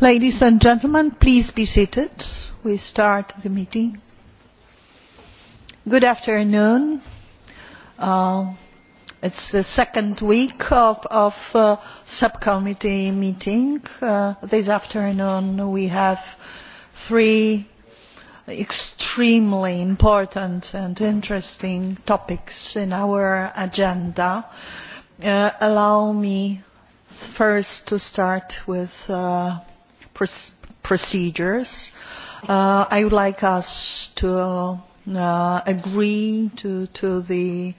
Ladies and gentlemen, please be seated. We start the meeting. Good afternoon. Uh, it's the second week of, of uh, subcommittee meeting. Uh, this afternoon we have three extremely important and interesting topics in our agenda. Uh, allow me first to start with uh, procedures. Uh, I would like us to uh, agree to, to the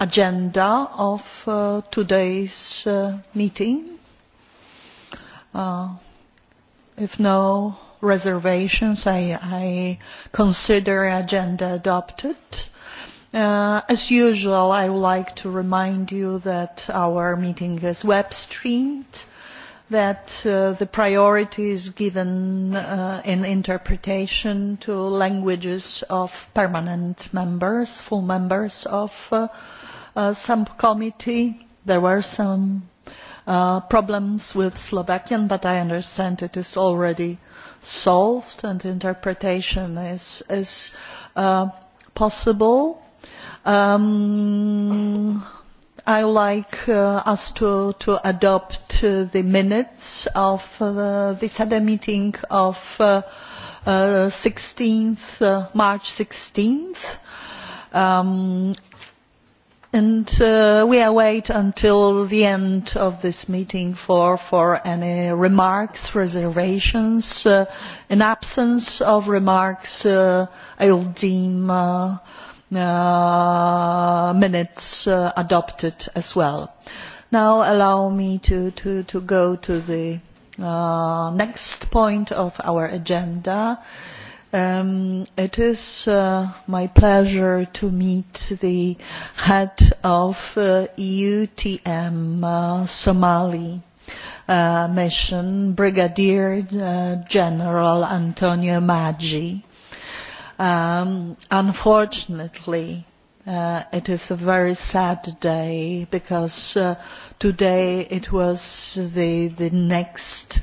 agenda of uh, today's uh, meeting. Uh, if no reservations, I, I consider agenda adopted. Uh, as usual, I would like to remind you that our meeting is web streamed. Uh, that uh, the priority is given uh, in interpretation to languages of permanent members, full members of uh, uh, some committee. There were some uh, problems with Slovakian, but I understand it is already solved and interpretation is, is uh, possible. Um, i would like uh, us to, to adopt uh, the minutes of uh, the SADC meeting of uh, uh, 16th, uh, March 16th. Um, and uh, we await until the end of this meeting for, for any remarks, reservations. Uh, in absence of remarks, uh, I will deem uh, uh, minutes uh, adopted as well. Now allow me to, to, to go to the uh, next point of our agenda. Um, it is uh, my pleasure to meet the head of uh, EUTM uh, Somali uh, mission, Brigadier uh, General Antonio Maggi. Um, unfortunately, uh, it is a very sad day because uh, today it was the, the next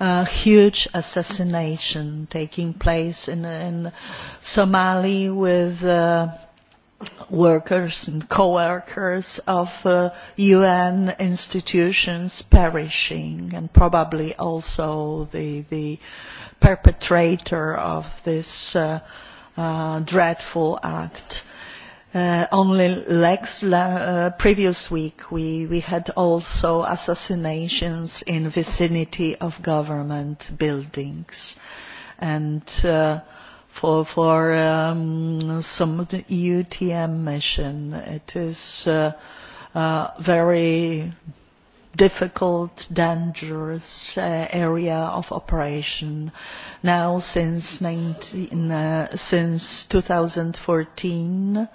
uh, huge assassination taking place in, in Somali with uh, workers and co-workers of uh, UN institutions perishing and probably also the, the perpetrator of this uh, uh, dreadful act. Uh, only lex, uh, previous week we, we had also assassinations in vicinity of government buildings and uh, for, for um, some of the EUTM mission. It is uh, uh, very difficult, dangerous uh, area of operation. Now, since, 19, uh, since 2014,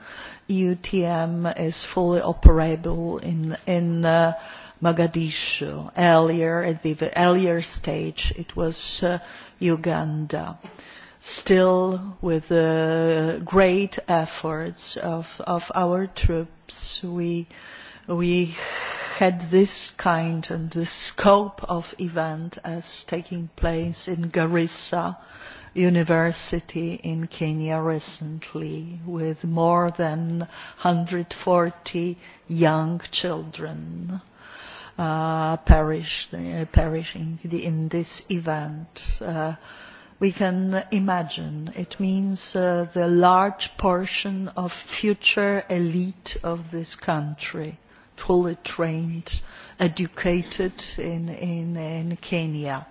e UTM is fully operable in, in uh, Mogadishu. Earlier, at the earlier stage, it was uh, Uganda still with the great efforts of, of our troops, we, we had this kind and this scope of event as taking place in Garissa University in Kenya recently with more than 140 young children uh, perish, uh, perishing in this event. Uh, we can imagine. It means uh, the large portion of future elite of this country, fully trained, educated in, in, in Kenya.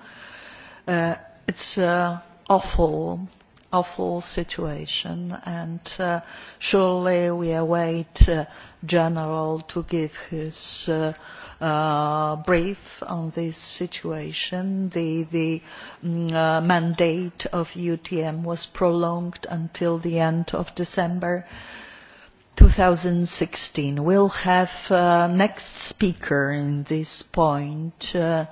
Uh, it's uh, awful awful situation and uh, surely we await uh, General to give his uh, uh, brief on this situation. The, the um, uh, mandate of UTM was prolonged until the end of December 2016. We'll have uh, next speaker in this point, uh,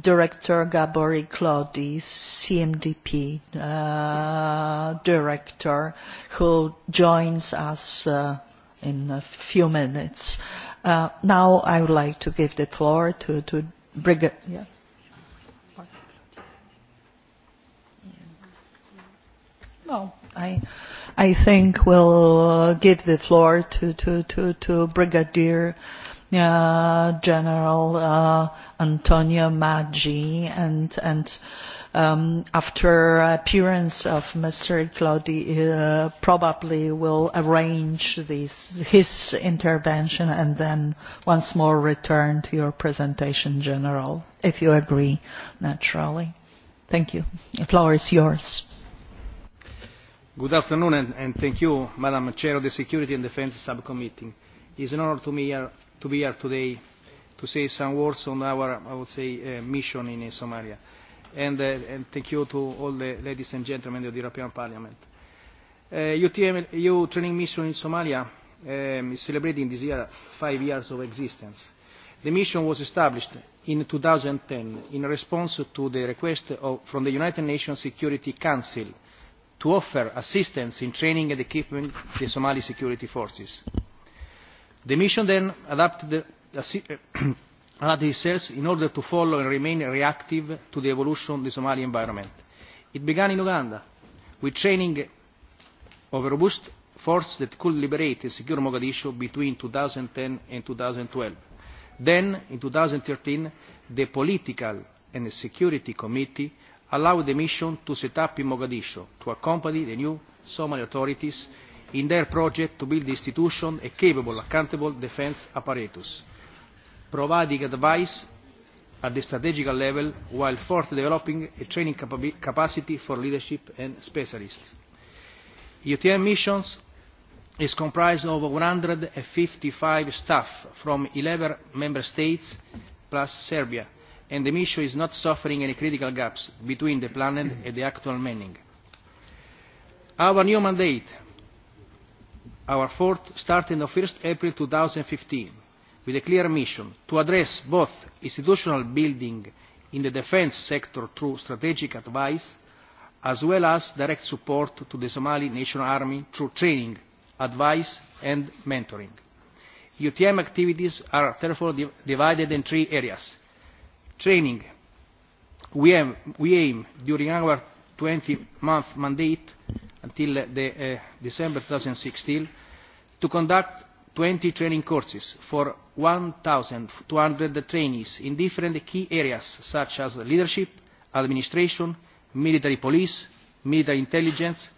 Director Gabori Claudi, CMDP uh, Director, who joins us uh, in a few minutes. Uh, now I would like to give the floor to, to Brigitte. Yeah. Well, I, I think we'll uh, give the floor to, to, to, to Brigadier uh, uh, General uh, Antonio Maggi and, and um, after appearance of Mr. Claudi, uh, probably will arrange this, his intervention and then once more return to your presentation, General, if you agree, naturally. Thank you. The floor is yours. Good afternoon, and, and thank you, Madam Chair of the Security and Defense Subcommittee. It is an honor to me here uh, to be here today to say some words on our, I would say, uh, mission in uh, Somalia. And, uh, and thank you to all the ladies and gentlemen of the European Parliament. Uh, UTM, EU training mission in Somalia um, is celebrating this year five years of existence. The mission was established in 2010 in response to the request of, from the United Nations Security Council to offer assistance in training and equipping the Somali security forces the mission then adapted uh, itself uh, in order to follow and remain reactive to the evolution of the somali environment. it began in uganda with training of a robust force that could liberate and secure mogadishu between two thousand and ten and two thousand and twelve then in two thousand and thirteen the political and security committee allowed the mission to set up in mogadishu to accompany the new somali authorities in their project to build the institution a capable, accountable defence apparatus, providing advice at the strategic level while further developing a training capacity for leadership and specialists. EUTM missions is comprised of one hundred and fifty five staff from eleven member states plus Serbia, and the mission is not suffering any critical gaps between the planned and the actual manning. Our new mandate our effort starting on 1st April 2015 with a clear mission to address both institutional building in the defence sector through strategic advice as well as direct support to the Somali National Army through training, advice and mentoring. UTM activities are therefore divided in three areas. Training. We aim, we aim during our 20-month mandate until the, uh, December 2016 to conduct 20 training courses for 1,200 trainees in different key areas such as leadership, administration, military police, military intelligence,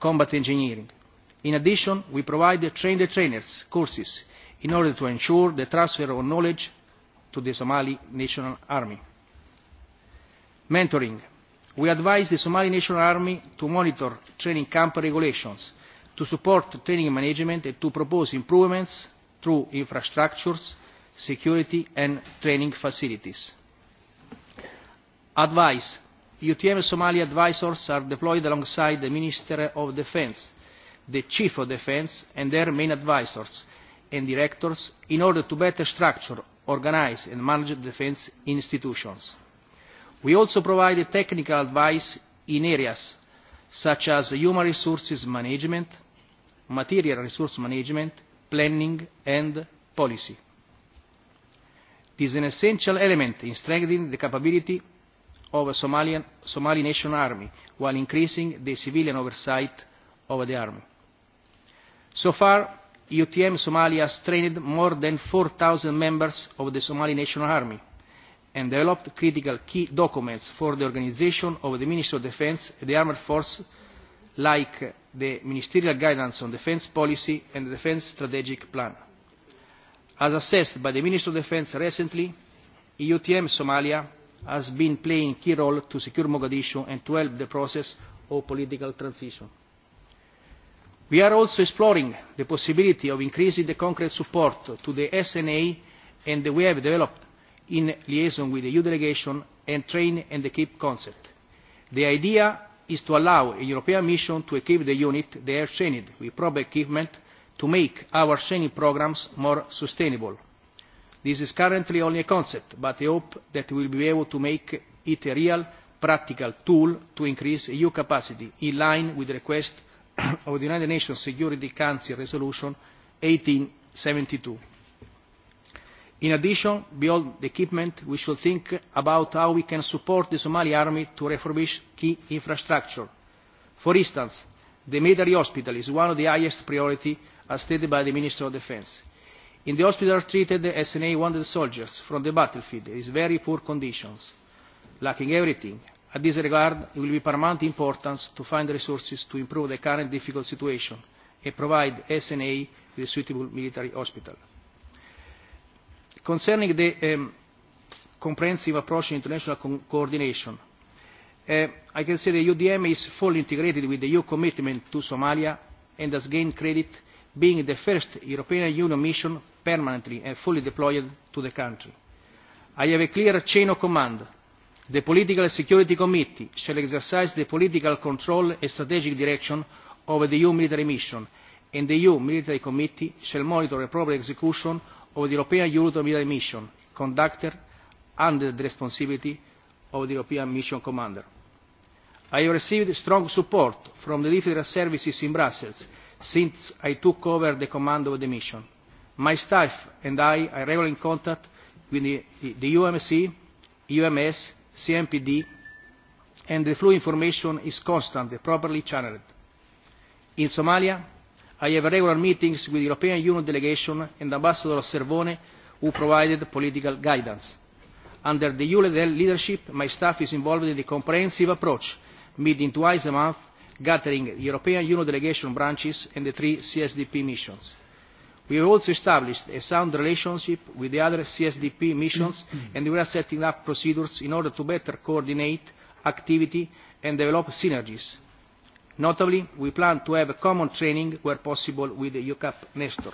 combat engineering. In addition, we provide train the trainers courses in order to ensure the transfer of knowledge to the Somali National Army. Mentoring we advise the somali national army to monitor training camp regulations to support training management and to propose improvements through infrastructures security and training facilities. advice UTM somali advisors are deployed alongside the minister of defence the chief of defence and their main advisors and directors in order to better structure organise and manage defence institutions We also provided technical advice in areas such as human resources management, material resource management, planning and policy. It is an essential element in strengthening the capability of the Somalian, Somali National Army while increasing the civilian oversight of the army. So far, UTM Somalia has trained more than 4,000 members of the Somali National Army – and developed critical key documents for the organisation of the ministry of defence and the armed forces like the ministerial guidance on defence policy and the defence strategic plan. as assessed by the minister of defence recently eutm somalia has been playing a key role to secure mogadishu and to help the process of political transition. we are also exploring the possibility of increasing the concrete support to the sna and we have developed in liaison with the EU delegation and train and equip concept. The idea is to allow a European mission to equip the unit they are trained with proper equipment to make our training programmes more sustainable. This is currently only a concept, but I hope that we will be able to make it a real practical tool to increase EU capacity in line with the request of the United Nations Security Council Resolution seventy two in addition beyond the equipment we should think about how we can support the somali army to refurbish key infrastructure. for instance the military hospital is one of the highest priority as stated by the minister of defence. in the hospital treated sna wounded soldiers from the battlefield in very poor conditions lacking everything. at this regard it will be of paramount importance to find resources to improve the current difficult situation and provide sna with a suitable military hospital. Concerning the um, comprehensive approach to international co coordination, uh, I can say the UDM is fully integrated with the EU commitment to Somalia and has gained credit being the first European Union mission permanently and fully deployed to the country. I have a clear chain of command. The Political Security Committee shall exercise the political control and strategic direction over the EU military mission, and the EU Military Committee shall monitor the proper execution of the European Eurotomida mission conducted under the responsibility of the European Mission Commander. I have received strong support from the different services in Brussels since I took over the command of the mission. My staff and I are regularly in contact with the, the, the UMC, UMS, CMPD, and the flu information is constant and properly channelled. In Somalia, i have regular meetings with the European Union delegation and Ambassador Servone, who provided political guidance. Under the EU leadership, my staff is involved in the comprehensive approach, meeting twice a month, gathering the European Union delegation branches and the three CSDP missions. We have also established a sound relationship with the other CSDP missions mm-hmm. and we are setting up procedures in order to better coordinate activity and develop synergies notably we plan to have a common training where possible with the eucap nestor.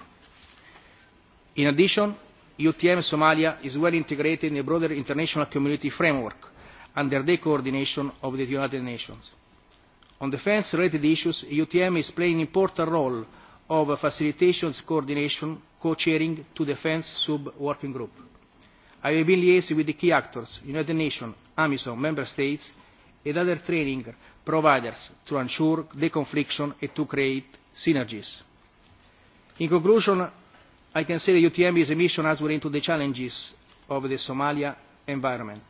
in addition utm somalia is well integrated in the broader international community framework under the coordination of the united nations. on defence related issues utm is playing an important role of facilitation coordination co chairing to defence sub working group. i have been liaising with the key actors united nations amisom member states and other training providers to ensure deconfliction and to create synergies. In conclusion, I can say the UTM is a mission answering into the challenges of the Somalia environment.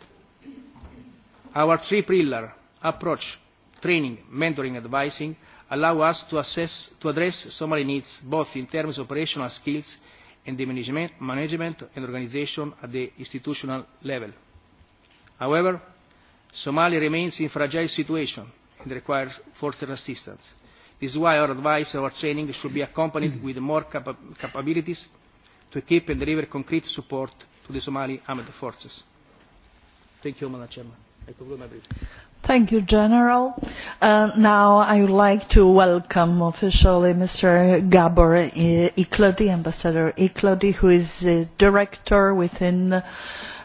Our three-pillar approach, training, mentoring, and advising, allow us to, assess, to address Somali needs both in terms of operational skills and the management, management and organisation at the institutional level. However, Somalia remains in fragile situation and requires further assistance. This is why our advice, and our training should be accompanied with more cap capabilities to equip and deliver concrete support to the Somali armed forces. Thank you, Madam Chairman. I conclude my brief. Thank you, General. Uh, now I would like to welcome officially Mr. Gabor Iklodi, Ambassador Iklodi, who is the director within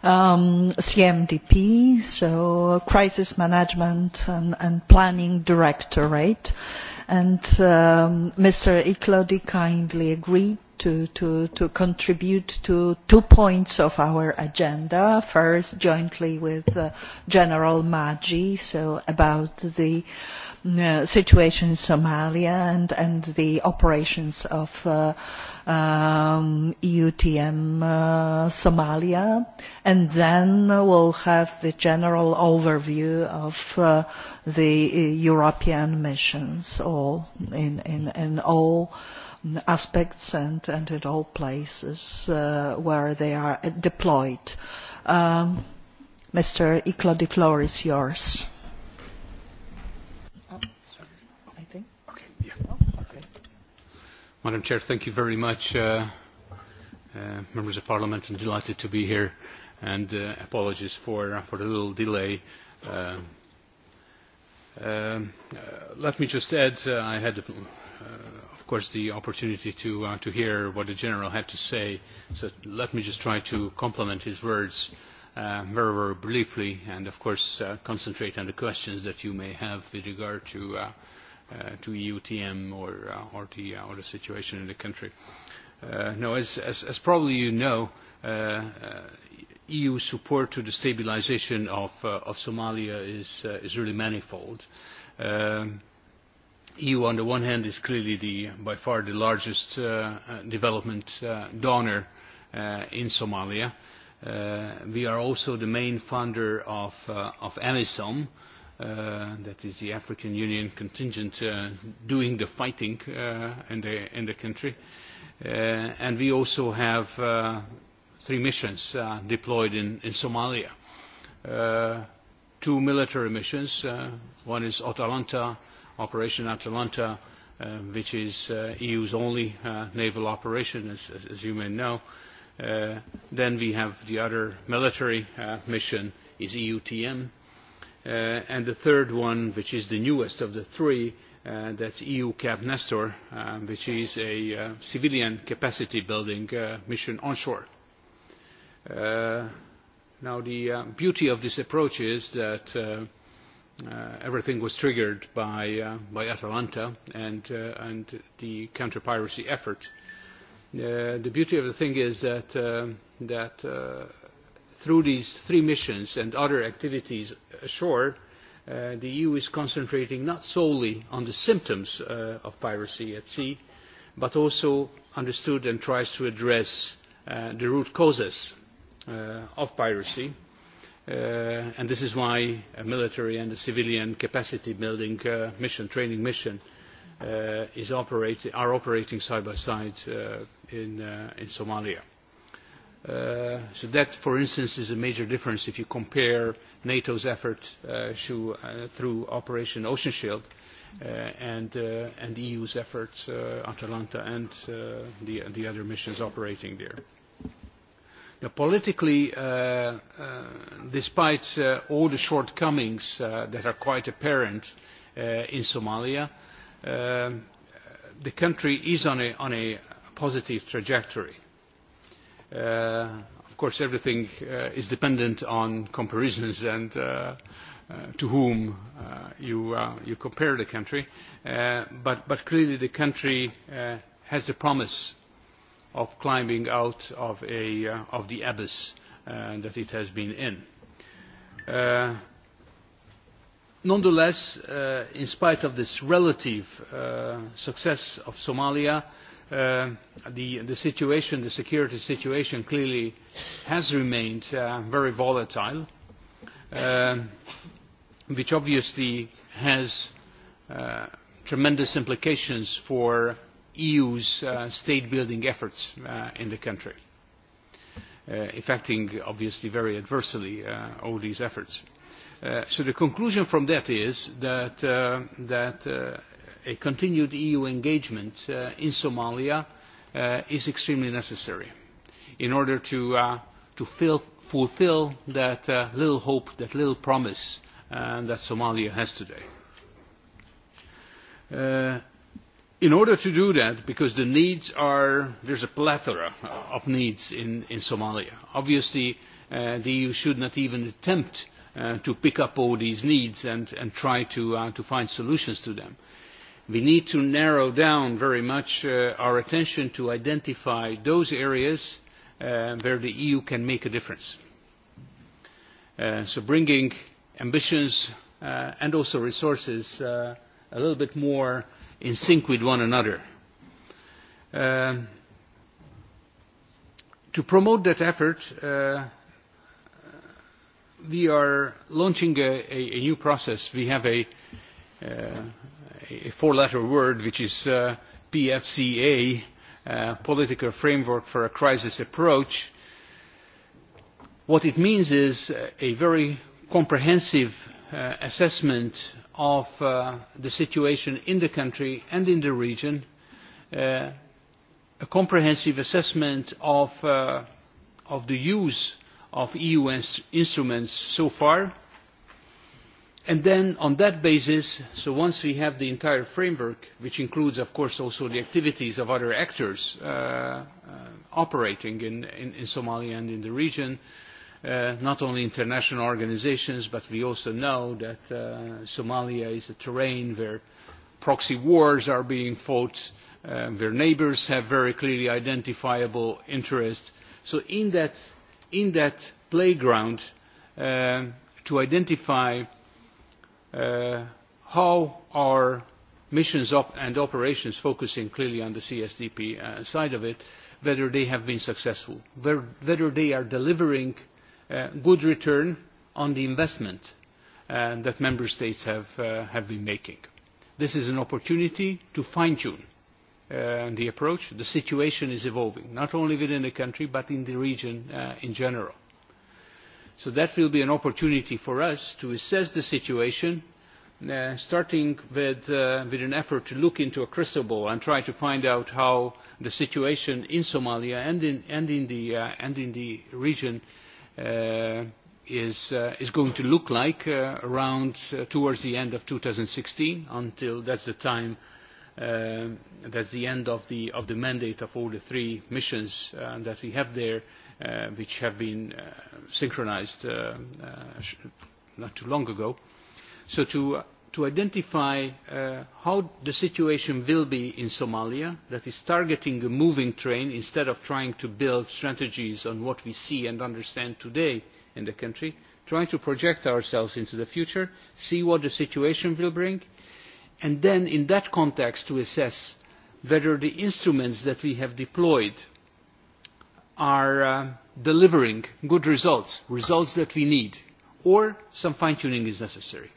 um, CMDP, so Crisis Management and, Planning Directorate. And Mr. Um, Iklodi kindly agreed to, to, to contribute to two points of our agenda. First, jointly with uh, General Maggi, so about the uh, situation in Somalia and, and the operations of uh, um, EUTM uh, Somalia. And then we'll have the general overview of uh, the European missions all in, in, in all aspects and, and at all places uh, where they are deployed. Um, Mr. Iclo, the floor is yours. I oh, think. Oh, Madam Chair, thank you very much. Uh, uh, members of Parliament, I'm delighted to be here, and uh, apologies for, uh, for the little delay. Uh, uh, let me just add, uh, I had the uh, course, the opportunity to, uh, to hear what the General had to say, so let me just try to complement his words uh, very, very briefly and, of course, uh, concentrate on the questions that you may have with regard to, uh, uh, to EUTM or, uh, or, the, uh, or the situation in the country. Uh, no, as, as, as probably you know, uh, uh, EU support to the stabilization of, uh, of Somalia is, uh, is really manifold. Um, uh, EU, on the one hand, is clearly the, by far the largest uh, uh, development uh, donor uh, in Somalia. Uh, we are also the main funder of, uh, of AMISOM, uh, that is the African Union contingent uh, doing the fighting uh, in, the, in the country. Uh, and we also have uh, three missions uh, deployed in, in Somalia. Uh, two military missions, uh, one is Atalanta, Operation Atalanta, uh, which is uh, EU's only uh, naval operation, as, as, you may know. Uh, then we have the other military uh, mission is EUTM. Uh, and the third one, which is the newest of the three, uh, that's EU Cap Nestor, uh, which is a uh, civilian capacity building uh, mission onshore. Uh, now, the uh, beauty of this approach is that uh, uh, everything was triggered by, uh, by Atalanta and, uh, and the counter-piracy effort. Uh, the beauty of the thing is that, uh, that uh, through these three missions and other activities ashore, uh, the EU is concentrating not solely on the symptoms uh, of piracy at sea, but also understood and tries to address uh, the root causes uh, of piracy Uh, and this is why a military and a civilian capacity building uh, mission, training mission, uh, is are operating side by side in, Somalia. so that, for instance, is a major difference if you compare NATO's effort through Operation Ocean Shield and, the EU's efforts, Atalanta and the, the other missions operating there politically, uh, uh, despite uh, all the shortcomings uh, that are quite apparent uh, in Somalia, uh, the country is on a, on a positive trajectory. Uh, of course, everything uh, is dependent on comparisons and uh, uh, to whom uh, you, uh, you compare the country. Uh, but, but clearly, the country uh, has the promise of climbing out of, a, uh, of the abyss uh, that it has been in. Uh, nonetheless, uh, in spite of this relative uh, success of Somalia, uh, the, the situation, the security situation clearly has remained uh, very volatile, uh, which obviously has uh, tremendous implications for EU's uh, state-building efforts uh, in the country, uh, affecting, obviously, very adversely uh, all these efforts. Uh, so the conclusion from that is that, uh, that uh, a continued EU engagement uh, in Somalia uh, is extremely necessary in order to, uh, to fill, fulfill that uh, little hope, that little promise uh, that Somalia has today. Uh, in order to do that, because the needs are, there's a plethora of needs in, in Somalia. Obviously, uh, the EU should not even attempt uh, to pick up all these needs and, and try to, uh, to find solutions to them. We need to narrow down very much uh, our attention to identify those areas uh, where the EU can make a difference. Uh, so bringing ambitions uh, and also resources uh, a little bit more uh, in sync with one another. Uh, to promote that effort, uh, we are launching a, a, a new process. We have a, uh, a four-letter word, which is uh, PFCA, uh, Political Framework for a Crisis Approach. What it means is a very comprehensive Uh, assessment of uh, the situation in the country and in the region, uh, a comprehensive assessment of, the use of EU instruments so far, and then on that basis, so once we have the entire framework, which includes, of course, also the activities of other actors operating in, in, in Somalia and in the region, Uh, not only international organisations, but we also know that uh, Somalia is a terrain where proxy wars are being fought, uh, where neighbours have very clearly identifiable interests. So in that, in that playground, um, to identify uh, how our missions op and operations focusing clearly on the CSDP uh, side of it, whether they have been successful, whether they are delivering uh, Uh, good return on the investment uh, that member states have, uh, have been making. This is an opportunity to fine-tune uh, the approach. The situation is evolving, not only within the country, but in the region uh, in general. So that will be an opportunity for us to assess the situation, uh, starting with, uh, with an effort to look into a crystal ball and try to find out how the situation in Somalia and in, and in, the, uh, and in the region uh, is, uh, is going to look like uh, around uh, towards the end of sixteen until that's the time uh, that's the end of the, of the mandate of all the three missions uh, that we have there, uh, which have been uh, uh, uh, not too long ago. So to to identify uh, how the situation will be in Somalia, that is targeting a moving train instead of trying to build strategies on what we see and understand today in the country, trying to project ourselves into the future, see what the situation will bring, and then in that context to assess whether the instruments that we have deployed are uh, delivering good results, results that we need, or some fine-tuning is necessary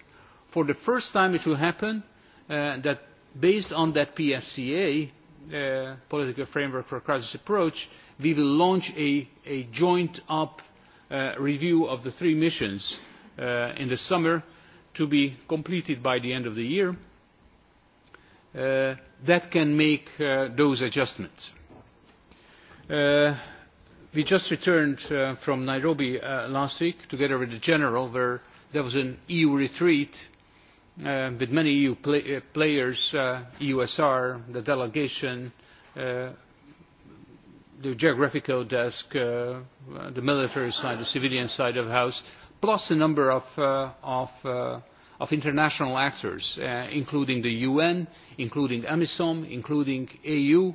for the first time it will happen uh, that based on that PFCA, uh, Political Framework for Crisis Approach, we will launch a, a joint up uh, review of the three missions uh, in the summer to be completed by the end of the year. Uh, that can make uh, those adjustments. Uh, we just returned uh, from Nairobi uh, last week together with the General where there was an EU retreat uh, with many EU uh, players, uh, EUSR, the delegation, uh, the geographical desk, uh, the military side, the civilian side of the house, plus a number of, uh, of, uh, of international actors, uh, including the UN, including AMISOM, including AU,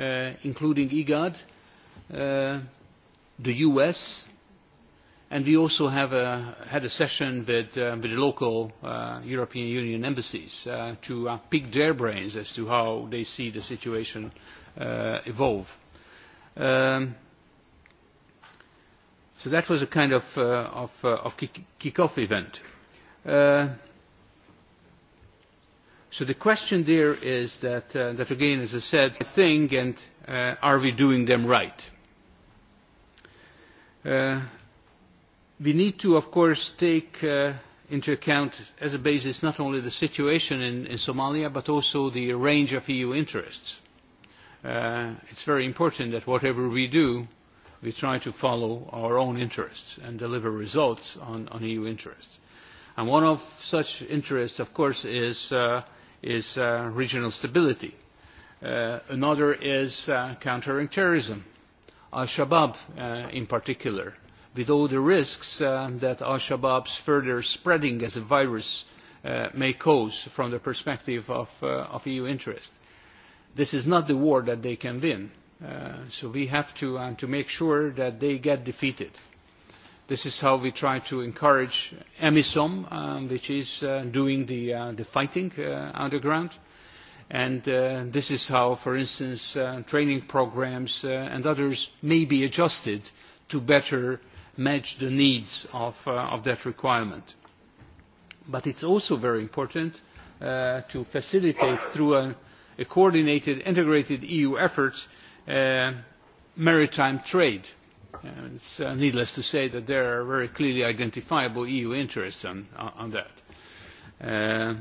uh, including IGAD, e uh, the US, and we also have a, uh, had a session with, uh, with the local uh, European Union embassies uh, to uh, pick their brains as to how they see the situation uh, evolve. Um, so that was a kind of, uh, of, uh, of kick-off event. Uh, so the question there is that, uh, that again, as I said, I think, and uh, are we doing them right? Uh, we need to, of course, take uh, into account as a basis not only the situation in, in Somalia, but also the range of EU interests. Uh, it's very important that whatever we do, we try to follow our own interests and deliver results on, on EU interests. And one of such interests, of course, is, uh, is uh, regional stability. Uh, another is uh, countering terrorism, Al-Shabaab uh, in particular with all the risks uh, that Al-Shabaab's further spreading as a virus uh, may cause from the perspective of, uh, of EU interest. This is not the war that they can win, uh, so we have to, um, to make sure that they get defeated. This is how we try to encourage EMISOM, um, uh, which is uh, doing the, uh, the fighting uh, underground, and uh, this is how, for instance, uh, training programs uh, and others may be adjusted to better match the needs of, uh, of that requirement. But it's also very important uh, to facilitate through a, a coordinated, integrated EU effort uh, maritime trade. Uh, it's uh, needless to say that there are very clearly identifiable EU interests on, on that. Uh,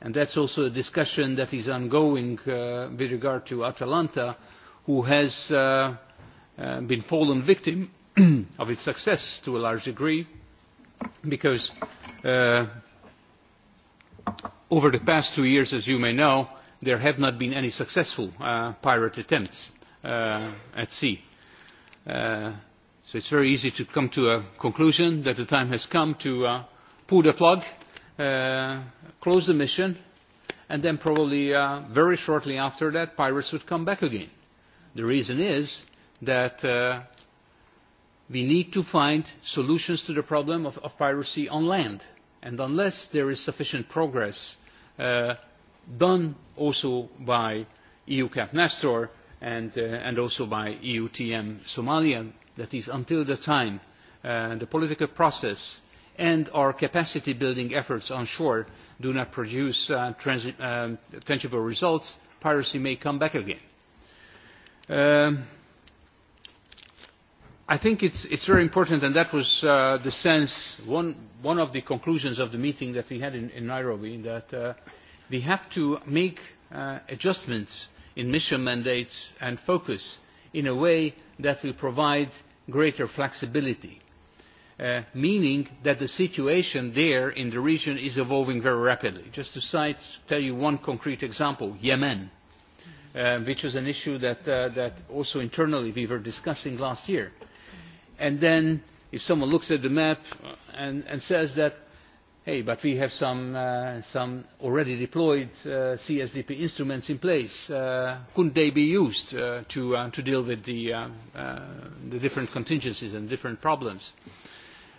and that's also a discussion that is ongoing uh, with regard to Atalanta, who has uh, uh, been fallen victim of its success to a large degree because uh, over the past two years, as you may know, there have not been any successful uh, pirate attempts uh, at sea. Uh, so it's very easy to come to a conclusion that the time has come to uh, pull the plug, uh, close the mission, and then probably uh, very shortly after that, pirates would come back again. The reason is that uh, we need to find solutions to the problem of, of piracy on land. And unless there is sufficient progress uh, done also by EU Cap Nestor and, uh, and also by EUTM Somalia, that is until the time uh, the political process and our capacity building efforts on shore do not produce uh, um, tangible results, piracy may come back again. Um, i think it's, it's very important, and that was uh, the sense, one, one of the conclusions of the meeting that we had in, in Nairobi, that uh, we have to make uh, adjustments in mission mandates and focus in a way that will provide greater flexibility, uh, meaning that the situation there in the region is evolving very rapidly. Just to cite, tell you one concrete example, Yemen, uh, which was is an issue that, uh, that also internally we were discussing last year and then if someone looks at the map uh, and, and says that, hey, but we have some, uh, some already deployed uh, CSDP instruments in place, uh, couldn't they be used uh, to, uh, to deal with the, uh, uh, the different contingencies and different problems?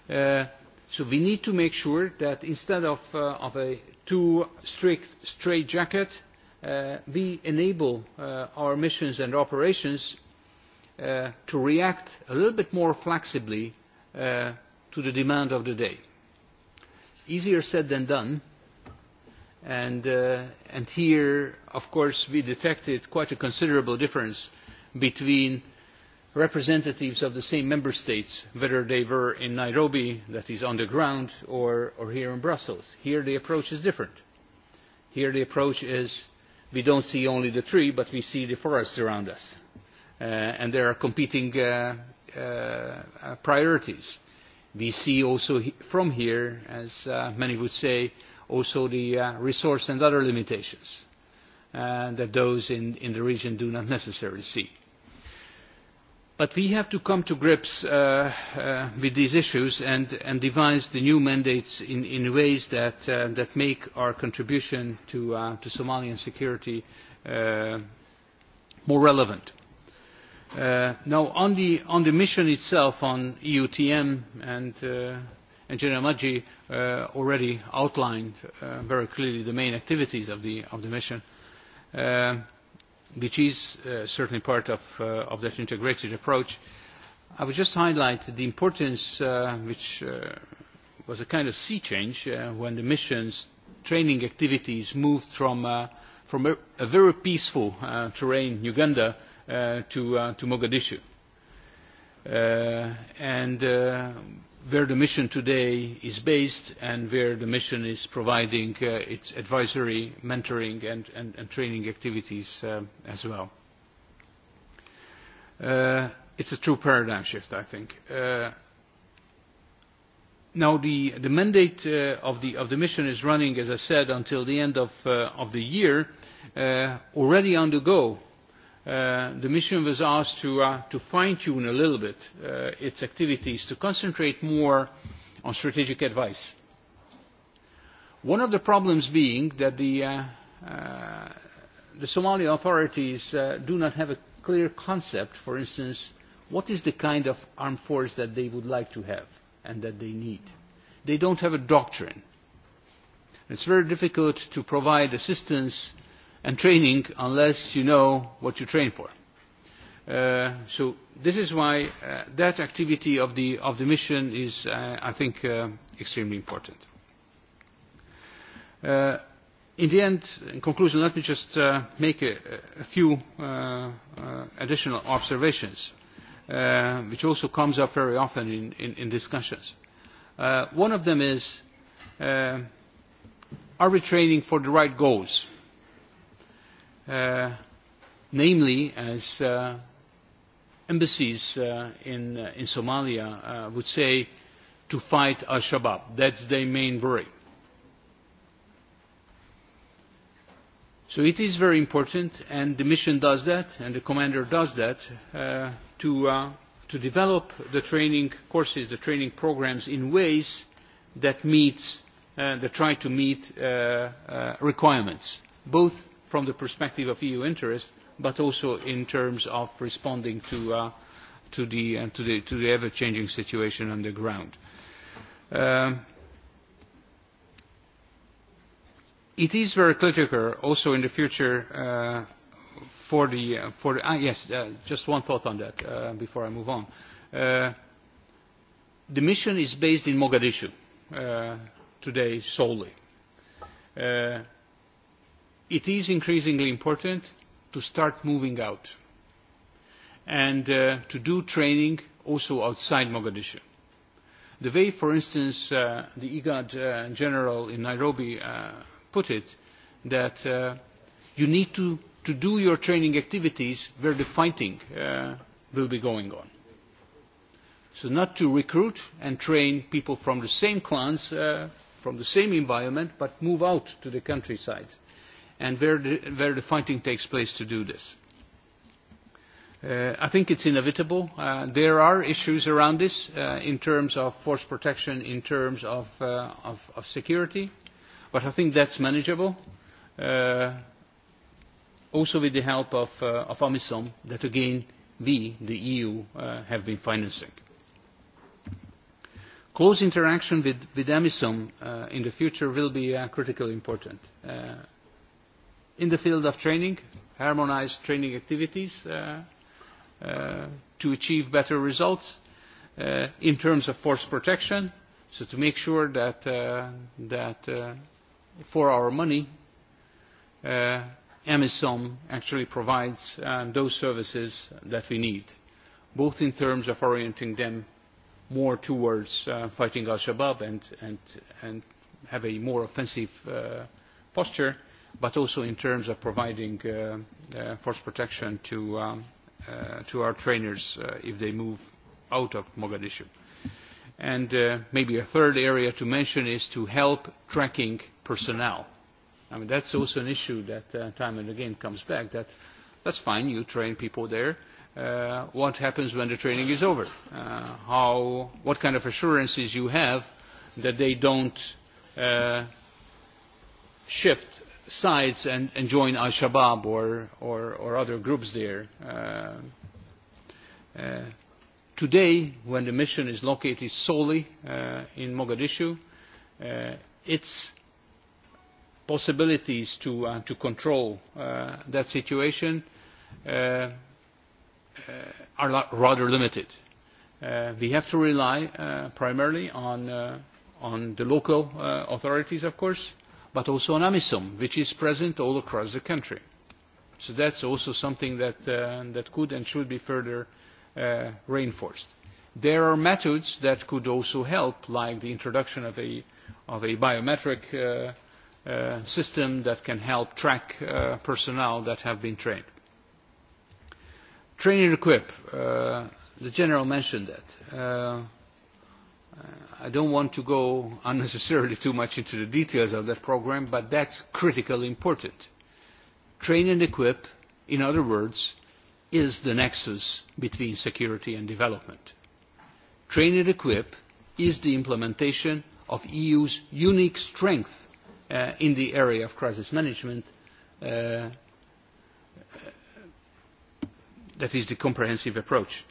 Uh, so we need to make sure that instead of, uh, of a too strict straitjacket, uh, we enable uh, our missions and operations Uh, to react a little bit more flexibly uh, to the demand of the day. Easier said than done. And, uh, and here, of course, we detected quite a considerable difference between representatives of the same member states, whether they were in Nairobi, that is on the ground, or, or here in Brussels. Here the approach is different. Here the approach is we don't see only the tree, but we see the forest around us Uh, and there are competing uh, uh, priorities. We see also from here, as uh, many would say, also the uh, resource and other limitations uh, that those in, in the region do not necessarily see. But we have to come to grips uh, uh, with these issues and, and devise the new mandates in, in ways that, uh, that make our contribution to, uh, to Somalian security uh, more relevant. Uh, Uh, now, on the, on the mission itself, on EUTM, and, uh, and General Maggi uh, already outlined uh, very clearly the main activities of the, of the mission, uh, which is uh, certainly part of, uh, of that integrated approach. I would just highlight the importance, uh, which uh, was a kind of sea change uh, when the mission's training activities moved from, uh, from a, a very peaceful uh, terrain, Uganda, uh, to, uh, to Mogadishu. Uh, and uh, where the mission today is based and where the mission is providing uh, its advisory, mentoring and, and, and training activities uh, as well. Uh, it's a true paradigm shift, I think. Uh, now the, the mandate uh, of, the, of the mission is running, as I said, until the end of, uh, of the year, uh, already on the go Uh, the mission was asked to, uh, to fine-tune a little bit uh, its activities to concentrate more on strategic advice. One of the problems being that the, uh, uh, the Somali authorities uh, do not have a clear concept, for instance, what is the kind of armed force that they would like to have and that they need. They don't have a doctrine. It's very difficult to provide assistance uh, and training unless you know what you train for. Uh, so this is why uh, that activity of the, of the mission is, uh, I think, uh, extremely important. Uh, in the end, in conclusion, let me just uh, make a, a few uh, uh, additional observations, uh, which also comes up very often in, in, in discussions. Uh, one of them is, uh, are we training for the right goals? uh, namely as uh, embassies uh, in, uh, in Somalia uh, would say, to fight Al-Shabaab. That's their main worry. So it is very important, and the mission does that, and the commander does that, uh, to, uh, to develop the training courses, the training programs in ways that meets, uh, that try to meet uh, uh, requirements, both from the perspective of EU interest, but also in terms of responding to, uh, to the, uh, to the, to the ever-changing situation on the ground. Um, it is very critical also in the future uh, for the, uh, for the ah, yes, uh, just one thought on that uh, before I move on. Uh, the mission is based in Mogadishu uh, today solely. Uh, it is increasingly important to start moving out and uh, to do training also outside Mogadishu. The way, for instance, uh, the IGAD uh, general in Nairobi uh, put it, that uh, you need to, to do your training activities where the fighting uh, will be going on. So not to recruit and train people from the same clans, uh, from the same environment, but move out to the countryside and where the, where the fighting takes place to do this. Uh, I think it's inevitable. Uh, there are issues around this uh, in terms of force protection, in terms of, uh, of, of security, but I think that's manageable. Uh, also with the help of, uh, of AMISOM that again we, the EU, uh, have been financing. Close interaction with, with AMISOM uh, in the future will be uh, critically important. Uh, in the field of training, harmonized training activities uh, uh, to achieve better results uh, in terms of force protection, so to make sure that, uh, that uh, for our money, uh, MSOM actually provides uh those services that we need, both in terms of orienting them more towards uh, fighting Al-Shabaab and, and, and have a more offensive uh, posture, but also in terms of providing uh, uh, force protection to, um, uh, to our trainers uh, if they move out of Mogadishu. And uh, maybe a third area to mention is to help tracking personnel. I mean, that's also an issue that uh, time and again comes back, that that's fine, you train people there. Uh, what happens when the training is over? Uh, how, what kind of assurances you have that they don't uh, shift sides and, and join Al Shabaab or, or, or other groups there. Uh, uh, today, when the mission is located solely uh, in Mogadishu, uh, its possibilities to, uh, to control uh, that situation uh, uh, are rather limited. Uh, we have to rely uh, primarily on, uh, on the local uh, authorities, of course, uh, but also on AMISOM, which is present all across the country. So that's also something that, uh, that could and should be further uh, reinforced. There are methods that could also help, like the introduction of a, of a biometric uh, uh, system that can help track uh, personnel that have been trained. Training equip, uh, the General mentioned that. Uh, Uh, I don't want to go unnecessarily too much into the details of that program, but that's critically important. Train and equip, in other words, is the nexus between security and development. Train and equip is the implementation of the EU's unique strength uh, in the area of crisis management, uh, that is the comprehensive approach.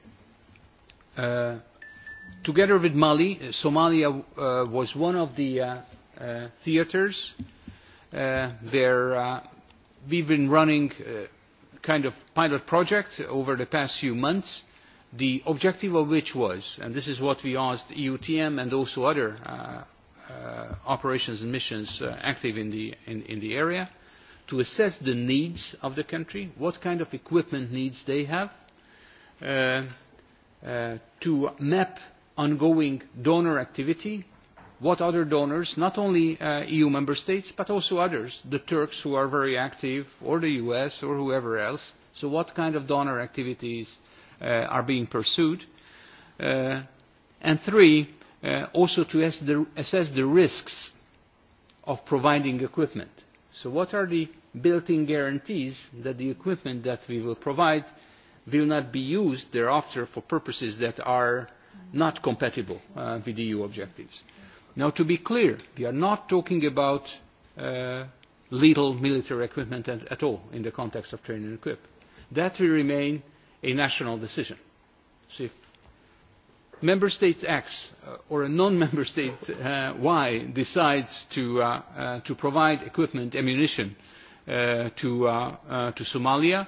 Uh, together with Mali, uh, Somalia uh, was one of the uh, uh, theaters uh, where uh, we've been running a uh, kind of pilot project over the past few months, the objective of which was, and this is what we asked EUTM and also other uh, uh, operations and missions uh, active in the, in, in the area, to assess the needs of the country, what kind of equipment needs they have, uh, uh, to map ongoing donor activity, what other donors, not only uh, EU member states, but also others, the Turks who are very active, or the US, or whoever else. So what kind of donor activities uh, are being pursued? Uh, and three, uh, also to assess the, assess the risks of providing equipment. So what are the built-in guarantees that the equipment that we will provide will not be used thereafter for purposes that are not compatible uh, with EU objectives. Now, to be clear, we are not talking about uh, lethal military equipment at, at all in the context of training and equip. That will remain a national decision. So if member state X uh, or a non-member state uh, Y decides to, uh, uh, to provide equipment, ammunition uh, to, uh, uh, to Somalia,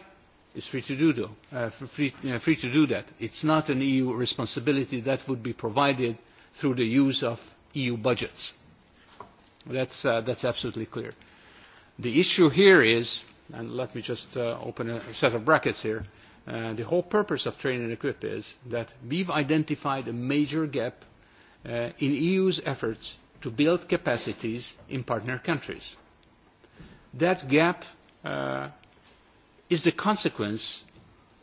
is free to do, do, uh, uh, free, to do that. It's not an EU responsibility that would be provided through the use of EU budgets. That's, is uh, absolutely clear. The issue here is, and let me just uh, open a set of brackets here, uh, the whole purpose of train and equip is that we've identified a major gap uh, in EU's efforts to build capacities in partner countries. That gap uh, is the consequence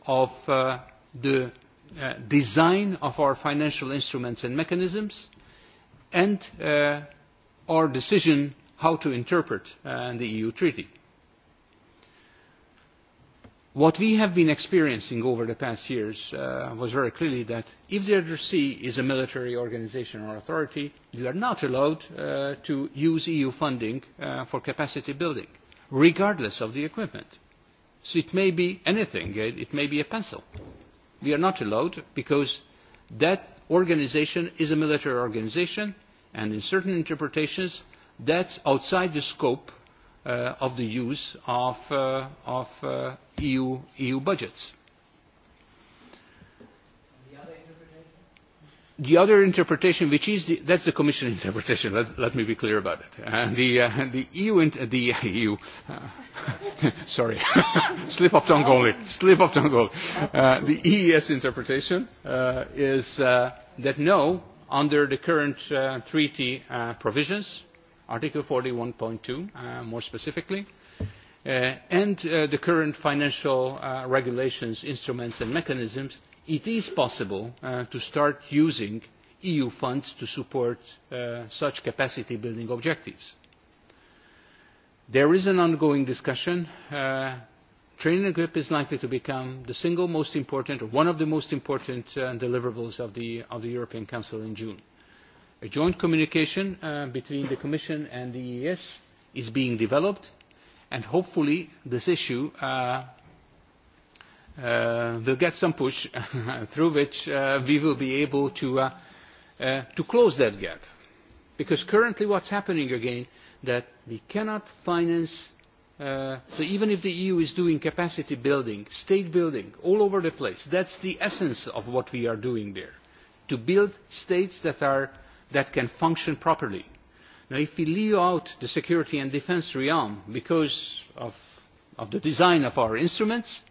of uh, the uh, design of our financial instruments and mechanisms and uh, our decision how to interpret uh, the EU treaty. What we have been experiencing over the past years uh, was very clearly that if the RC is a military organisation or authority, you are not allowed uh, to use EU funding for capacity building, regardless of the equipment so it may be anything. Uh, it may be a pencil. We are not allowed because that organisation is a military organisation and in certain interpretations that is outside the scope uh, of the use of, uh, of uh, EU, EU budgets. the other interpretation, which is the, that's the Commission interpretation. Let, let me be clear about it. Uh, the, uh, the EU and e uh, the EU, uh, sorry, slip of tongue only, slip of tongue only. Uh, the EES interpretation uh, is uh, that no, under the current uh, treaty uh, provisions, Article 41.2, uh, more specifically, uh, and uh, the current financial uh, regulations, instruments, and mechanisms, it is possible uh, to start using eu funds to support uh, such capacity building objectives. there is an ongoing discussion. Uh, training equip is likely to become the single most important or one of the most important uh, deliverables of the, of the european council in june. a joint communication uh, between the commission and the ees is being developed and hopefully this issue uh, uh, will get some push through which uh, we will be able to, uh, uh, to close that gap. Because currently what's happening again that we cannot finance, uh, so even if the EU is doing capacity building, state building, all over the place, that's the essence of what we are doing there, to build states that, are, that can function properly. Now, if we leave out the security and defence realm because of, of the design of our instruments,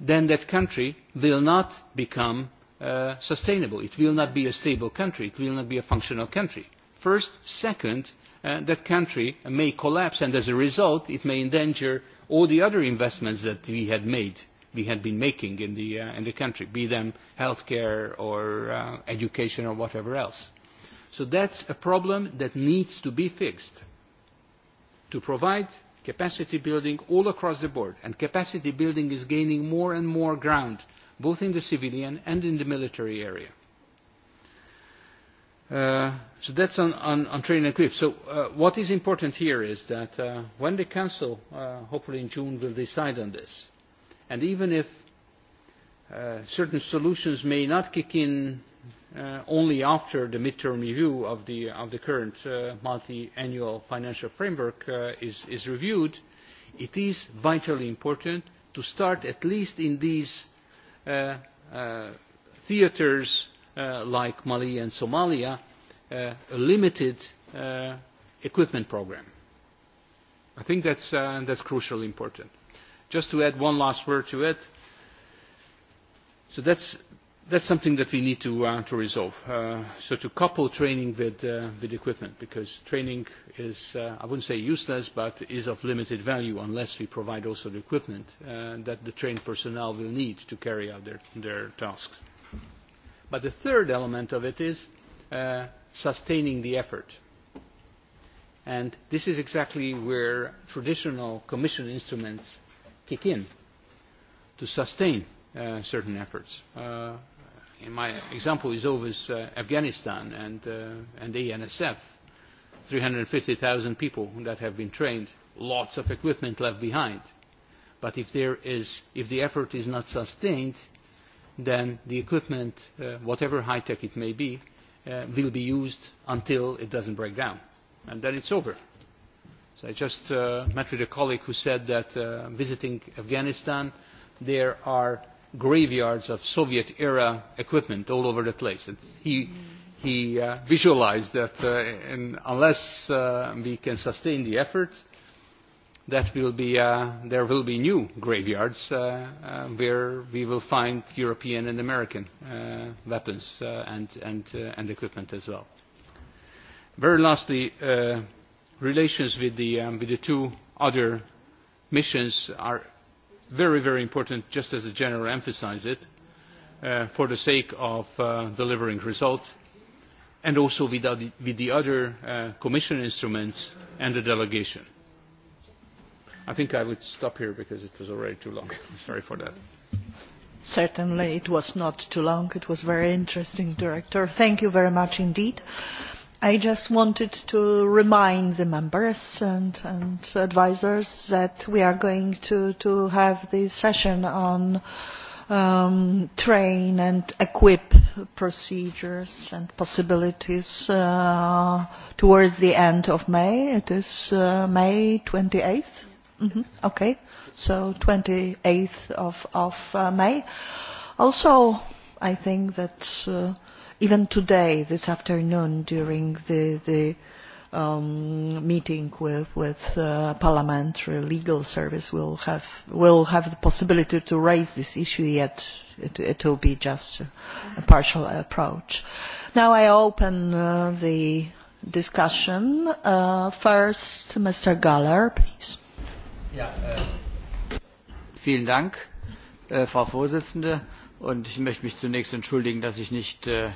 then that country will not become uh, sustainable. It will not be a stable country. It will not be a functional country. First. Second, uh, that country may collapse, and as a result, it may endanger all the other investments that we had made, we had been making in the, uh, in the country, be them healthcare or uh, education or whatever else. So that's a problem that needs to be fixed. To provide capacity building all across the board and capacity building is gaining more and more ground both in the civilian and in the military area. Uh, so that's on, on, on training and equipment. So uh, what is important here is that uh, when the Council, uh, hopefully in June, will decide on this, and even if uh, certain solutions may not kick in uh, only after the mid term review of the, of the current uh, multiannual financial framework uh, is, is reviewed, it is vitally important to start at least in these uh, uh, theatres uh, like Mali and Somalia uh, a limited uh, equipment program. I think that's, uh, that's crucially important. Just to add one last word to it, so that's that is something that we need to, uh, to resolve. Uh, so to couple training with, uh, with equipment, because training is, uh, I wouldn't say useless, but is of limited value unless we provide also the equipment uh, that the trained personnel will need to carry out their, their tasks. But the third element of it is uh, sustaining the effort. And this is exactly where traditional commission instruments kick in, to sustain uh, certain efforts. Uh, in my example is always uh, Afghanistan and, uh, and the ENSF. 350,000 people that have been trained, lots of equipment left behind. But if, there is, if the effort is not sustained, then the equipment, uh, whatever high-tech it may be, uh, will be used until it doesn't break down. And then it's over. So I just uh, met with a colleague who said that uh, visiting Afghanistan, there are graveyards of Soviet era equipment all over the place. And he he uh, visualized that uh, and unless uh, we can sustain the effort, that will be, uh, there will be new graveyards uh, uh, where we will find European and American uh, weapons uh, and, and, uh, and equipment as well. Very lastly, uh, relations with the, um, with the two other missions are very, very important, just as the General emphasised it, uh, for the sake of uh, delivering results, and also with, the, with the other uh, Commission instruments and the delegation. I think I would stop here because it was already too long. Sorry for that. Certainly, it was not too long. It was very interesting, Director. Thank you very much indeed. Uh, i just wanted to remind the members and, and advisors that we are going to, to have this session on um, train and equip procedures and possibilities uh, towards the end of May. It is uh, May 28th. Mm-hmm. Okay, so 28th of, of uh, May. Also, I think that uh, even today, this afternoon, during the, the um, meeting with, with uh, parliamentary uh, legal service will have will have the possibility to raise this issue yet it, it will be just a, a partial approach now I open uh, the discussion uh, first Mr. Galler please Yeah, äh, uh... vielen Dank uh, Frau Vorsitzende Und ich möchte mich zunächst entschuldigen, dass ich nicht äh,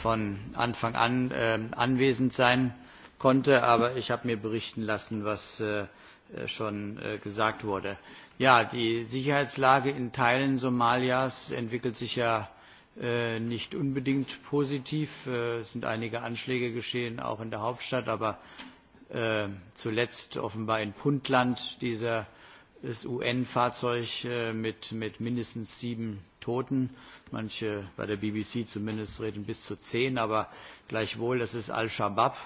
von Anfang an äh, anwesend sein konnte, aber ich habe mir berichten lassen, was äh, schon gesagt wurde. Ja, die Sicherheitslage in Teilen Somalias entwickelt sich ja nicht unbedingt positiv. Es sind einige Anschläge geschehen, auch in der Hauptstadt, aber zuletzt offenbar in Puntland dieses UN-Fahrzeug mit, mit mindestens sieben Toten. Manche bei der BBC zumindest reden bis zu zehn, aber gleichwohl, das ist Al-Shabaab,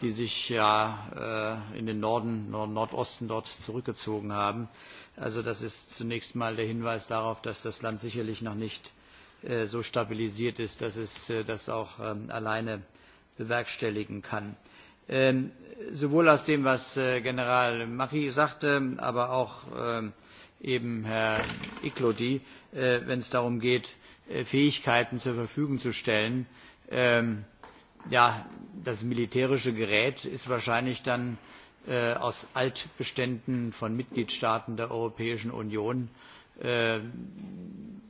die sich ja äh, in den Norden, Nord Nordosten dort zurückgezogen haben. Also das ist zunächst mal der Hinweis darauf, dass das Land sicherlich noch nicht äh, so stabilisiert ist, dass es äh, das auch ähm, alleine bewerkstelligen kann. Ähm, sowohl aus dem, was äh, General Machi sagte, aber auch ähm, eben Herr Iklodi, äh, wenn es darum geht, äh, Fähigkeiten zur Verfügung zu stellen. Ähm, ja, das militärische Gerät ist wahrscheinlich dann äh, aus Altbeständen von Mitgliedstaaten der Europäischen Union.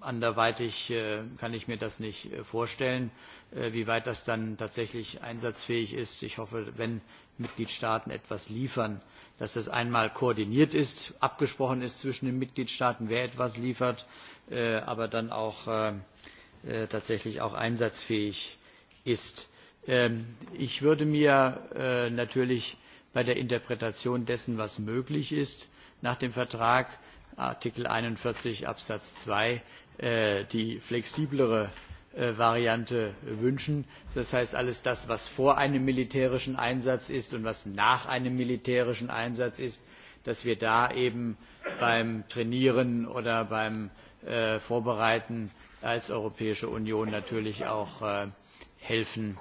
Anderweitig kann ich mir das nicht vorstellen, wie weit das dann tatsächlich einsatzfähig ist. Ich hoffe, wenn mitgliedstaaten etwas liefern dass das einmal koordiniert ist abgesprochen ist zwischen den mitgliedstaaten wer etwas liefert äh, aber dann auch äh, äh, tatsächlich auch einsatzfähig ist. Ähm, ich würde mir natürlich bei der interpretation dessen was möglich ist nach dem vertrag artikel einundvierzig absatz zwei die flexiblere Äh, variante wünschen. das heißt alles das was vor einem militärischen einsatz ist und was nach einem militärischen einsatz ist dass wir da eben beim trainieren oder beim äh, vorbereiten als europäische union natürlich auch äh, helfen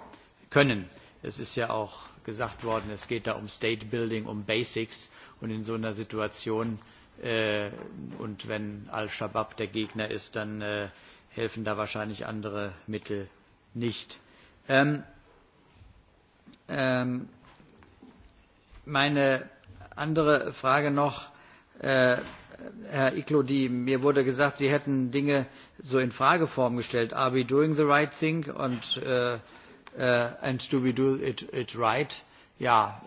können. es ist ja auch gesagt worden es geht da um state building um basics und in so einer situation und wenn al shabaab der gegner ist dann helfen da wahrscheinlich andere Mittel nicht. Ähm, ähm, meine andere Frage noch, äh, Herr Iklodi, mir wurde gesagt, Sie hätten Dinge so in Frageform gestellt. Are we doing the right thing? Und, äh, äh, and do we do it, it right? Ja,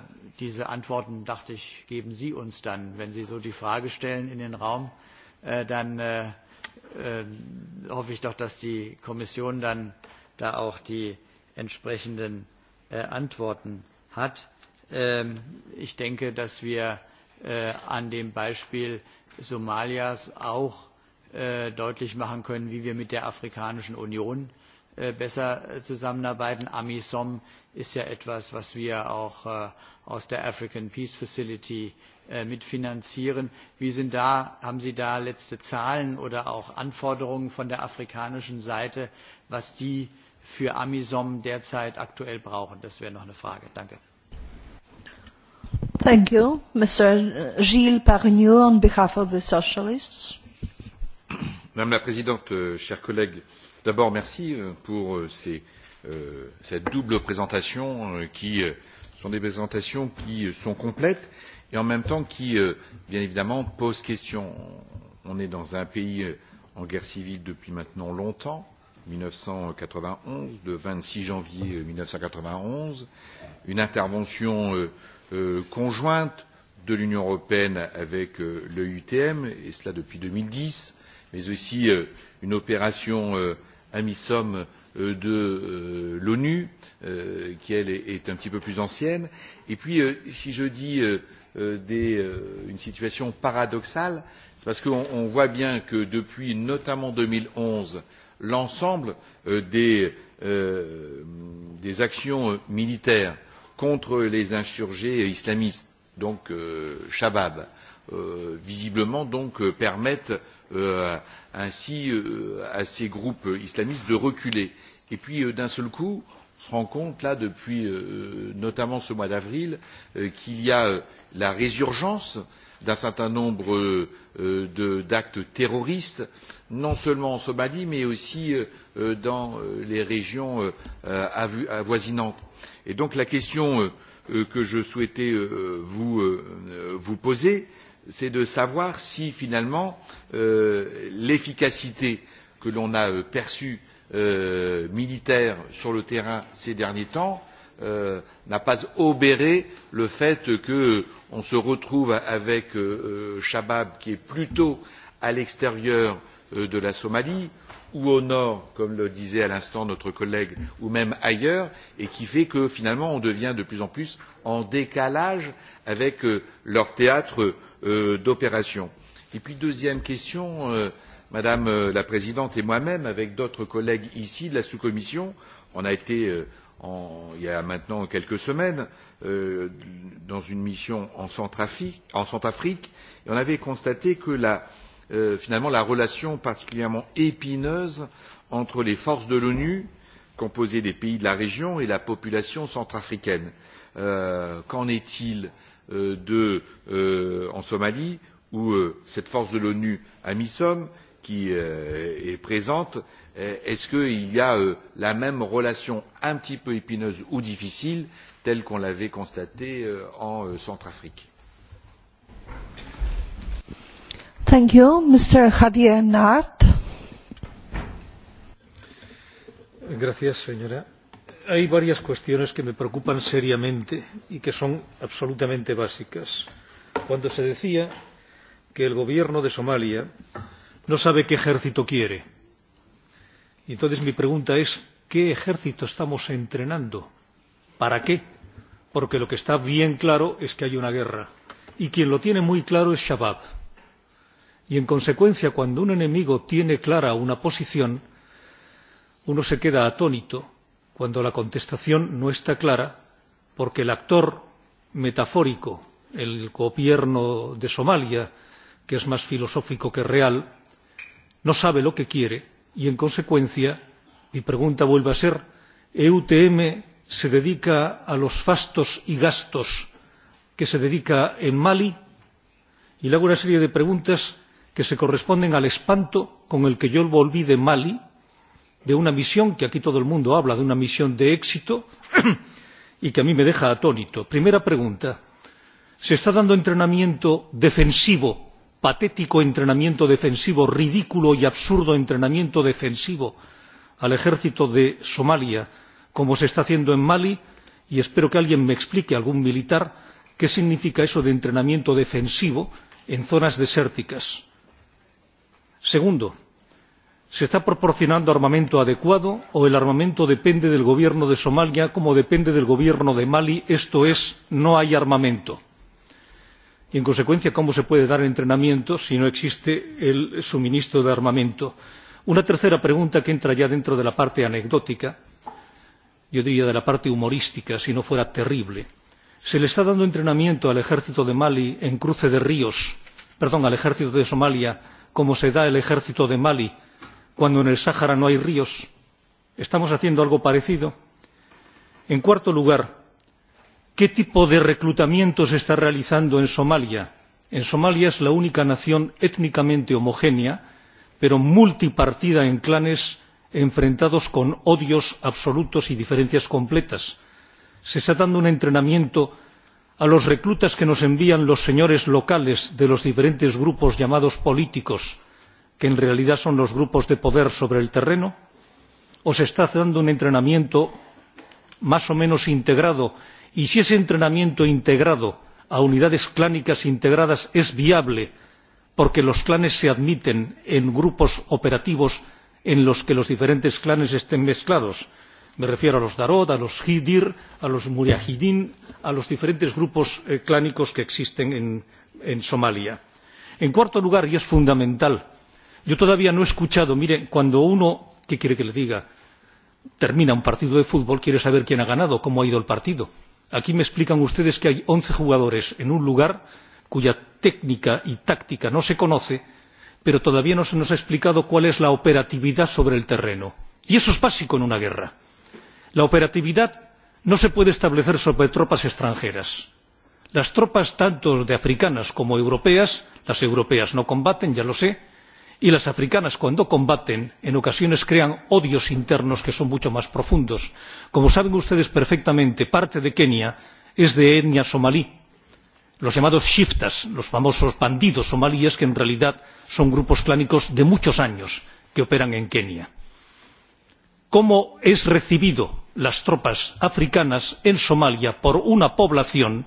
äh, diese Antworten, dachte ich, geben Sie uns dann. Wenn Sie so die Frage stellen in den Raum, äh, dann äh, Äh, hoffe ich doch, dass die Kommission dann da auch die entsprechenden äh, Antworten hat. Ähm, ich denke, dass wir äh, an dem Beispiel Somalias auch deutlich machen können, wie wir mit der Afrikanischen Union Äh, besser zusammenarbeiten. amisom ist ja etwas was wir auch äh, aus der african peace facility äh, mitfinanzieren. wie sind da haben sie da letzte zahlen oder auch anforderungen von der afrikanischen seite was die für amisom derzeit aktuell brauchen? das wäre noch eine frage. danke. Madame la Présidente, euh, chers collègues, d'abord merci euh, pour euh, euh, cette double présentation qui sont des présentations qui sont complètes et en même temps qui bien évidemment posent question. on est dans un pays en guerre civile depuis maintenant longtemps mille neuf cent quatre vingt onze le vingt six janvier mille neuf cent quatre vingt onze une intervention conjointe de l'union européenne avec l'eutm et cela depuis deux mille dix mais aussi une opération ami mi somme euh, de euh, l'onu euh, qui elle est un petit peu plus ancienne et puis si je dis une situation paradoxale c'est parce qu'on voit bien que depuis notamment deux mille onze l'ensemble des, des actions militaires contre les insurgés islamistes donc chabab Euh, visiblement donc euh, permettent euh, ainsi à ces groupes islamistes de reculer. et puis d'un seul coup on se rend compte là depuis notamment ce mois d'avril qu'il y a la résurgence d'un certain nombre d'actes terroristes non seulement en somalie mais aussi dans les régions avoisinantes. et donc la question que je souhaitais vous poser est c'est de savoir si finalement euh, l'efficacité que l'on a euh, perçue euh, militaire sur le terrain ces derniers temps n'a pas obéré le fait qu'on se retrouve avec Shabab qui est plutôt à l'extérieur Euh, de la somalie ou au nord comme le disait à l'instant notre collègue ou même ailleurs et qui fait que finalement on devient de plus en plus en décalage avec euh, leur théâtre euh, d'opération. et puis deuxième question madame la présidente et moi même avec d'autres collègues ici de la sous commission on a été il y a maintenant quelques semaines dans une mission en centrafrique, en centrafrique et on avait constaté que la Euh, finalement la relation particulièrement épineuse entre les forces de l'onu composées des pays de la région et la population centrafricaine. Euh, qu'en est il euh, en Somalie où cette force de l'ONU à Missom qui est présente est ce qu'il y a la même relation un petit peu épineuse ou difficile telle qu'on l'avait constatée en Centrafrique? Thank you. Mr. Javier Nart. Gracias, señora. Hay varias cuestiones que me preocupan seriamente y que son absolutamente básicas. Cuando se decía que el gobierno de Somalia no sabe qué ejército quiere, y entonces mi pregunta es qué ejército estamos entrenando para qué porque lo que está bien claro es que hay una guerra y quien lo tiene muy claro es shabab y en consecuencia cuando un enemigo tiene clara una posición uno se queda atónito cuando la contestación no está clara porque el actor metafórico el gobierno de somalia que es más filosófico que real no sabe lo que quiere y en consecuencia mi pregunta vuelve a ser eutm se dedica a los fastos y gastos que se dedica en mali? y le hago una serie de preguntas que se corresponden al espanto con el que yo volví de mali de una misión que aquí todo el mundo habla de una misión de éxito y que a mí me deja atónito. primera pregunta se está dando entrenamiento defensivo patético entrenamiento defensivo ridículo y absurdo entrenamiento defensivo al ejército de somalia como se está haciendo en mali y espero que alguien me explique algún militar qué significa eso de entrenamiento defensivo en zonas desérticas segundo se está proporcionando armamento adecuado o el armamento depende del gobierno de somalia como depende del gobierno de mali esto es no hay armamento? y en consecuencia cómo se puede dar entrenamiento si no existe el suministro de armamento? una tercera pregunta que entra ya dentro de la parte anecdótica yo diría de la parte humorística si no fuera terrible se le está dando entrenamiento al ejército de mali en cruce de ríos perdón al ejército de somalia como se da el ejército de mali cuando en el sáhara no hay ríos? estamos haciendo algo parecido? en cuarto lugar qué tipo de reclutamiento se está realizando en somalia? en somalia es la única nación étnicamente homogénea pero multipartida en clanes enfrentados con odios absolutos y diferencias completas. se está dando un entrenamiento a los reclutas que nos envían los señores locales de los diferentes grupos llamados políticos que en realidad son los grupos de poder sobre el terreno o se está dando un entrenamiento más o menos integrado y si ese entrenamiento integrado a unidades clánicas integradas es viable porque los clanes se admiten en grupos operativos en los que los diferentes clanes estén mezclados? me refiero a los darod a los hidir a los mujahidin a los diferentes grupos eh, clánicos que existen en, en somalia. en cuarto lugar y es fundamental yo todavía no he escuchado mire cuando uno qué quiere que le diga termina un partido de fútbol quiere saber quién ha ganado cómo ha ido el partido. aquí me explican ustedes que hay once jugadores en un lugar cuya técnica y táctica no se conoce pero todavía no se nos ha explicado cuál es la operatividad sobre el terreno y eso es básico en una guerra la operatividad no se puede establecer sobre tropas extranjeras. las tropas tanto africanas como europeas las europeas no combaten ya lo sé y las africanas cuando combaten en ocasiones crean odios internos que son mucho más profundos. como saben ustedes perfectamente parte de kenia es de etnia somalí los llamados shiftas los famosos bandidos somalíes que en realidad son grupos clánicos de muchos años que operan en kenia. cómo es recibido las tropas africanas en somalia por una población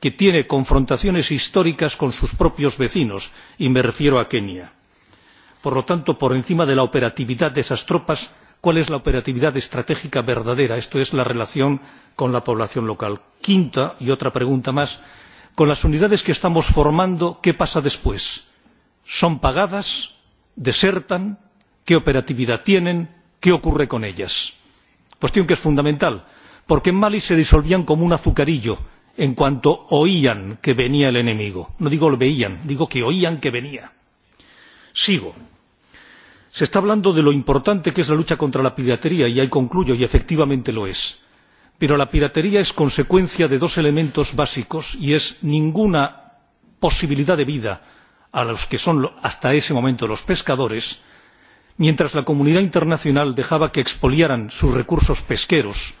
que tiene confrontaciones históricas con sus propios vecinos y me refiero a kenia. por lo tanto por encima de la operatividad de esas tropas cuál es la operatividad estratégica verdadera esto es la relación con la población local? quinta y otra pregunta más con las unidades que estamos formando qué pasa después? son pagadas? desertan? qué operatividad tienen? qué ocurre con ellas? cuestión que es fundamental porque en mali se disolvían como un azucarillo en cuanto oían que venía el enemigo no digo lo veían digo que oían que venía. sigo se está hablando de lo importante que es la lucha contra la piratería y ahí concluyo y efectivamente lo es pero la piratería es consecuencia de dos elementos básicos y es ninguna posibilidad de vida a los que son hasta ese momento los pescadores y mientras la comunidad internacional dejaba que expoliaran sus recursos pesqueros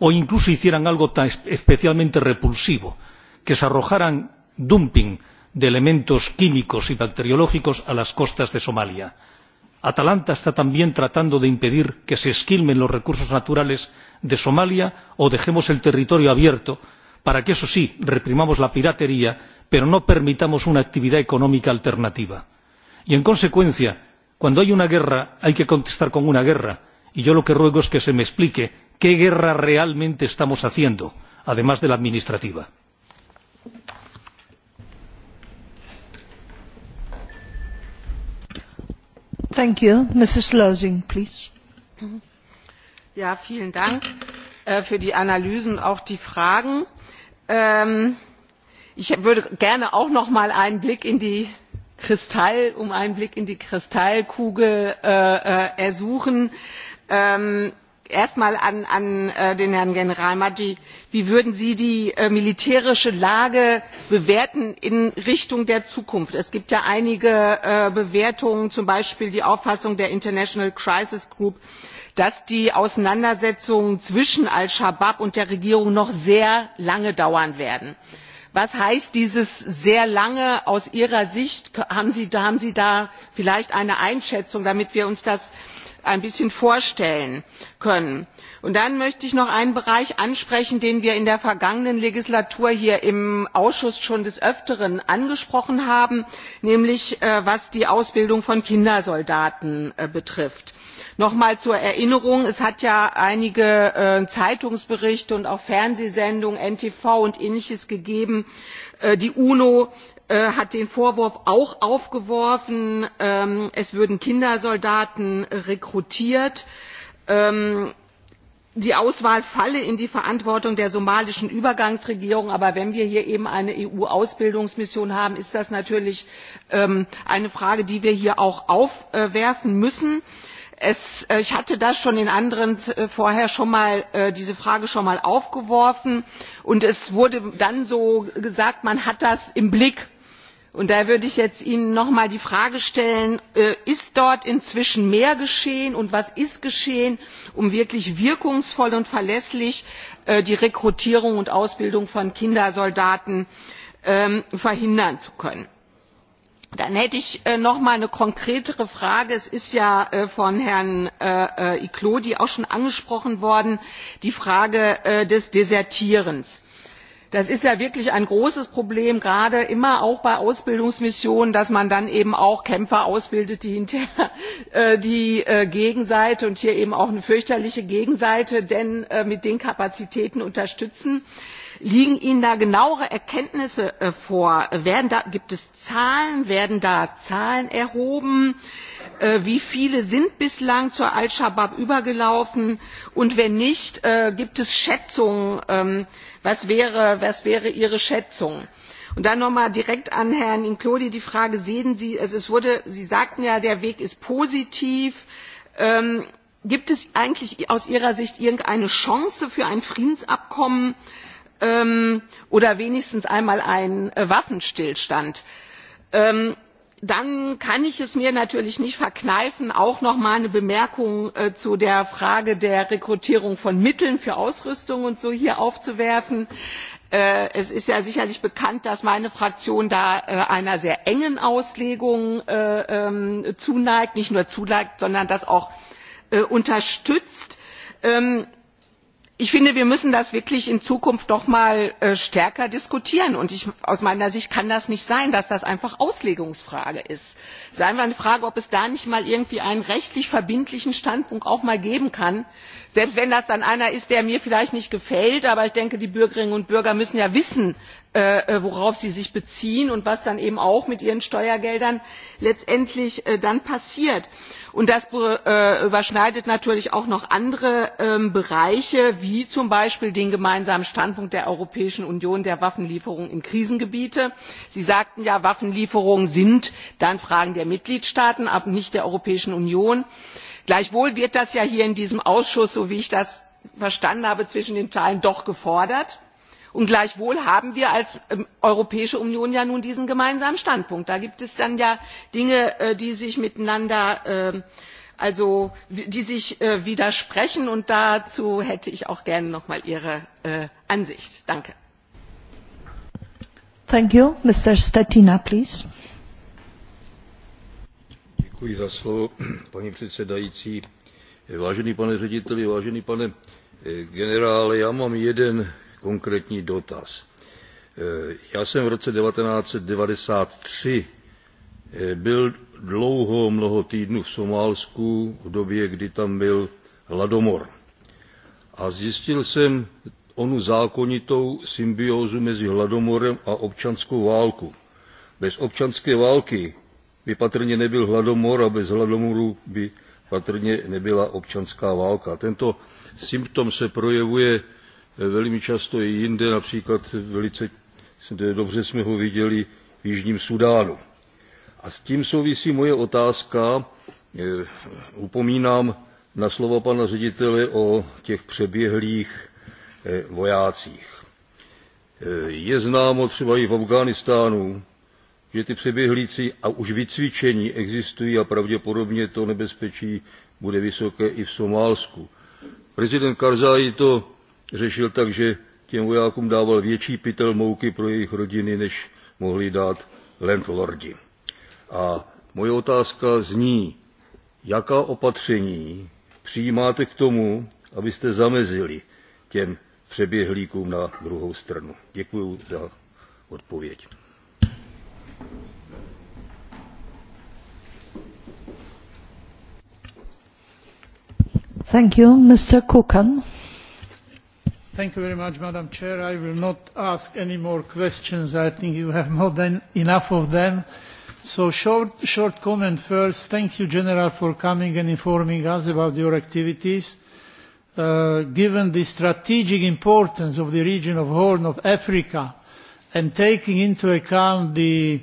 o incluso hicieran algo tan especialmente repulsivo que se arrojaran dumping de elementos químicos y bacteriológicos a las costas de somalia. atalanta está también tratando de impedir que se esquilmen los recursos naturales de somalia o dejemos el territorio abierto para que eso sí reprimamos la piratería pero no permitamos una actividad económica alternativa. y en consecuencia cuando hay una guerra hay que contestar con una guerra y yo lo que ruego es que se me explique qué guerra realmente estamos haciendo además de la administrativa. Äh, ähm, ich würde gerne auch noch mal einen blick in die kristall um einen blick in die kristallkugel äh, äh ersuchen ähm, erst mal an, an äh, den herrn Matti wie würden sie die äh, militärische lage bewerten in richtung der zukunft? es gibt ja einige äh, bewertungen zum beispiel die auffassung der international crisis group dass die auseinandersetzungen zwischen al shabaab und der regierung noch sehr lange dauern werden was heißt dieses sehr lange aus ihrer sicht? haben sie, da vielleicht eine einschätzung damit wir uns das ein bisschen vorstellen können? und dann möchte ich noch einen bereich ansprechen den wir in der vergangenen legislatur hier im ausschuss schon des öfteren angesprochen haben nämlich äh, was die ausbildung von kindersoldaten äh, betrifft noch mal zur erinnerung es hat ja einige äh, zeitungsberichte und auch fernsehsendungen ntv und ähnliches gegeben äh, die uno äh, hat den vorwurf auch aufgeworfen ähm, es würden kindersoldaten rekrutiert ähm, die auswahl falle in die verantwortung der somalischen übergangsregierung. aber wenn wir hier eben eine eu ausbildungsmission haben ist das natürlich ähm, eine frage die wir hier auch aufwerfen müssen. Äh, ich hatte das schon in anderen äh, vorher schon mal äh, diese frage schon mal aufgeworfen und es wurde dann so gesagt man hat das im blick da würde ich jetzt ihnen noch mal die frage stellen ist dort inzwischen mehr geschehen und was ist geschehen um wirklich wirkungsvoll und verlässlich die rekrutierung und ausbildung von kindersoldaten ähm, verhindern zu können? dann hätte ich äh, noch mal eine konkretere frage es ist ja äh, von herrn äh, iclodi auch schon angesprochen worden die frage des desertierens. das ist ja wirklich ein großes problem gerade immer auch bei ausbildungsmissionen dass man dann eben auch kämpfer ausbildet die hinterher die gegenseite und hier eben auch eine fürchterliche gegenseite denn mit den kapazitäten unterstützen liegen ihnen da genauere erkenntnisse äh, vor? gibt es zahlen? werden da zahlen erhoben? Äh, wie viele sind bislang zu al shabaab übergelaufen? und wenn nicht äh, gibt es schätzungen? Ähm, was wäre, ihre schätzung? und dann noch mal direkt an herrn inclodi die frage sehen sie es wurde sie sagten ja der weg ist positiv ähm, gibt es eigentlich aus ihrer sicht irgendeine chance für ein friedensabkommen Ähm, oder wenigstens einmal einen äh, waffenstillstand. Ähm, dann kann ich es mir natürlich nicht verkneifen auch noch mal eine bemerkung äh, zu der frage der rekrutierung von mitteln für ausrüstung und so hier aufzuwerfen. Äh, es ist ja sicherlich bekannt dass meine fraktion da einer sehr engen auslegung ähm, zuneigt nicht nur zuneigt sondern das auch unterstützt ich finde wir müssen das wirklich in zukunft noch mal äh, stärker diskutieren und aus meiner sicht kann das nicht sein dass das einfach auslegungsfrage ist. es ist einfach eine frage ob es da nicht mal irgendwie einen rechtlich verbindlichen standpunkt auch mal geben kann selbst wenn das dann einer ist der mir vielleicht nicht gefällt aber ich denke die bürgerinnen und bürger müssen ja wissen Äh, äh, worauf sie sich beziehen und was dann eben auch mit ihren steuergeldern letztendlich äh, dann passiert. das überschneidet natürlich auch noch andere ähm, bereiche wie zum beispiel den gemeinsamen standpunkt der europäischen union der waffenlieferung in krisengebiete. sie sagten ja waffenlieferungen sind dann fragen der mitgliedstaaten aber nicht der europäischen union. gleichwohl wird das ja hier in diesem ausschuss so wie ich das verstanden habe zwischen den zeilen doch gefordert und gleichwohl haben wir als ähm, europäische union ja nun diesen gemeinsamen standpunkt da gibt es dann ja dinge äh, die sich miteinander äh, äh, widersprechen und dazu hätte ich auch gerne noch mal ihre ansicht. danke. paní předsedající vážený pane řediteli vážený pane eh, generále já mám jeden konkrétní dotaz. E, já jsem v roce 1993 e, byl dlouho mnoho týdnů v Somálsku v době, kdy tam byl hladomor. A zjistil jsem onu zákonitou symbiózu mezi hladomorem a občanskou válkou. Bez občanské války by patrně nebyl hladomor a bez hladomoru by patrně nebyla občanská válka. Tento symptom se projevuje velmi často i jinde, například velice dobře jsme ho viděli v Jižním Sudánu. A s tím souvisí moje otázka, eh, upomínám na slova pana ředitele o těch přeběhlých eh, vojácích. Eh, je známo třeba i v Afghánistánu, že ty přeběhlíci a už vycvičení existují a pravděpodobně to nebezpečí bude vysoké i v Somálsku. Prezident Karzai to řešil tak, že těm vojákům dával větší pytel mouky pro jejich rodiny, než mohli dát landlordi. A moje otázka zní, jaká opatření přijímáte k tomu, abyste zamezili těm přeběhlíkům na druhou stranu. Děkuji za odpověď. Thank you, Mr. Kukan. Thank you very much, Madam Chair. I will not ask any more questions. I think you have more than enough of them. So short, short comment first. Thank you, General, for coming and informing us about your activities. Uh, given the strategic importance of the region of Horn of Africa and taking into account the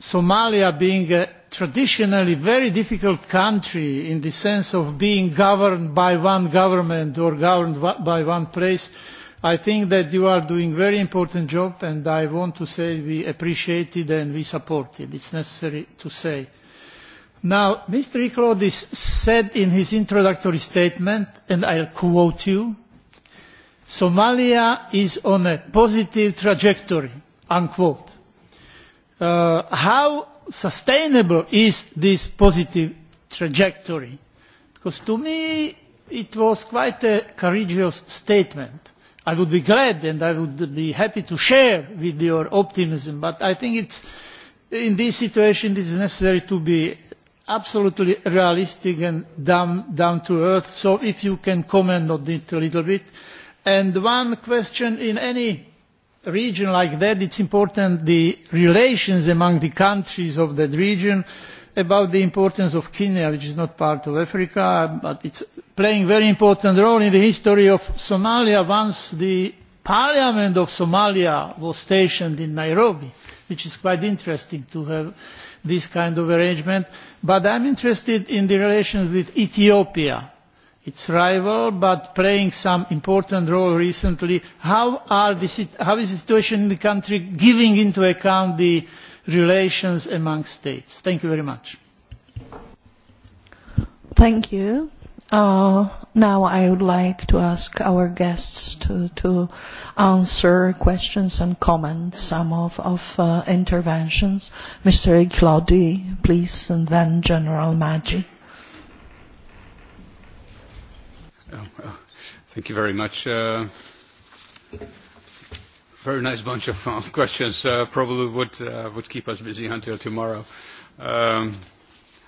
Somalia being a traditionally very difficult country in the sense of being governed by one government or governed by one place, I think that you are doing a very important job and I want to say we appreciate it and we support it. It's necessary to say. Now, Mr. Iklaudis said in his introductory statement, and I'll quote you, Somalia is on a positive trajectory, unquote. Uh, how sustainable is this positive trajectory? Because to me, it was quite a courageous statement. I would be glad and I would be happy to share with your optimism, but I think it's, in this situation it is necessary to be absolutely realistic and down, down to earth. So if you can comment on it a little bit. And one question in any region like that it is important the relations among the countries of that region about the importance of Kenya, which is not part of Africa, but it's playing a very important role in the history of Somalia once the parliament of Somalia was stationed in Nairobi, which is quite interesting to have this kind of arrangement. But I am interested in the relations with Ethiopia its rival but playing some important role recently how, are the, how is the situation in the country giving into account the relations among states? thank you very much. thank you. Uh, now I would like to ask our guests to, to answer questions and comment some of, of uh, interventions. Mr. Claudi, please, and then General Maggi. Oh, oh. thank you very much. Uh, very nice bunch of uh, questions. Uh, probably would, uh, would keep us busy until tomorrow. Um,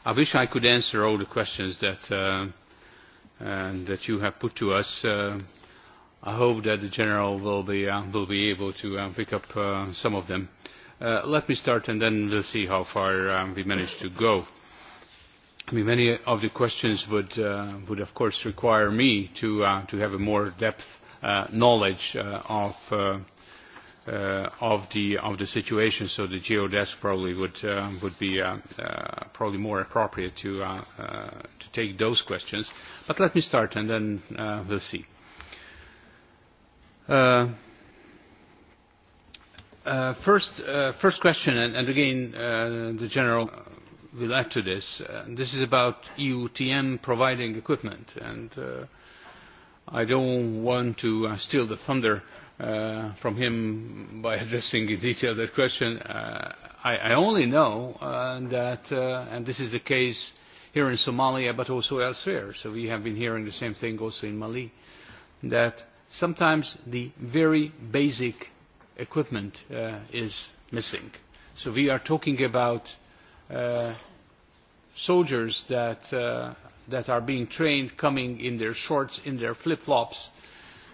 I wish I could answer all the questions that, uh, and uh, that you have put to us. Uh, I hope that the General will be, uh, will be able to uh, pick up uh, some of them. Uh, let me start and then we'll see how far um, we manage to go. I mean, many of the questions would, uh, would of course require me to, uh, to have a more depth uh, knowledge uh, of, uh, uh, of, the, of the situation, so the geodesk probably would, uh, would be uh, uh, probably more appropriate to, uh, uh, to take those questions. But let me start and then uh, we'll see. Uh, uh, first, uh, first question, and, and again, uh, the general will add to this. Uh, this is about EUTM providing equipment, and uh, I don't want to uh, steal the thunder uh, from him by addressing in detail that question. Uh, I, I only know uh, that, uh, and this is the case here in Somalia, but also elsewhere. So we have been hearing the same thing also in Mali, that sometimes the very basic equipment uh, is missing. So we are talking about uh, soldiers that, uh, that are being trained coming in their shorts, in their flip-flops,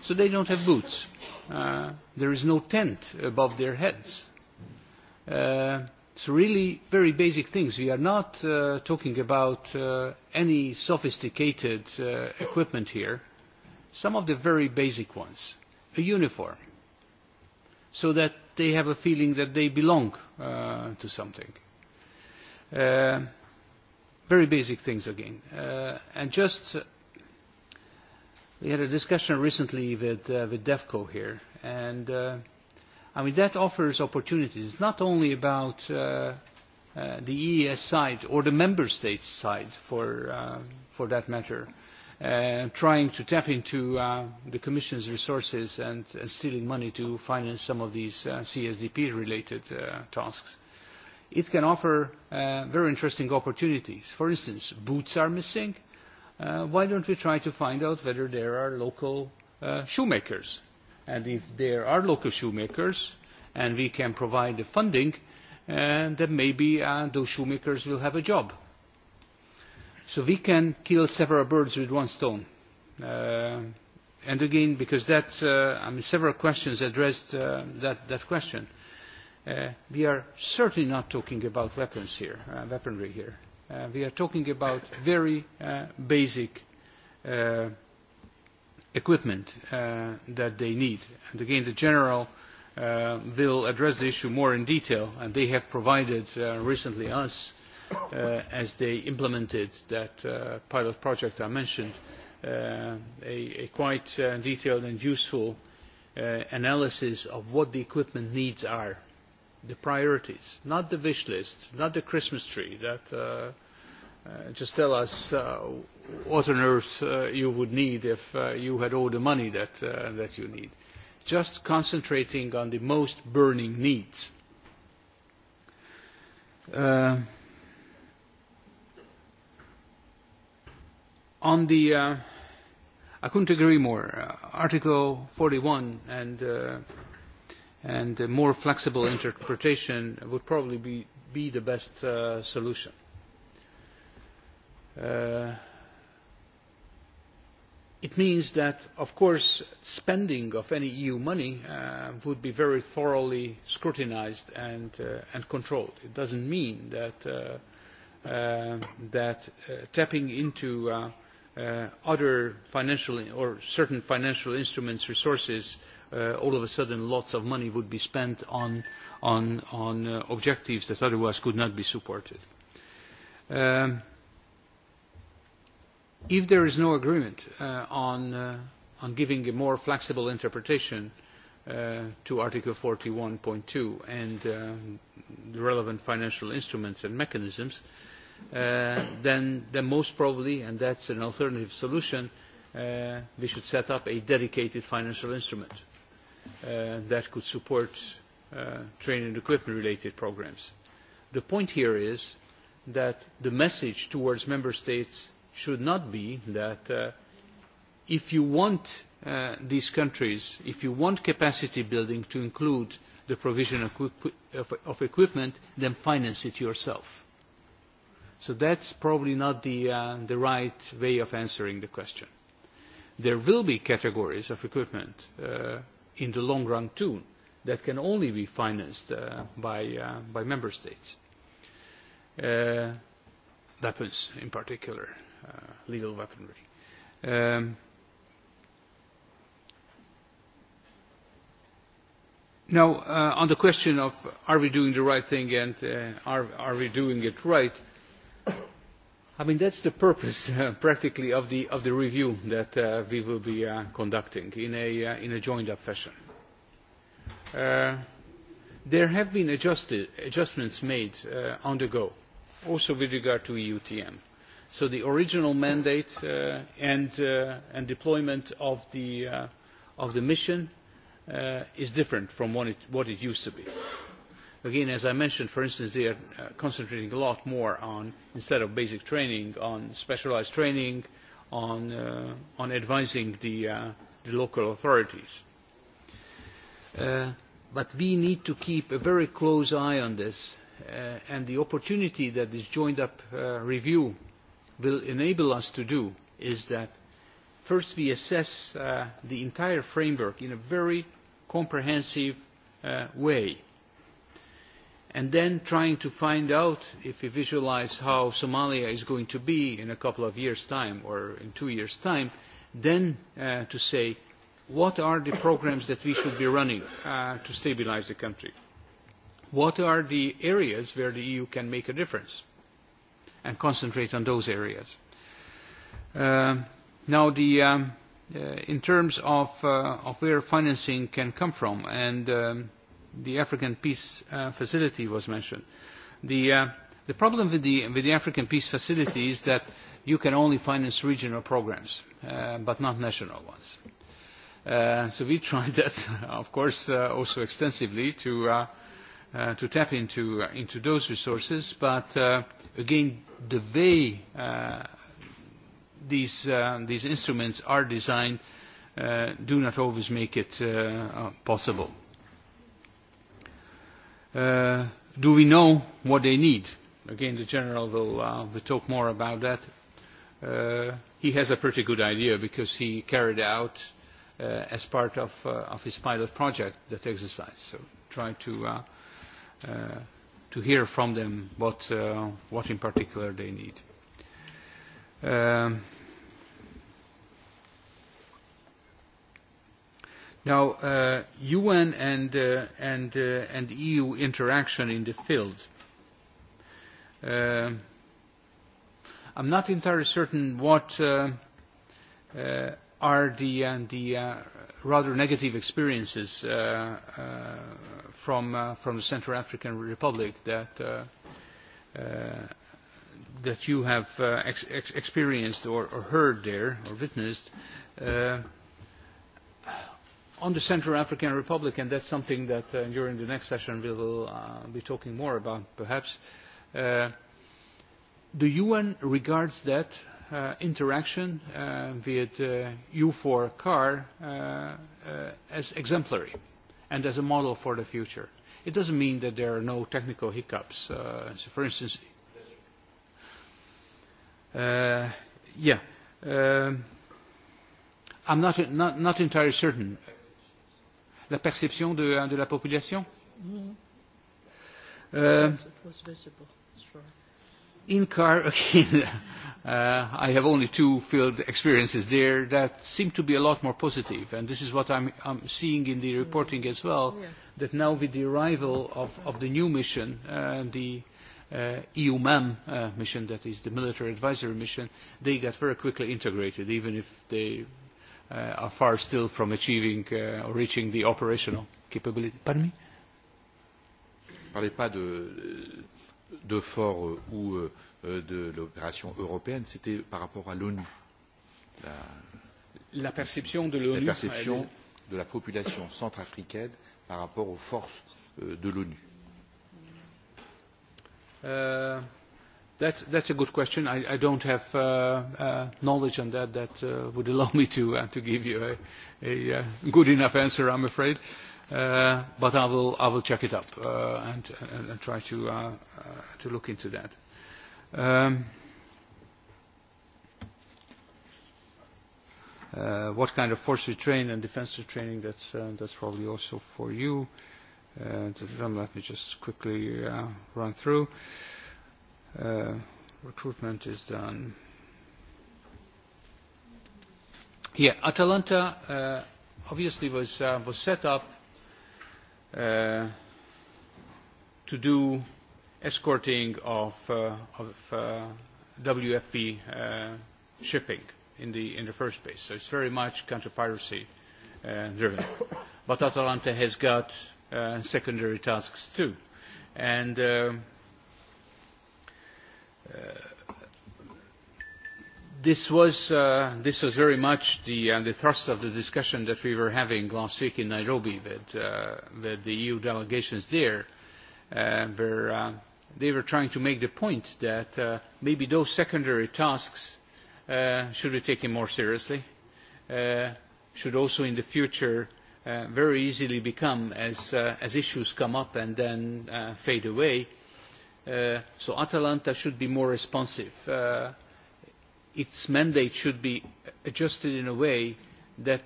so they don't have boots. Uh, there is no tent above their heads. Uh, so really very basic things. We are not uh, talking about uh, any sophisticated uh, equipment here. Some of the very basic ones. A uniform. So that they have a feeling that they belong uh, to something Uh, very basic things again. Uh, and just, uh, we had a discussion recently with, uh, with DEFCO here, and uh, I mean, that offers opportunities. It's not only about uh, uh, the EES side or the member states side for, uh, for that matter, uh, trying to tap into uh, the Commission's resources and, and stealing money to finance some of these uh, CSDP-related uh, tasks it can offer uh, very interesting opportunities. For instance, boots are missing. Uh, why don't we try to find out whether there are local uh, shoemakers? And if there are local shoemakers and we can provide the funding, uh, then maybe uh, those shoemakers will have a job. So we can kill several birds with one stone. Uh, and again, because that's, uh, I mean, several questions addressed uh, that, that question. Uh, Uh, we are certainly not talking about weapons here, uh, weaponry here. Uh, we are talking about very uh, basic uh, equipment uh, that they need. And again, the general uh, will address the issue more in detail, and they have provided uh, recently us, uh, as they implemented that uh, pilot project I mentioned, uh, a, a quite uh, detailed and useful uh, analysis of what the equipment needs are the priorities, not the wish list, not the Christmas tree that uh, uh, just tell us uh, what on earth uh, you would need if uh, you had all the money that, uh, that you need. Just concentrating on the most burning needs. Uh, on the, uh, I couldn't agree more. Uh, Article 41 and uh, and a more flexible interpretation would probably be, be the best uh, solution. Uh, it means that, of course, spending of any EU money uh, would be very thoroughly scrutinized and, uh, and controlled. It doesn't mean that, uh, uh, that uh, tapping into uh, uh, other financial or certain financial instruments, resources, uh, uh, all of a sudden lots of money would be spent on, on, on uh, objectives that otherwise could not be supported. Um, if there is no agreement uh, on, uh, on giving a more flexible interpretation uh, to Article 41.2 and uh, the relevant financial instruments and mechanisms, uh, then, then most probably, and that's an alternative solution, uh, we should set up a dedicated financial instrument uh, that could support uh, training and equipment related programs. The point here is that the message towards member states should not be that uh, if you want uh, these countries, if you want capacity building to include the provision of, of, of equipment, then finance it yourself. So that's probably not the, uh, the right way of answering the question. There will be categories of equipment uh, in the long run too that can only be financed uh, by, uh, by member states. Uh, weapons in particular, uh, legal weaponry. Um, now, uh, on the question of are we doing the right thing and uh, are, are we doing it right, i mean, that's the purpose, uh, practically, of the, of the review that uh, we will be uh, conducting in a, uh, in a joined-up fashion. Uh, there have been adjusted, adjustments made uh, on the go, also with regard to EUTM. So the original mandate uh, and, uh, and deployment of the, uh, of the mission uh, is different from what it, what it used to be again, as I mentioned, for instance, they are uh, concentrating a lot more on, instead of basic training, on specialised training, on, uh, on advising the, uh, the local authorities. Uh, but we need to keep a very close eye on this, and the opportunity that this joined-up review will enable us to do is that first we assess uh, the entire framework in a very comprehensive uh, way and then trying to find out if we visualize how Somalia is going to be in a couple of years' time or in two years' time, then uh, to say what are the programs that we should be running uh, to stabilize the country? What are the areas where the EU can make a difference? And concentrate on those areas. Uh, now, the, um, uh, in terms of, uh, of where financing can come from and um, the African Peace uh, Facility was mentioned. The, uh, the problem with the, with the African Peace Facility is that you can only finance regional programs, uh, but not national ones. Uh, so we tried that, of course, uh, also extensively to, uh, uh, to tap into, uh, into those resources. But uh, again, the way uh, these, uh, these instruments are designed uh, do not always make it uh, possible uh, do we know what they need? Again, the general will, uh, will talk more about that. Uh, he has a pretty good idea because he carried out, uh, as part of, uh, of his pilot project, that exercise. So try to, uh, uh, to hear from them what, uh, what in particular they need. Um, Now, uh, UN and, uh, and, uh, and EU interaction in the field. Uh, I'm not entirely certain what uh, uh, are the, uh, the uh, rather negative experiences uh, uh, from, uh, from the Central African Republic that, uh, uh, that you have uh, ex ex experienced or, or heard there or witnessed. Uh, on the Central African Republic, and that's something that uh, during the next session we will uh, be talking more about, perhaps, uh, the UN regards that uh, interaction, uh, via the U4 CAR, uh, uh, as exemplary and as a model for the future. It doesn't mean that there are no technical hiccups. Uh, so for instance, uh, yeah, um, I'm not, not, not entirely certain la perception de, de la population. Uh, in car again, uh, I have only two field experiences there that seem to be a lot more positive, and this is what I'm, I'm seeing in the mm-hmm. reporting as well. Yeah. That now with the arrival of, of the new mission, uh, the uh, EU EU-MAM uh, mission, that is the military advisory mission, they got very quickly integrated, even if they uh, are far still from achieving uh, or reaching the operational capability. Pardon me? Je pas de, de fort euh, ou euh, euh, de l'opération européenne, c'était par rapport à l'ONU. La, la perception de l'ONU. La perception elle... de la population centrafricaine par rapport aux forces euh, de l'ONU. Euh, That's, that's a good question. I, I don't have uh, uh, knowledge on that that uh, would allow me to, uh, to give you a, a uh, good enough answer, I'm afraid. Uh, but I will, I will check it up uh, and, and, and try to, uh, uh, to look into that. Um, uh, what kind of forestry train and defensive training, that's, uh, that's probably also for you. Uh, let me just quickly uh, run through. Uh, uh, recruitment is done. Yeah, Atalanta uh, obviously was, uh, was set up uh, to do escorting of, uh, of uh, WFP uh, shipping in the, in the first place. So it's very much counter-piracy uh, driven. But Atalanta has got uh, secondary tasks too. And uh, this was uh, this was very much the uh, the thrust of the discussion that we were having last week in Nairobi with uh, with the EU delegations there, uh, where uh, they were trying to make the point that uh, maybe those secondary tasks uh, should be taken more seriously, uh, should also in the future uh, very easily become as uh, as issues come up and then uh, fade away. Uh, Uh, so atalanta should be more responsive. Uh, its mandate should be adjusted in a way that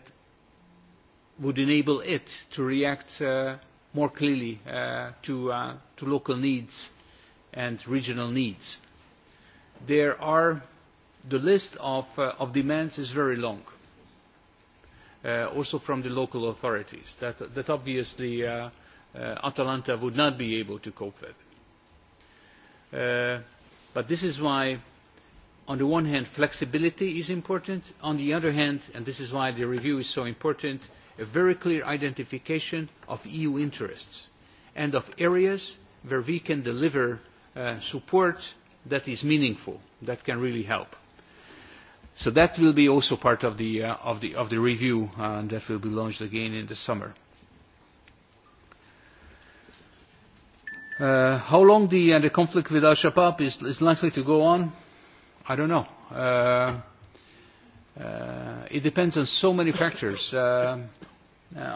would enable it to react uh, more clearly uh, to, uh, to local needs and regional needs. There are the list of, of demands is very long, also from the local authorities that, that obviously Atalanta would not be able to cope with Uh, but this is why, on the one hand, flexibility is important. On the other hand, and this is why the review is so important, a very clear identification of EU interests and of areas where we can deliver uh, support that is meaningful, that can really help. So that will be also part of the, uh, review that will be launched again in the summer. Uh, how long the, uh, the conflict with Al-Shabaab is, is likely to go on, I don't know. Uh, uh, it depends on so many factors. Uh, uh,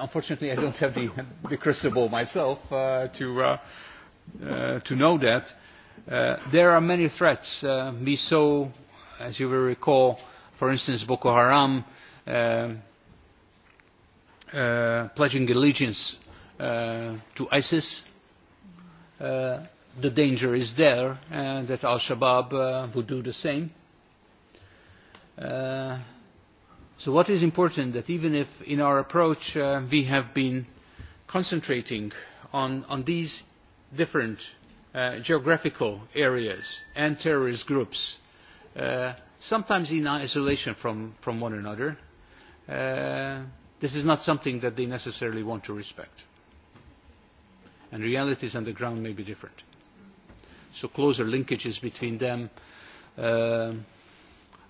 unfortunately, I don't have the, the crystal ball myself uh, to, uh, uh, to know that. Uh, there are many threats. Uh, we saw, as you will recall, for instance, Boko Haram uh, uh, pledging allegiance uh, to ISIS uh, the danger is there uh, that Al-Shabaab uh, would do the same. Uh, so what is important that even if in our approach uh, we have been concentrating on, on these different uh, geographical areas and terrorist groups, uh, sometimes in isolation from, from one another, uh, this is not something that they necessarily want to respect and realities on the ground may be different. So closer linkages between them uh,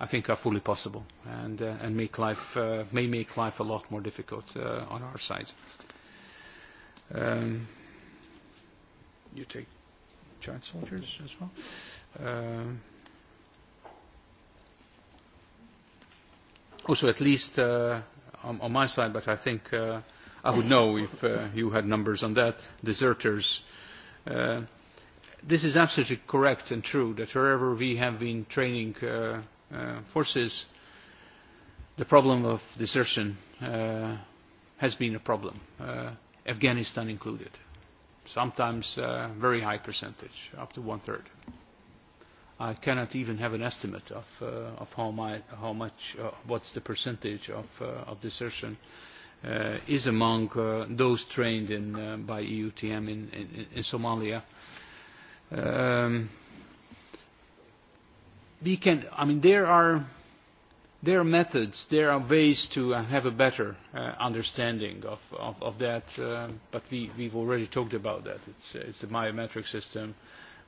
I think are fully possible and, uh, and make life, uh, may make life a lot more difficult uh, on our side. Um, you take child soldiers as well. Um, also, at least uh, on, on my side, but I think uh, i would know if uh, you had numbers on that, deserters. Uh, this is absolutely correct and true that wherever we have been training uh, uh, forces, the problem of desertion uh, has been a problem, uh, Afghanistan included. Sometimes a uh, very high percentage, up to one third. I cannot even have an estimate of, uh, of how, my, how much, uh, what's the percentage of, uh, of desertion uh, uh, is among uh, those trained in, uh, by EUTM in, in, in Somalia. Um, we can, I mean, there are, there are methods, there are ways to uh, have a better uh, understanding of, of, of that, uh, but we, we've already talked about that. It's, uh, it's the biometric system,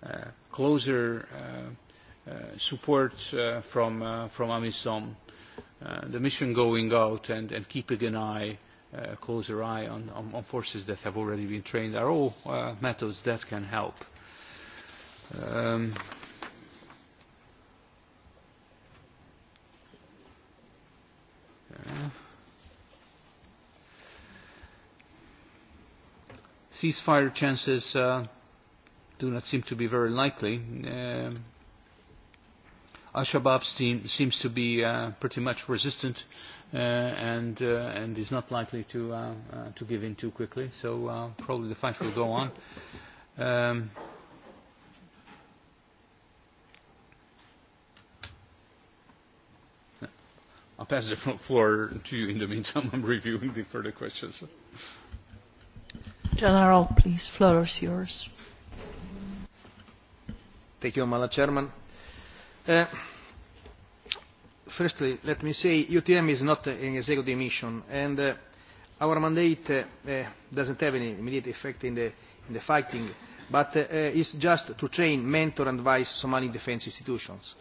uh, closer uh, uh, support uh, from, uh, from AMISOM, uh, the mission going out and, and keeping an eye, uh, closer eye on, on, on forces that have already been trained are all uh, methods that can help. Um, ceasefire chances uh, do not seem to be very likely. Um, Al-Shabaab seem, seems to be uh, pretty much resistant uh, and, uh, and is not likely to, uh, uh, to give in too quickly. So uh, probably the fight will go on. Um, I'll pass the floor to you in the meantime. I'm reviewing the further questions. General, please, floor is yours. Thank you, Madam Chairman Uh, firstly, let me say UTM is not an executive mission, and uh, our mandate uh, does not have any immediate effect in the, fighting, but is just to train, mentor, and advise Somali defence institutions.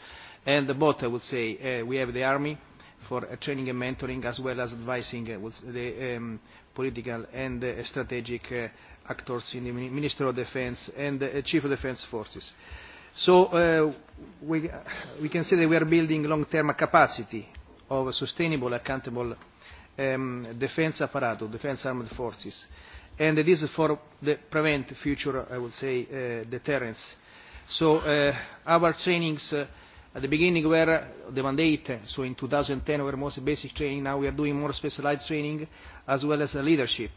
And both, I would say, we have the army for training and mentoring, as well as advising the um, political and strategic actors in the Ministry of Defence and the Chief of Defence Forces. So uh, we, we can say that we are building long-term capacity of a sustainable, accountable um, defense apparatus, defense armed forces. And this is for the prevent future, I would say, uh, deterrence. So uh, our trainings uh, at the beginning were the mandate, so in 2010 were mostly basic training, now we are doing more specialized training as well as uh, leadership.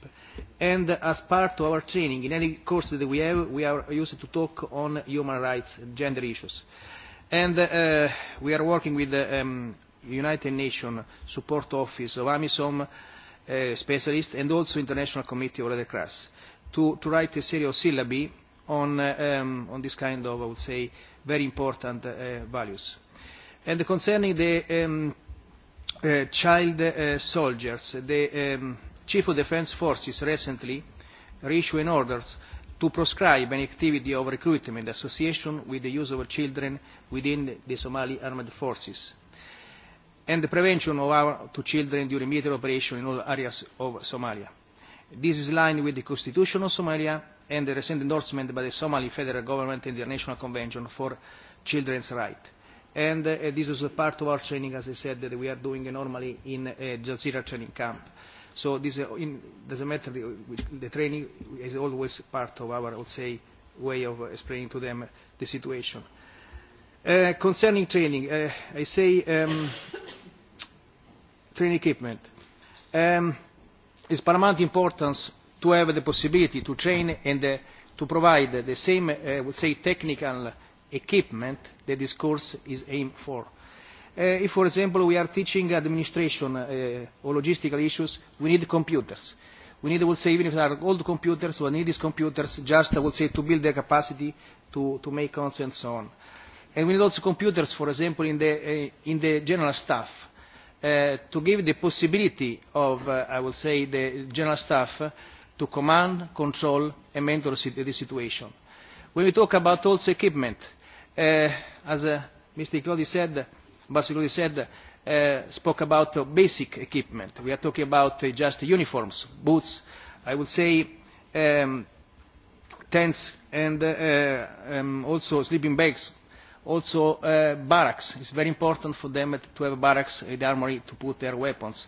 And uh, as part of our training, in any course that we have, we are used to talk on human rights and gender issues. And uh, we are working with the uh, um, United Nations Support Office of AMISOM uh, specialists and also International Committee of Red Cross to, to write a series of syllabi on, um, on this kind of, I would say, very important uh, values. And concerning the um, uh, child uh, soldiers, the um, Chief of Defence Forces recently reissued an order to proscribe an activity of recruitment association with the use of children within the Somali armed forces and the prevention of our to children during military operation in all areas of Somalia. This is in line with the Constitution of Somalia and the recent endorsement by the Somali federal government and the National Convention for Children's Rights. And uh, this was a part of our training, as I said, that we are doing normally in uh, Jazeera training camp. So this uh, in, doesn't matter, the, the training is always part of our, I would say, way of explaining to them the situation. Uh, concerning training, uh, I say um, training equipment. Um, it's paramount importance to have the possibility to train and uh, to provide the same, uh, I uh, would say, technical equipment that this course is aimed for. Uh, if, for example, we are teaching administration uh, or logistical issues, we need computers. We need, I would say, even if there are old computers, we need these computers just, I would say, to build their capacity to, to make content and so on. And we need also computers, for example, in the, uh, in the general staff. Uh, to give the possibility of, uh, I would say, the general staff uh, to command, control and mentor the situation. When we talk about also equipment, uh, as uh, Mr. Claudi said, Basically said, uh, spoke about uh, basic equipment. We are talking about uh, just uniforms, boots, I would say um, tents and uh, um, also sleeping bags. Also uh, barracks. It's very important for them to have barracks, in the armory to put their weapons.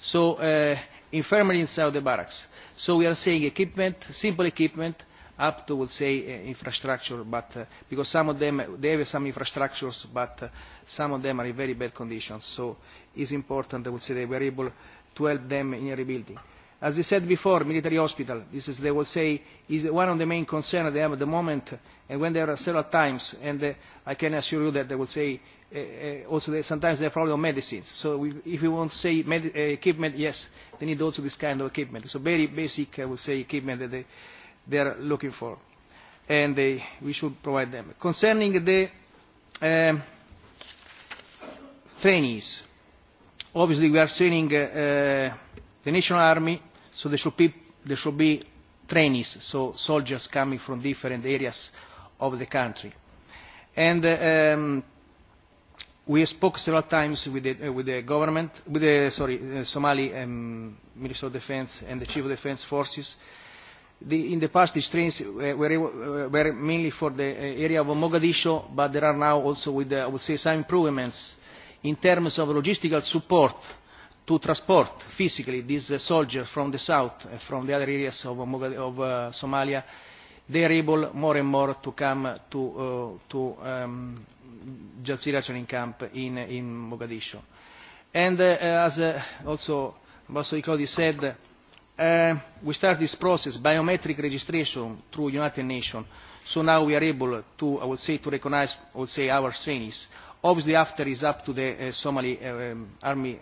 So uh, infirmary inside the barracks. So we are saying equipment, simple equipment, up to, would say, uh, infrastructure, but uh, because some of them, they have some infrastructures, but uh, some of them are in very bad conditions. So it's important, I would say, that we are able to help them in rebuilding. As I said before, military hospital, this is, they will say, is one of the main concerns they have at the moment, and when there are several times, and uh, I can assure you that they will say, uh, uh, also they, sometimes they have with medicines. So we, if we want to say med uh, equipment, yes, they need also this kind of equipment. So very basic, I would say, equipment that they, they are looking for, and they, we should provide them. Concerning the um, trainees, obviously we are training uh, uh, the national army, so there should be, there should be trainees, so soldiers coming from different areas of the country. And uh, um, we spoke several times with the, uh, with the government, with the sorry, uh, Somali um, Minister of Defense and the Chief of Defense Forces. The, in the past, these trains were, were, were mainly for the uh, area of Mogadishu, but there are now also, with the, uh, I would say, some improvements in terms of logistical support uh, to transport physically these uh, soldiers from the south and uh, from the other areas of, uh, of uh, Somalia, they are able more and more to come to, uh, to um, Jazeera training camp in, in Mogadishu. And uh, as uh, also Ambassador Icodi said, uh, we start this process, biometric registration through United Nations. So now we are able to, I would say, to recognize, I would say, our trainees. Obviously, after is up to the uh, Somali uh, um, army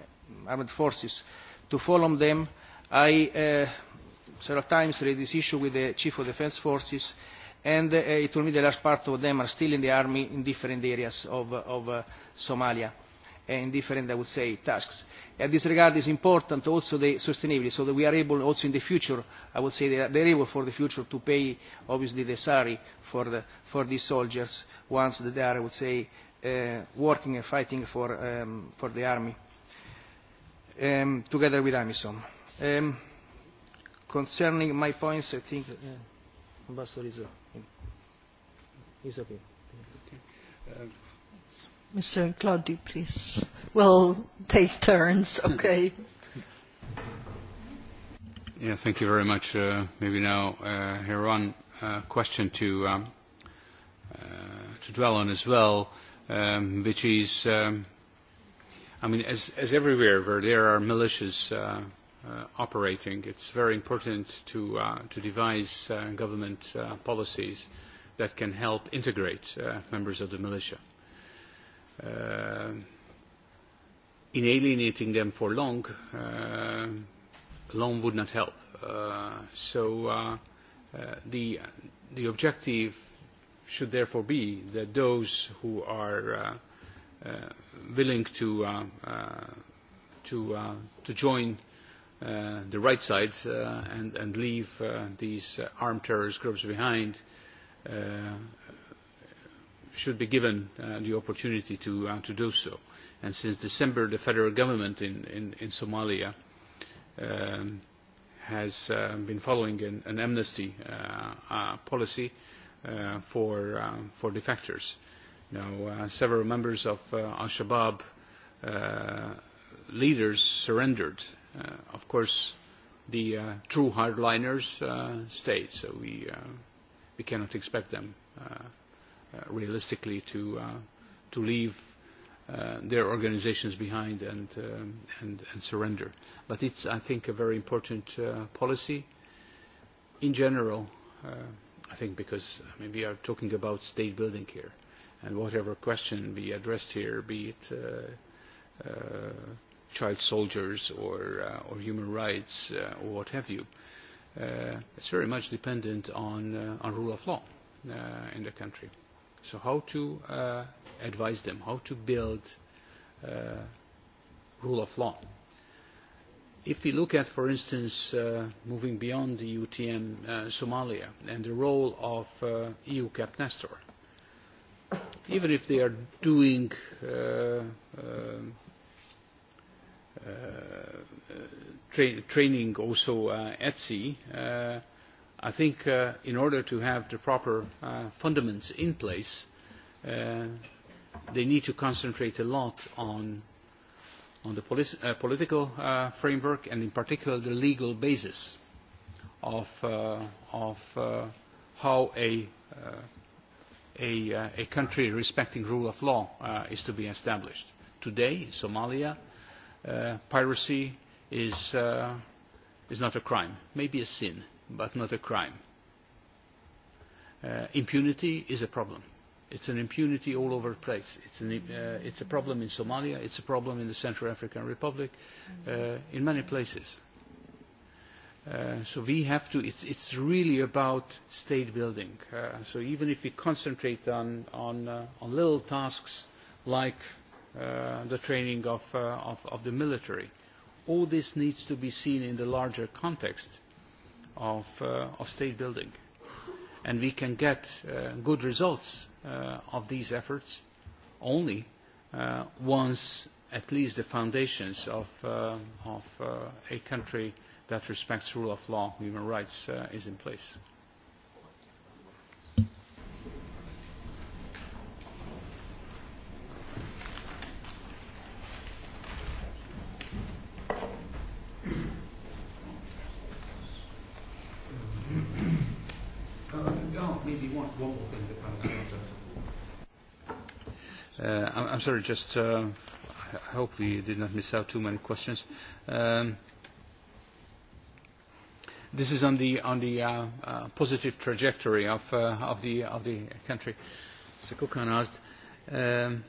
armed forces to follow them. I uh, several times raised this issue with the Chief of Defence Forces and uh, he told me the large part of them are still in the army in different areas of, of uh, Somalia uh, in different, I would say, tasks. And this regard, it is important also the sustainability, so that we are able also in the future, I would say, they are able for the future to pay, obviously, the salary for, the, for these soldiers once they are, I would say, uh, working and fighting for, um, for the army um, together with AMISOM. Um, concerning my points, I think uh, Ambassador is, uh, is okay. okay. Uh, Mr. Claudi, please. We'll take turns, okay? Yeah, thank you very much. Uh, maybe now, uh, Heron, uh, question to, um, uh, to dwell on as well, um, which is um, i mean, as, as everywhere where there are militias uh, uh, operating, it's very important to, uh, to devise uh, government uh, policies that can help integrate uh, members of the militia. Uh, in alienating them for long, uh, long would not help. Uh, so uh, uh, the, the objective should therefore be that those who are uh, uh, willing to, uh, uh, to, uh, to join uh, the right sides uh, and, and leave uh, these uh, armed terrorist groups behind uh, should be given uh, the opportunity to, uh, to do so. And since December, the federal government in, in, in Somalia um, has uh, been following an, an amnesty uh, uh, policy uh, for, uh, for defectors You know, uh, several members of uh, Al-Shabaab uh, leaders surrendered. Uh, of course, the uh, true hardliners uh, stayed, so we, uh, we cannot expect them uh, uh, realistically to, uh, to leave uh, their organizations behind and, um, and, and surrender. But it's, I think, a very important uh, policy in general, uh, I think, because maybe we are talking about state building here and whatever question we addressed here, be it uh, uh, child soldiers or, uh, or human rights uh, or what have you, uh, it's very much dependent on, uh, on rule of law uh, in the country. So how to uh, advise them, how to build uh, rule of law. If we look at, for instance, uh, moving beyond the UTM uh, Somalia and the role of uh, EU Cap Nestor, even if they are doing uh, uh, uh, tra training also uh, at sea, uh, I think uh, in order to have the proper uh, fundaments in place, uh, they need to concentrate a lot on, on the polit uh, political uh, framework and in particular the legal basis of, uh, of uh, how a uh, a, uh, a country respecting rule of law uh, is to be established. Today, in Somalia, uh, piracy is, uh, is not a crime, maybe a sin, but not a crime. Uh, impunity is a problem. It's an impunity all over the place. It's, an, uh, it's a problem in Somalia, it's a problem in the Central African Republic, uh, in many places Uh, so we have to it's it's really about state building uh, so even if we concentrate on on uh, on little tasks like uh, the training of, uh, of of the military all this needs to be seen in the larger context of uh, of state building and we can get uh, good results uh, of these efforts only uh, once at least the foundations of uh, of uh, a country that respects rule of law, human rights uh, is in place. Uh, no, uh I'm, sorry, just uh, I hope we did not miss out too many questions. Um, this is on the, on the uh, uh, positive trajectory of, uh, of, the, of the country. Mr. Kukan asked, um,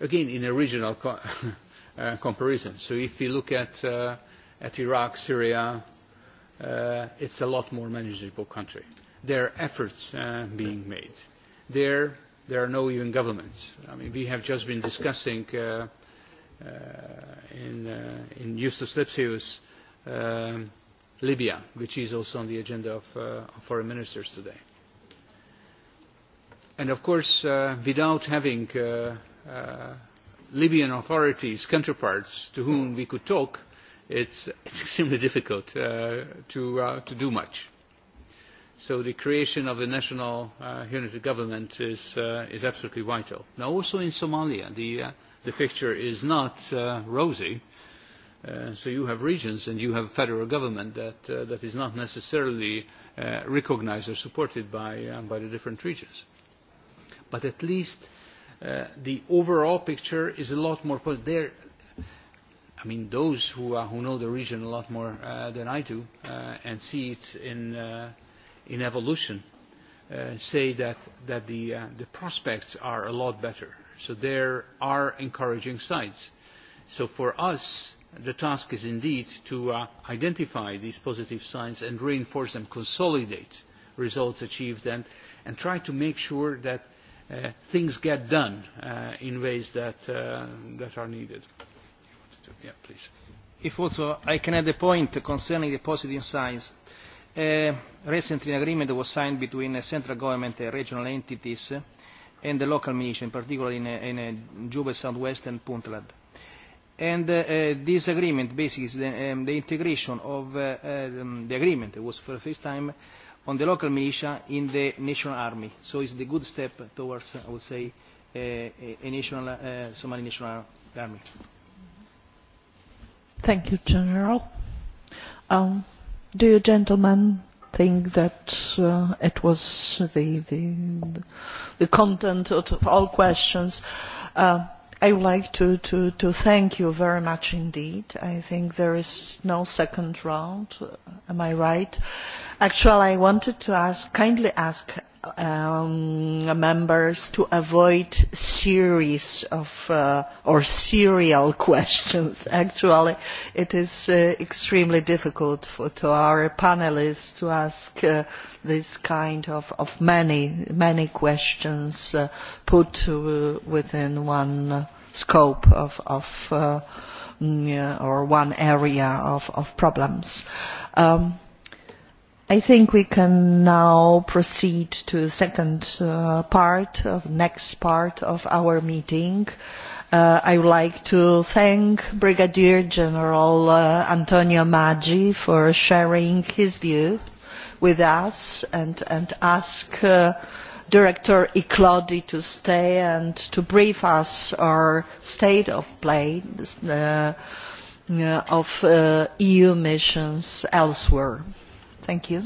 again, in a regional co uh, comparison. So if you look at, uh, at Iraq, Syria, uh, it's a lot more manageable country. There are efforts uh, being made. There, there are no even governments. I mean, we have just been discussing uh, uh, in, uh, in Eustace Lipsius uh, um, Libya, which is also on the agenda of, uh, of foreign ministers today. And of course, uh, without having uh, uh, Libyan authorities, counterparts to whom we could talk, it's, it's extremely difficult uh, to, uh, to do much. So the creation of a national uh, unity government is, uh, is absolutely vital. Now, also in Somalia, the, uh, the picture is not uh, rosy. Uh, Uh, so you have regions and you have a federal government that, uh, that is not necessarily uh, recognised or supported by, um, by the different regions. But at least uh, the overall picture is a lot more positive. There, I mean, those who, uh, who know the region a lot more uh, than I do uh, and see it in, uh, in evolution uh, say that, that the, uh, the prospects are a lot better. So there are encouraging signs. So for us, the task is indeed to uh, identify these positive signs and reinforce them, consolidate results achieved, and, and try to make sure that uh, things get done uh, in ways that, uh, that are needed. Yeah, please. If also I can add a point concerning the positive signs. Uh, recently, an agreement was signed between the central government and regional entities and the local militia, in particular in, in, uh, in Juba, Southwest, and Puntland And uh, uh, this agreement, basically, is the, um, the integration of uh, uh um, the agreement it was for the first time on the local militia in the national army. So it's the good step towards, I would say, uh, a, a national, uh, Somali national army. Thank you, General. Um, do you gentlemen think that uh, it was the, the, the content of all questions? Uh, i would like to, to, to thank you very much indeed. I think there is no second round. Am I right? Actually, I wanted to ask, kindly ask um, members to avoid series of uh, or serial questions. Actually, it is uh, extremely difficult for to our panelists to ask uh, this kind of, of many many questions uh, put uh, within one scope of of. Uh, mm, uh or one area of, of problems. Um, i think we can now proceed to the second uh, part of next part of our meeting. Uh, I would like to thank Brigadier General uh, Antonio Maggi for sharing his views with us and, and ask uh, Director Iclodi to stay and to brief us our state of play uh, uh of uh, EU missions elsewhere. Thank you.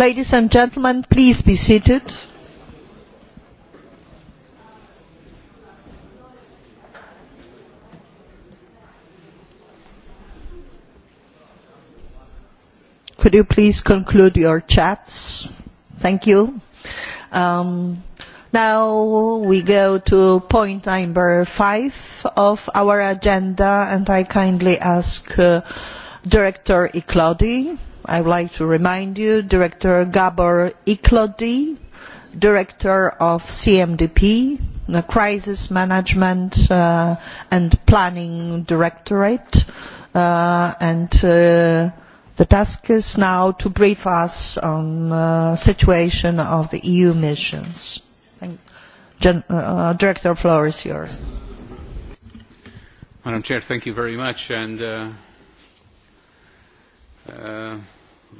Ladies and gentlemen, please be seated. Could you please conclude your chats? Thank you. Um, now we go to point number five of our agenda, and I kindly ask uh, Director Iklodi i would like to remind you director gabor iklodi director of cmdp the crisis management uh, and planning directorate uh, and uh, the task is now to brief us on the uh, situation of the eu missions. Gen uh, uh, director floor is yours. madam chair thank you very much and uh,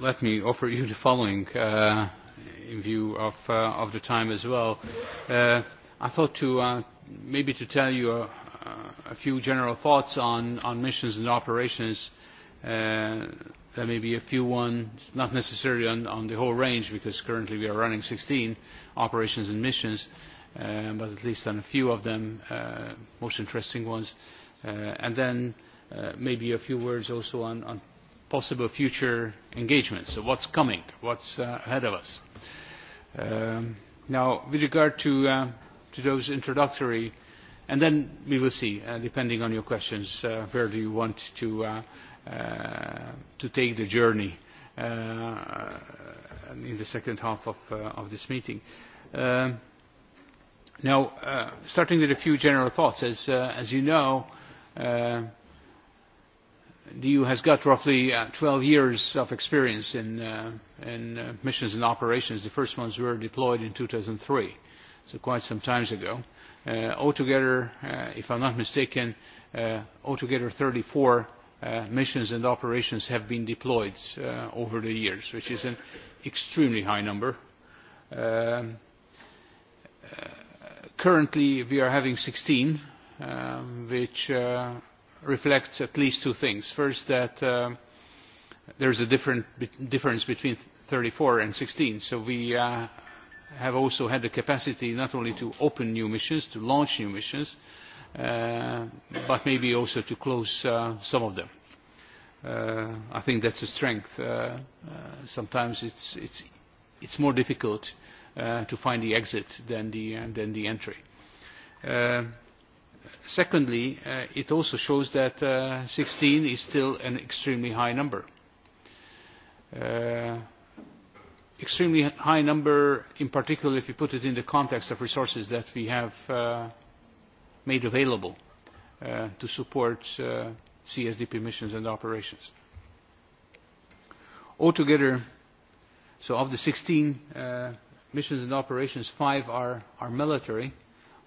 let me offer you the following uh, in view of, uh, of the time as well. Uh, I thought to uh, maybe to tell you a, a few general thoughts on, on missions and operations. Uh, there may be a few ones, not necessarily on, on the whole range, because currently we are running 16 operations and missions, uh, but at least on a few of them, uh, most interesting ones. Uh, and then uh, maybe a few words also on, on possible future engagements. So what's coming? What's uh, ahead of us? Um, now, with regard to, uh, to those introductory, and then we will see, uh, depending on your questions, uh, where do you want to, uh, uh, to take the journey uh, in the second half of, uh, of this meeting. Um, now, uh, starting with a few general thoughts, as, uh, as you know, uh, the EU has got roughly uh, 12 years of experience in, uh, in uh, missions and operations. The first ones were deployed in 2003, so quite some time ago. Uh, altogether, uh, if I'm not mistaken, uh, altogether 34 uh, missions and operations have been deployed uh, over the years, which is an extremely high number. Um, uh, currently, we are having 16, um, which uh, reflects at least two things. First, that uh um, there is a different be difference between thirty four and sixteen, so we uh, have also had the capacity not only to open new missions, to launch new missions, uh, but maybe also to close uh, some of them. Uh, I think that's a strength. Uh, uh, sometimes it's, it's, it's more difficult uh, to find the exit than the, uh, than the entry. Uh, secondly, uh, it also shows that uh, 16 is still an extremely high number. Uh, extremely high number, in particular, if you put it in the context of resources that we have uh, made available uh, to support uh, CSDP missions and operations. Altogether, so of the 16 uh, missions and operations, five are, are military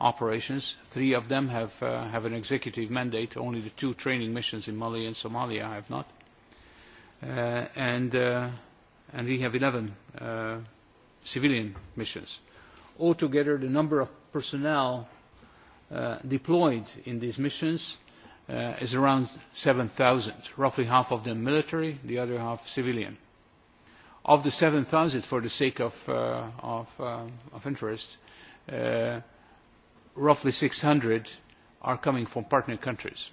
operations. Three of them have, uh, have an executive mandate. Only the two training missions in Mali and Somalia have not. Uh, and, uh, and we have eleven uh, civilian missions. Altogether, the number of personnel uh, deployed in these missions uh, is around seven thousand, roughly half of them military, the other half civilian. Of the seven thousand for the sake of, uh, of, uh, of interest, uh, roughly 600 are coming from partner countries.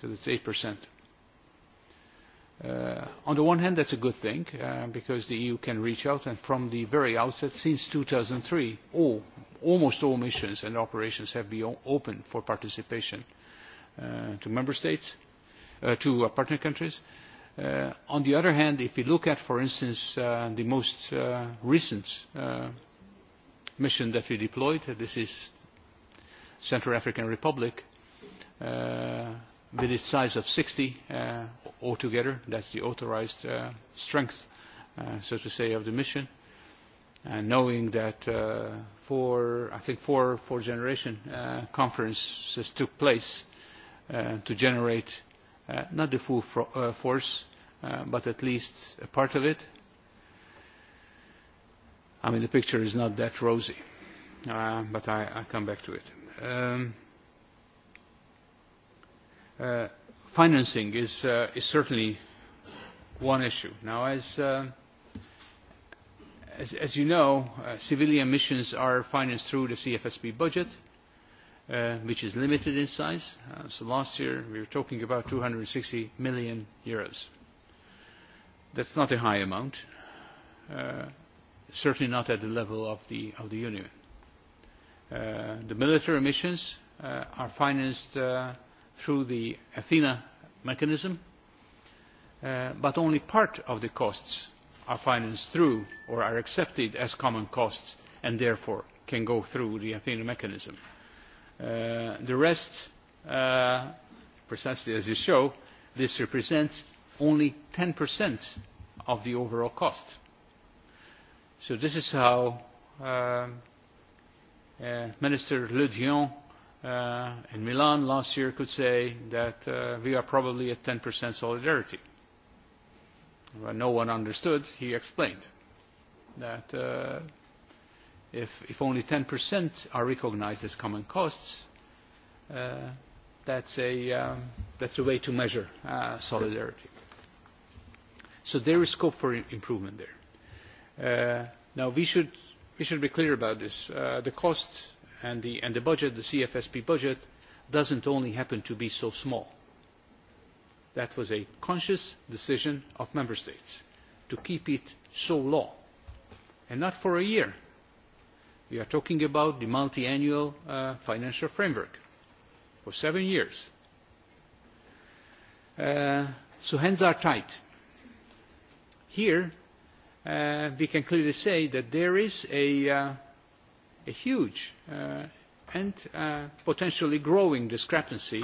So that's 8%. Uh, on the one hand, that's a good thing uh, because the EU can reach out, and from the very outset, since 2003, all, almost all missions and operations have been open for participation uh, to member states, uh, to uh, partner countries. Uh, on the other hand, if you look at, for instance, uh, the most uh, recent uh, mission that we deployed, uh, this is Central African Republic uh, with its size of 60 uh, altogether. That's the authorized uh, strength, uh, so to say, of the mission. And knowing that uh, four, I think four, four generation uh, conferences took place uh, to generate uh, not the full fro uh, force, uh, but at least a part of it. I mean, the picture is not that rosy, uh, but I, I come back to it um, uh, financing is, uh, is certainly one issue. Now, as, uh, as, as you know, uh, civilian missions are financed through the CFSP budget, uh, which is limited in size. Uh, so last year we were talking about 260 million euros. That's not a high amount, uh, certainly not at the level of the, of the Union Uh, the military missions uh, are financed uh, through the athena mechanism uh but only part of the costs are financed through or are accepted as common costs and therefore can go through the athena mechanism. Uh the rest uh precisely as you show this represents only 10% of the overall cost. so this is how um, uh, Minister Le Dion uh, in Milan last year could say that uh, we are probably at 10% solidarity. Well, no one understood. He explained that uh, if, if only 10% are recognized as common costs, uh, that's, a, um, that's a way to measure uh, solidarity. So there is scope for improvement there. Uh, now, we should we should be clear about this. Uh, the cost and the, and the budget, the CFSP budget, doesn't only happen to be so small. That was a conscious decision of member states to keep it so low, and not for a year. We are talking about the multiannual uh, financial framework for seven years. Uh, so hands are tied. Here, uh, we can clearly say that there is a, uh, a huge uh, and uh, potentially growing discrepancy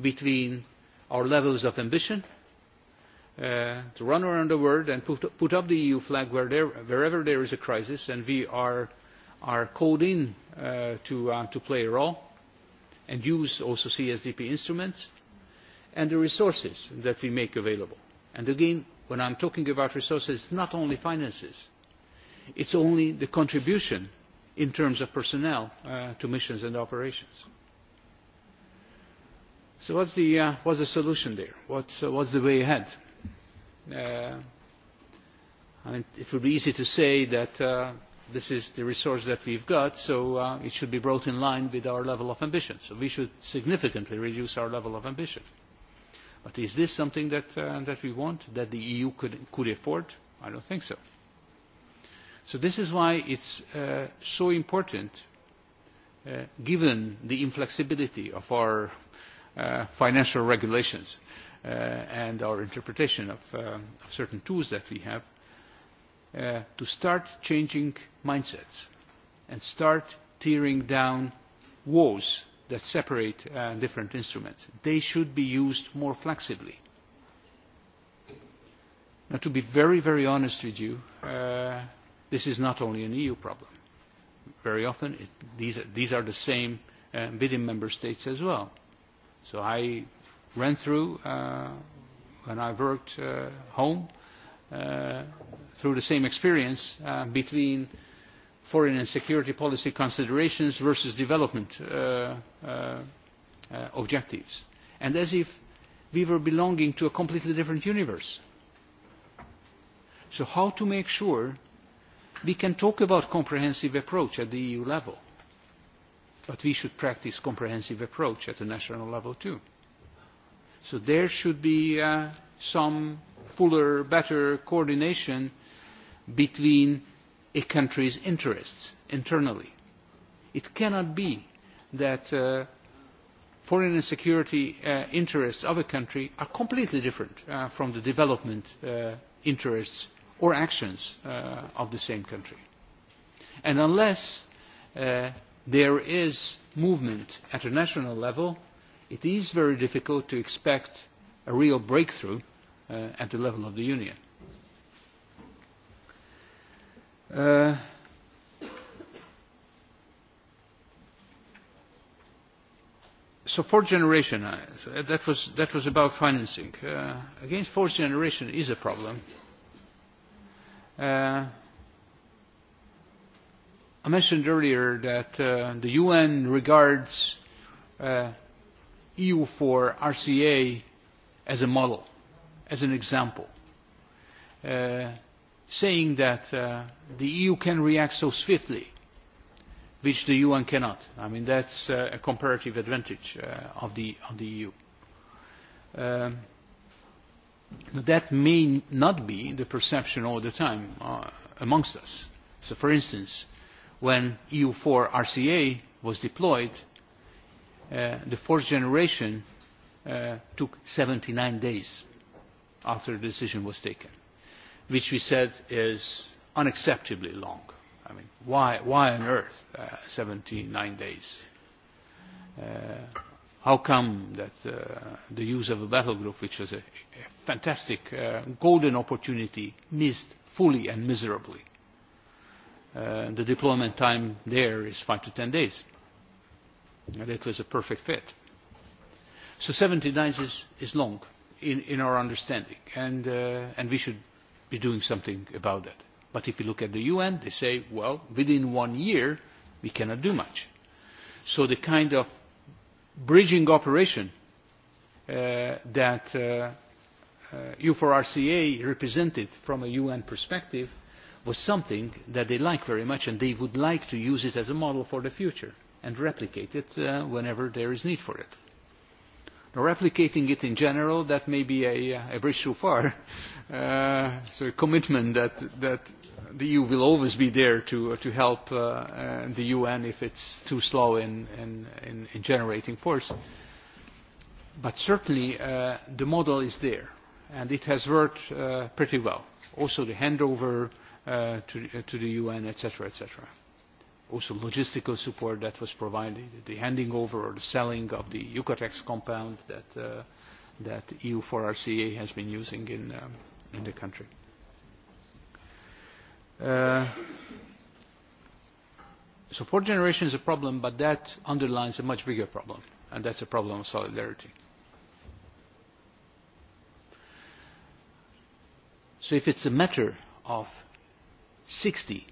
between our levels of ambition uh, to run around the world and put, put up the EU flag where there, wherever there is a crisis, and we are, are called in uh, to, uh, to play a role and use also CSDP instruments and the resources that we make available. And again, when i am talking about resources it is not only finances it is only the contribution in terms of personnel uh, to missions and operations. so what is the, uh, what's the solution there? what uh, is the way ahead? Uh, I mean, it would be easy to say that uh, this is the resource that we've got, so uh, it should be brought in line with our level of ambition. So we should significantly reduce our level of ambition. But is this something that, uh, that we want, that the EU could, could afford? I don't think so. So this is why it's uh, so important, uh, given the inflexibility of our uh, financial regulations uh, and our interpretation of, uh, of certain tools that we have, uh, to start changing mindsets and start tearing down walls that separate uh, different instruments. They should be used more flexibly. Now, to be very, very honest with you, uh, this is not only an EU problem. Very often, it, these, are, these are the same uh, within member states as well. So I ran through, uh, when I worked uh, home, uh, through the same experience uh, between uh, foreign and security policy considerations versus development uh, uh, uh, objectives, and as if we were belonging to a completely different universe. So how to make sure we can talk about comprehensive approach at the EU level, but we should practice comprehensive approach at the national level too. So there should be uh, some fuller, better coordination between a country's interests internally. It cannot be that uh, foreign and security uh, interests of a country are completely different uh, from the development uh, interests or actions uh, of the same country. And unless uh, there is movement at a national level, it is very difficult to expect a real breakthrough uh, at the level of the Union Eh, so fourth generation, uh, that, was, that was about financing. Uh, against fourth generation is a problem. Uh, I mentioned earlier that uh, the UN regards uh, EU for RCA as a model, as an example. Uh, saying that uh, the EU can react so swiftly, which the UN cannot. I mean, that's uh, a comparative advantage uh, of, the, of the EU. Um, that may not be the perception all the time uh, amongst us. So, for instance, when EU4 RCA was deployed, uh, the fourth generation uh, took 79 days after the decision was taken which we said is unacceptably long. I mean, why, why on earth uh, 79 days? Uh, how come that uh, the use of a battle group, which was a, a fantastic uh, golden opportunity, missed fully and miserably? Uh, the deployment time there is five to ten days. And it was a perfect fit. So 70 days is, is long in, in our understanding, and, uh, and we should be doing something about that. But if you look at the UN, they say, well, within one year, we cannot do much. So the kind of bridging operation uh, that uh, uh, U4RCA represented from a UN perspective was something that they like very much and they would like to use it as a model for the future and replicate it uh, whenever there is need for it replicating it in general, that may be a, a bridge too far. Uh, so a commitment that, that the EU will always be there to, uh, to help uh, uh, the UN if it's too slow in, in, in, in generating force. But certainly uh, the model is there, and it has worked uh, pretty well. Also the handover uh, to, uh, to the UN, etc., etc also logistical support that was provided, the handing over or the selling of the Eucatex compound that, uh, that EU4RCA has been using in, um, in the country. Uh, so fourth generation is a problem, but that underlines a much bigger problem, and that's a problem of solidarity. So if it's a matter of 60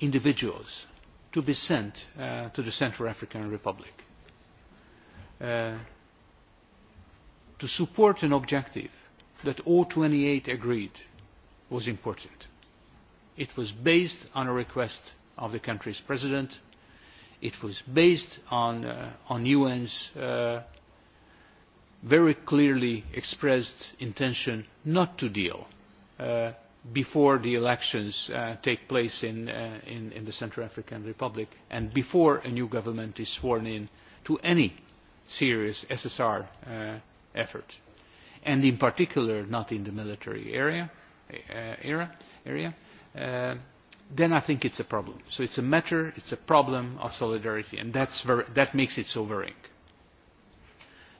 individuals to be sent uh, to the Central African Republic uh, to support an objective that all twenty eight agreed was important. It was based on a request of the country's president. It was based on, uh, on UN's uh, very clearly expressed intention not to deal uh, before the elections uh, take place in, uh, in, in the Central African Republic and before a new government is sworn in to any serious SSR uh, effort, and in particular not in the military area, uh, era, area uh, then I think it's a problem. So it's a matter, it's a problem of solidarity, and that's ver that makes it so worrying.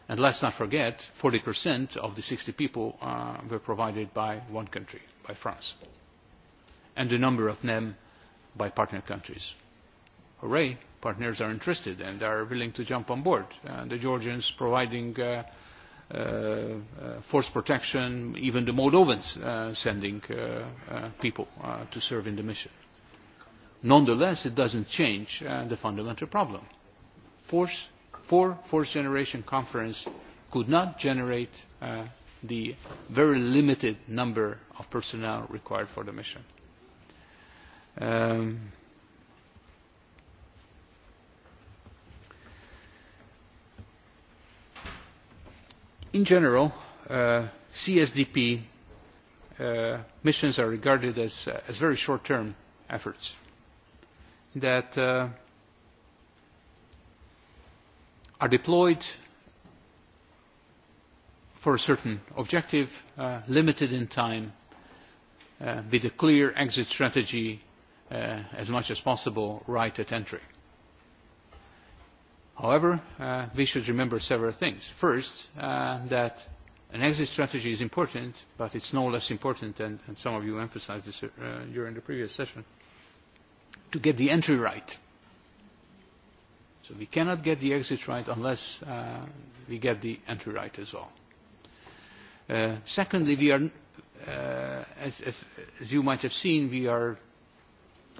And let's not forget, 40% of the 60 people uh, were provided by one country by France, and a number of them by partner countries. Hooray, partners are interested and are willing to jump on board. Uh, the Georgians providing uh, uh, uh, force protection, even the Moldovans uh, sending uh, uh, people uh, to serve in the mission. Nonetheless, it doesn't change uh, the fundamental problem. Force, four fourth generation conference could not generate uh, the very limited number of personnel required for the mission. Um, in general, uh, CSDP uh, missions are regarded as, uh, as very short-term efforts that uh, are deployed for a certain objective, uh, limited in time, with uh, a clear exit strategy uh, as much as possible right at entry. However, uh, we should remember several things. First, that an exit strategy is important, but it's no less important, and, and some of you emphasized this uh, during the previous session, to get the entry right. So we cannot get the exit right unless we get the entry right as well. secondly, we are uh, as, as, as you might have seen, we are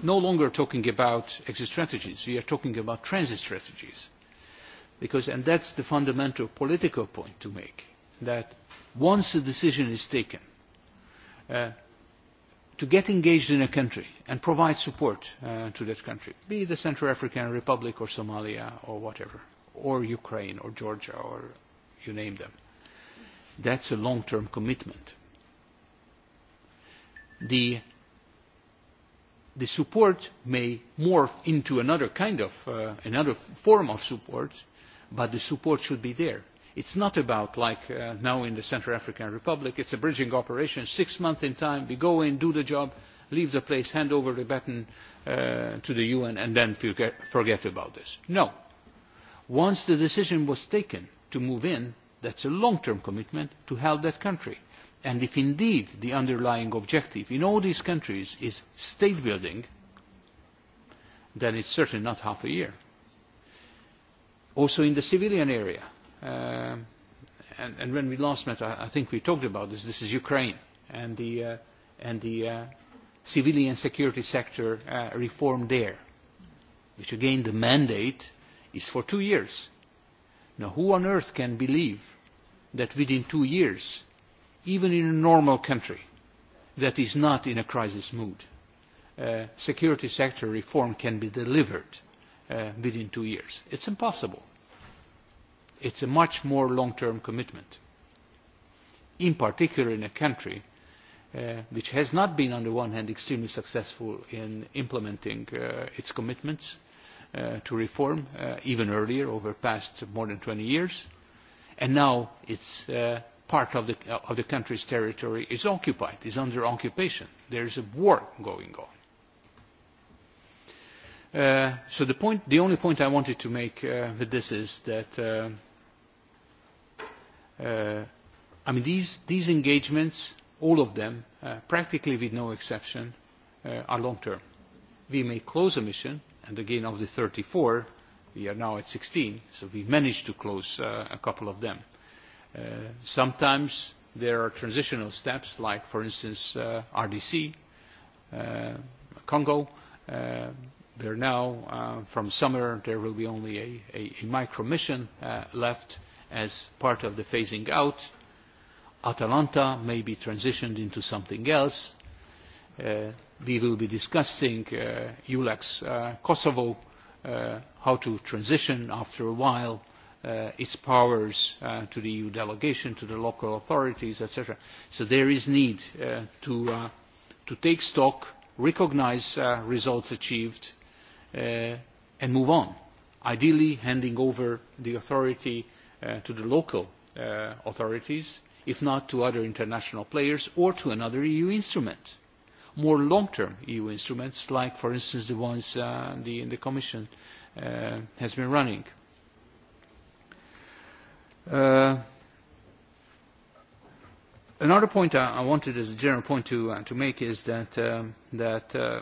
no longer talking about exit strategies. We are talking about transit strategies. Because, and that's the fundamental political point to make, that once a decision is taken uh, to get engaged in a country and provide support uh, to that country, be it the Central African Republic or Somalia or whatever, or Ukraine or Georgia or you name them, that's a long-term commitment the, the support may morph into another kind of, uh, another form of support, but the support should be there. It's not about, like uh, now in the Central African Republic, it's a bridging operation, six months in time, we go in, do the job, leave the place, hand over the baton uh, to the UN, and then forget, forget about this. No. Once the decision was taken to move in, that's a long-term commitment to help that country and if indeed the underlying objective in all these countries is state building, then it's certainly not half a year. Also in the civilian area, uh, and, and when we last met, I, I think we talked about this, this is Ukraine and the, uh, and the uh, civilian security sector uh, reform there, which again the mandate is for two years. Now who on earth can believe that within two years even in a normal country that is not in a crisis mood, uh, security sector reform can be delivered uh, within two years. It's impossible. It's a much more long-term commitment, in particular in a country uh, which has not been, on the one hand, extremely successful in implementing uh, its commitments uh, to reform, uh, even earlier, over the past more than 20 years, and now it's uh, part of the, uh, of the country's territory is occupied, is under occupation. There is a war going on. Uh, so the, point, the only point I wanted to make uh, with this is that, uh, uh, I mean, these, these engagements, all of them, uh, practically with no exception, uh, are long-term. We may close a mission, and again of the 34, we are now at 16, so we managed to close uh, a couple of them Uh, sometimes there are transitional steps, like, for instance, uh, RDC, uh, Congo, uh, there now, uh, from summer, there will be only a, a, a micro mission uh, left as part of the phasing out. Atalanta may be transitioned into something else. Uh, we will be discussing uh, ULEX uh, Kosovo, uh, how to transition after a while uh, its powers uh, to the EU delegation, to the local authorities, etc. So there is need uh, to, uh, to take stock, recognize uh, results achieved, uh, and move on, ideally handing over the authority uh, to the local uh, authorities, if not to other international players or to another EU instrument more long-term EU instruments, like, for instance, the ones uh, the, the Commission uh, has been running. Uh, another point I, I wanted as a general point to, uh, to make is that, um, that uh,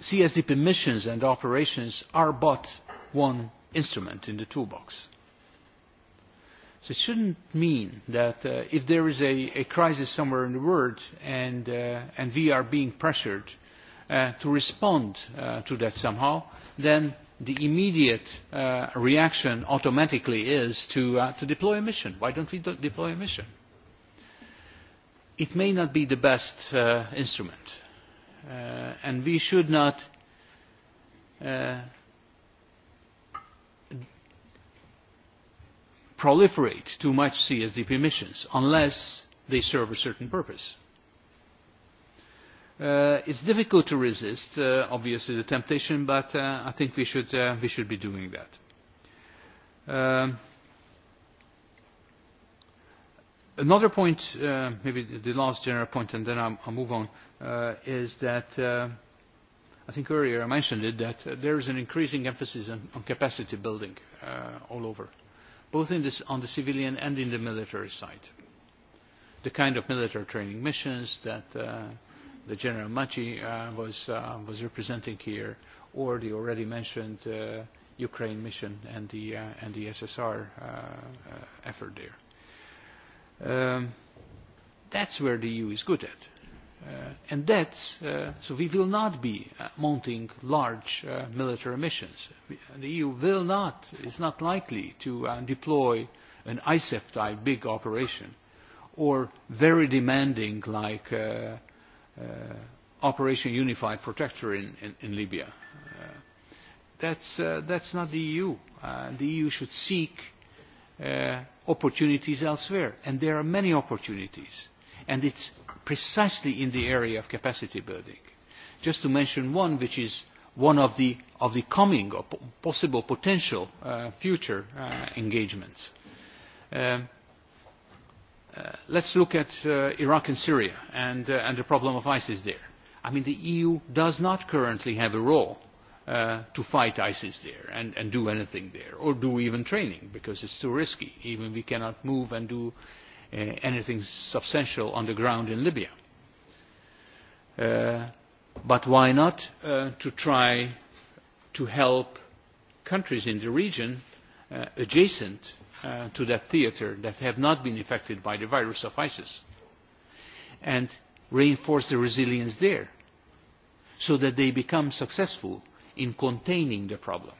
CSDP missions and operations are but one instrument in the toolbox. So it shouldn't mean that uh, if there is a, a crisis somewhere in the world and, uh, and we are being pressured uh, to respond uh, to that somehow, then the immediate uh, reaction automatically is uh, to, deploy a mission. Why don't we deploy a mission? It may not be the best uh, instrument, and we should not proliferate too much CSDP missions unless they serve a certain purpose uh, it's difficult to resist, uh, obviously, the temptation, but uh, I think we should, uh, we should be doing that. Um, another point, uh, maybe the last general point, and then I'll, I'll move on, uh, is that uh, I think earlier I mentioned it, that uh, there is an increasing emphasis on, on capacity building uh, all over, both in this, on the civilian and in the military side. The kind of military training missions that uh, that General Machi uh, was, uh, was representing here, or the already mentioned uh, Ukraine mission and the, uh, and the SSR uh, uh, effort there. Um, that's where the EU is good at. Uh, and that's, uh, so we will not be uh, mounting large uh, military missions. The EU will not, is not likely to uh, deploy an ISAF-type e big operation or very demanding like uh, uh, Operation Unified Protector in, in, in Libya. Uh, that's, uh, that's not the EU. Uh, the EU should seek uh, opportunities elsewhere, and there are many opportunities. And it's precisely in the area of capacity building. Just to mention one, which is one of the, of the coming or po possible potential uh, future uh, engagements. uh, let uh, let's look at uh, Iraq and Syria uh, and, the problem of ISIS there. I mean, the EU does not currently have a role to fight ISIS there and, and do anything there, or do even training, because it's too risky. Even we cannot move and do uh, anything substantial on the ground in Libya. but why not uh, to try to help countries in the region uh, adjacent uh, to that theater that have not been affected by the virus of ISIS and reinforce the resilience there so that they become successful in containing the problem.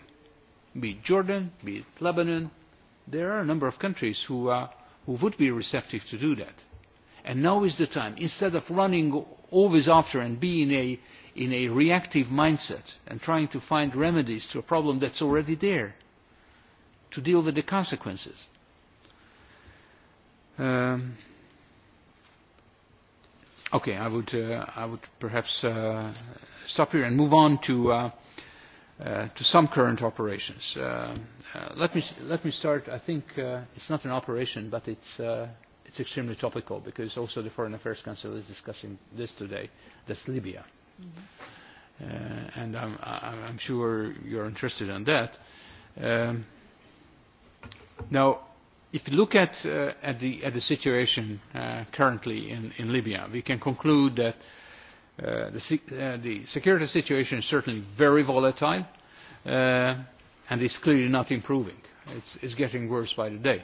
Be it Jordan, be it Lebanon, there are a number of countries who, uh, who would be receptive to do that. And now is the time, instead of running always after and being a, in a reactive mindset and trying to find remedies to a problem that's already there, to deal with the consequences. Um, okay, I would, uh, I would perhaps uh, stop here and move on to, uh, uh, to some current operations. Uh, uh, let, me, let me start. I think uh, it's not an operation, but it's, uh, it's extremely topical because also the Foreign Affairs Council is discussing this today. That's Libya. Mm-hmm. Uh, and I'm, I'm sure you're interested in that. Um, Now, if you look at, uh, at, the, at the situation uh, currently in, in Libya, we can conclude that uh, the, uh, the security situation is certainly very volatile uh, and is clearly not improving. It's, it's getting worse by the day.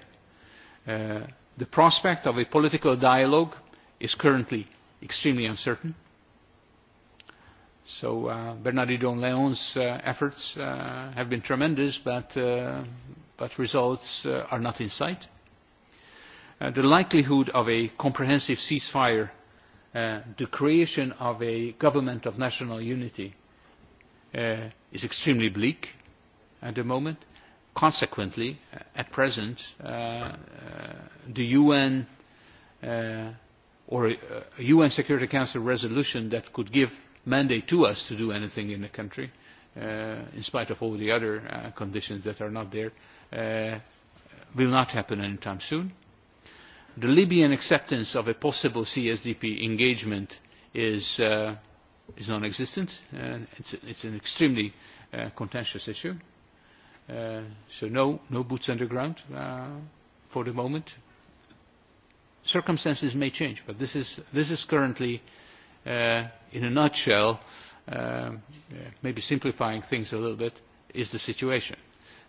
Uh, the prospect of a political dialogue is currently extremely uncertain so uh, Bernardino Leon's uh, efforts uh, have been tremendous, but, uh, but results uh, are not in sight. Uh, the likelihood of a comprehensive ceasefire, uh, the creation of a government of national unity, uh, is extremely bleak at the moment. Consequently, uh, at present, uh, uh, the UN uh, or a, a UN Security Council resolution that could give mandate to us to do anything in the country, uh, in spite of all the other uh, conditions that are not there, uh, will not happen anytime soon. The Libyan acceptance of a possible CSDP engagement is, uh, is non-existent. Uh, it's, it's an extremely uh, contentious issue. Uh, so no, no boots on the ground uh, for the moment. Circumstances may change, but this is, this is currently uh, uh, in a nutshell, uh, maybe simplifying things a little bit, is the situation.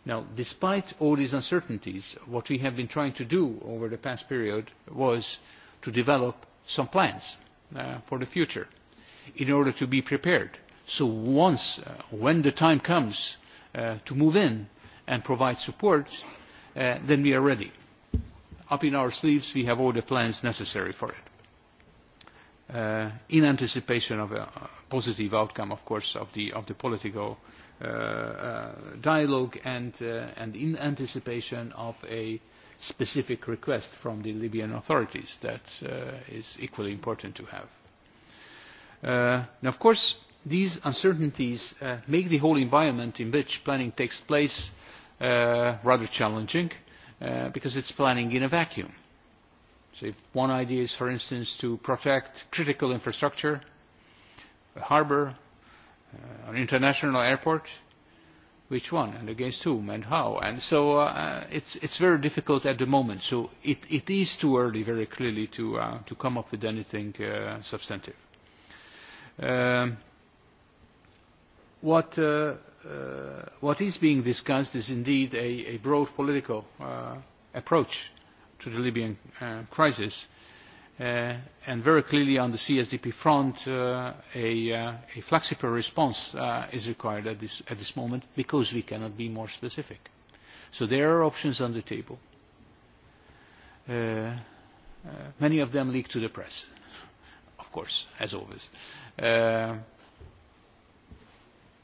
Now, despite all these uncertainties, what we have been trying to do over the past period was to develop some plans uh, for the future in order to be prepared. So once, uh, when the time comes uh, to move in and provide support, uh, then we are ready. Up in our sleeves, we have all the plans necessary for it uh, in anticipation of a positive outcome, of course, of the, of the political uh, uh, dialogue and, uh, and in anticipation of a specific request from the Libyan authorities that uh, is equally important to have. Uh, now, of course, these uncertainties uh, make the whole environment in which planning takes place uh, rather challenging uh, because it's planning in a vacuum. Uh, so if one idea is, for instance, to protect critical infrastructure, a harbour, uh, an international airport, which one and against whom and how? And so uh, uh, it's, it's very difficult at the moment. So it, it is too early, very clearly, to, uh, to come up with anything uh, substantive. Um, what, uh, uh, what is being discussed is indeed a, a broad political uh, approach to the Libyan uh, crisis. Uh, and very clearly on the CSDP front, uh, a, uh, a flexible response uh, is required at this, at this moment because we cannot be more specific. So there are options on the table. Uh, uh, many of them leak to the press, of course, as always. Uh,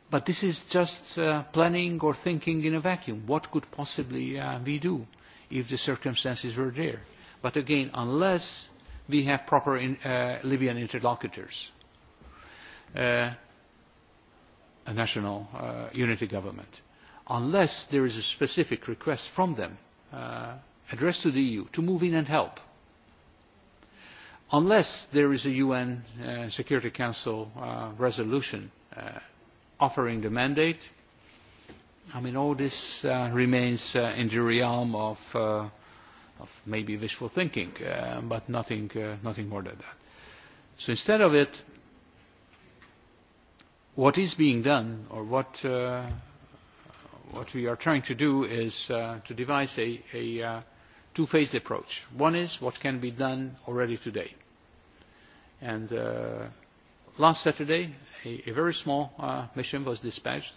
but this is just uh, planning or thinking in a vacuum. What could possibly uh, we do? Uh, if the circumstances were there. But again, unless we have proper in, uh, Libyan interlocutors, uh, a national uh, unity government, unless there is a specific request from them uh, addressed to the EU to move in and help, unless there is a UN uh, Security Council uh, resolution uh, offering the mandate, i mean, all this uh, remains uh, in the realm of, uh, of maybe wishful thinking, uh, but nothing, uh, nothing more than that. So instead of it, what is being done, or what, uh, what we are trying to do, is uh, to devise a, a uh, two-phased approach. One is what can be done already today. And uh, last Saturday, a, a very small uh, mission was dispatched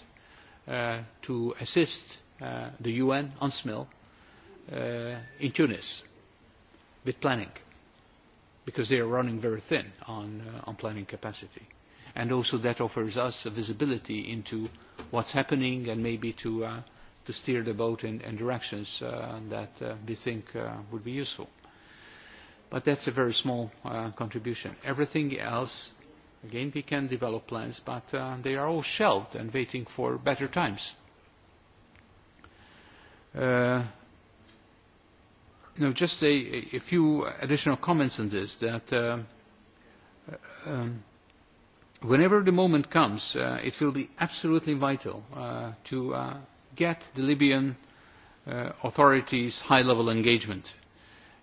uh, to assist uh, the UN on SMIL uh, in Tunis with planning because they are running very thin on, uh, on planning capacity. And also that offers us a visibility into what's happening and maybe to, uh, to steer the boat in, in directions uh, that uh, think uh, would be useful. But that's a very small uh, contribution. Everything else Again, we can develop plans, but uh, they are all shelved and waiting for better times. Uh, you know, just a, a few additional comments on this, that uh, uh, um, whenever the moment comes, uh, it will be absolutely vital uh, to uh, get the Libyan uh, authorities' high-level engagement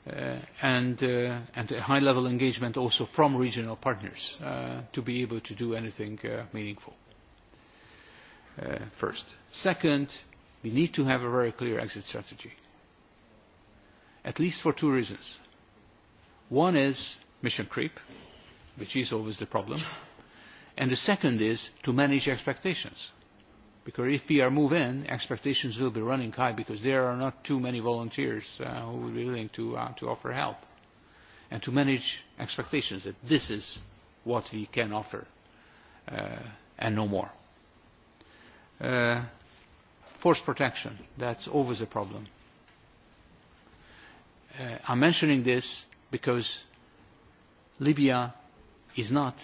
Uh, uh, and, a high level engagement also from regional partners uh, to be able to do anything meaningful. first. Second, we need to have a very clear exit strategy, at least for two reasons. One is mission creep, which is always the problem, and the second is to manage expectations because if we are move in, expectations will be running high because there are not too many volunteers uh, who will be willing to, uh, to offer help and to manage expectations that this is what we can offer uh, and no more. Uh, force protection, that's always a problem. Uh, I'm mentioning this because Libya is not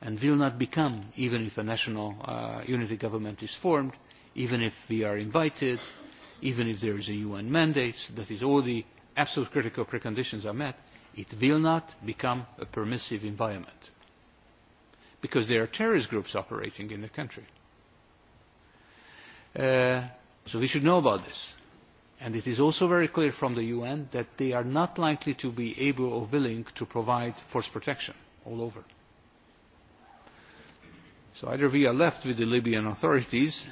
and will not become even if a national uh, unity government is formed even if we are invited even if there is a un mandate that is all the absolute critical preconditions are met it will not become a permissive environment because there are terrorist groups operating in the country uh, so we should know about this and it is also very clear from the un that they are not likely to be able or willing to provide force protection all over so either we are left with the Libyan authorities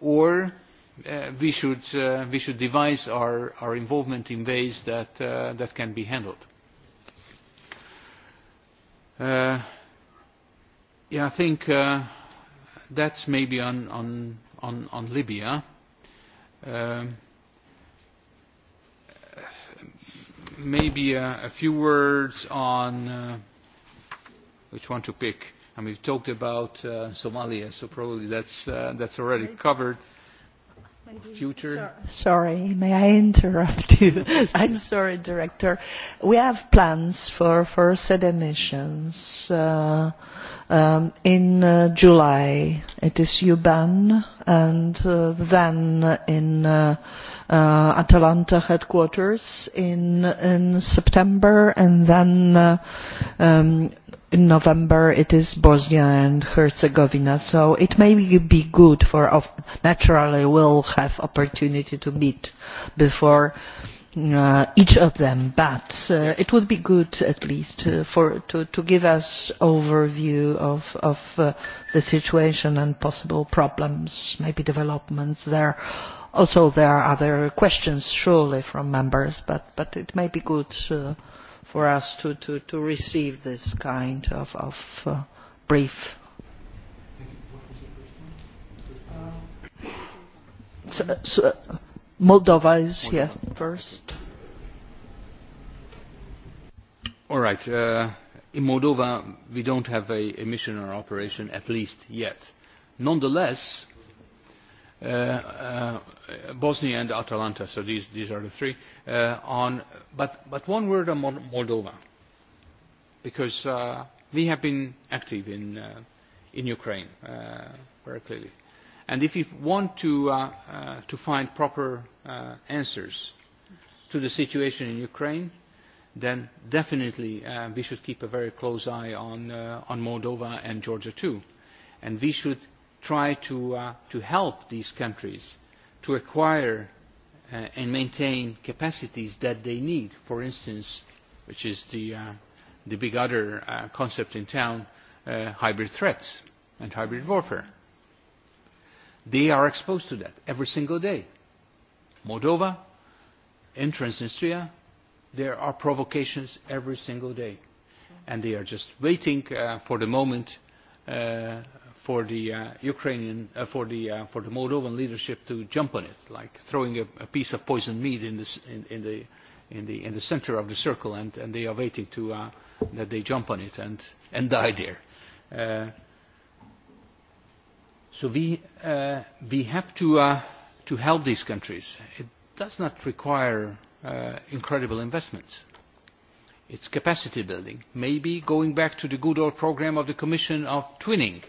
or uh, we, should, uh, we should devise our, our involvement in ways that, uh, that can be handled. Uh, yeah, I think uh, that's maybe on, on, on, on Libya. Um, uh, maybe a, a few words on uh, which one to pick and we've talked about uh, Somalia, so probably that's, uh, that's already covered. Future. So, sorry, may I interrupt you? I'm sorry, Director. We have plans for, for said emissions uh, um, in uh, July. It is UBAN and uh, then in uh, uh, Atalanta headquarters in, in September and then uh, um, in November it is Bosnia and Herzegovina. So it may be good for, naturally we'll have opportunity to meet before uh, each of them, but uh, it would be good at least uh, for, to, to give us overview of, of uh, the situation and possible problems, maybe developments there. Also, there are other questions surely from members, but, but it may be good uh, for us to, to, to receive this kind of, of uh, brief. So, so Moldova is here first. All right. Uh, in Moldova, we don't have a, a mission or operation, at least yet. Nonetheless, uh, uh, Uh, Bosnia and Atalanta, so these, these are the three. Uh, on, but, but one word on Moldova, because uh, we have been active in, uh, in Ukraine uh, very clearly. And if you want to, uh, uh, to find proper uh, answers to the situation in Ukraine, then definitely uh, we should keep a very close eye on, uh, on Moldova and Georgia too. And we should try to, uh, to help these countries to acquire uh, and maintain capacities that they need. For instance, which is the, uh, the big other uh, concept in town, uh, hybrid threats and hybrid warfare. They are exposed to that every single day. Moldova, in Transnistria, there are provocations every single day. And they are just waiting uh, for the moment uh, for the uh, Ukrainian, uh, for the uh, for the Moldovan leadership to jump on it, like throwing a, a piece of poisoned meat in, this, in, in the in the in the center of the circle, and, and they are waiting to uh, that they jump on it and and die there. Uh, so we uh, we have to uh, to help these countries. It does not require uh, incredible investments it's capacity building. Maybe going back to the good old program of the Commission of twinning,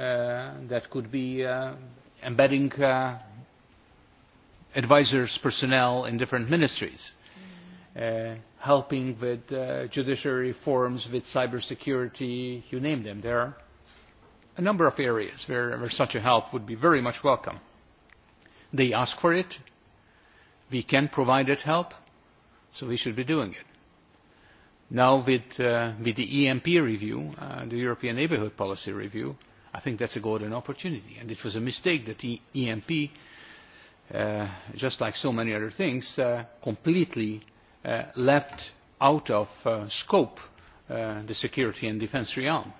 uh, that could be uh, embedding uh, advisors personnel in different ministries mm. uh, helping with uh, judiciary reforms, with cybersecurity, you name them. There are a number of areas where, where such a help would be very much welcome. They ask for it. We can provide that help, so we should be doing it. Now with, uh, with the EMP review, uh, the European Neighbourhood Policy Review, uh, i think that's a golden opportunity. And it was a mistake that the EMP, uh, just like so many other things, uh, completely uh, left out of uh, scope uh, the security and defense realm.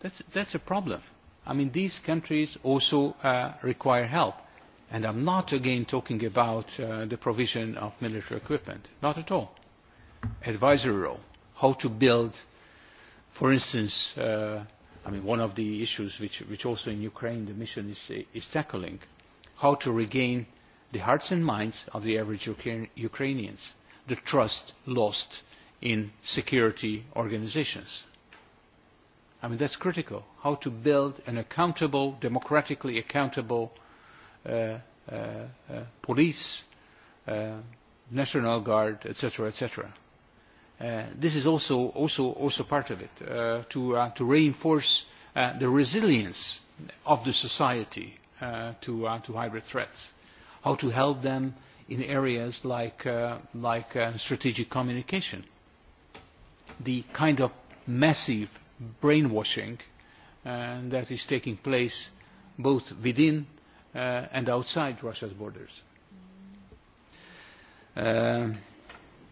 That's, that's a problem. I mean, these countries also uh, require help. And I'm not again talking about uh, the provision of military equipment. Not at all. Advisory role. How to build, for instance, uh, i mean, one of the issues which, which also in Ukraine the mission is, is tackling, how to regain the hearts and minds of the average Ukraine, Ukrainians, the trust lost in security organizations. I mean, that's critical. How to build an accountable, democratically accountable uh, uh, uh, police, uh, National Guard, etc., etc. Uh, this is also, also, also part of it, uh, to, uh, to reinforce uh, the resilience of the society uh, to, uh, to hybrid threats, how to help them in areas like, uh, like uh, strategic communication, the kind of massive brainwashing uh, that is taking place both within uh, and outside Russia's borders. Uh,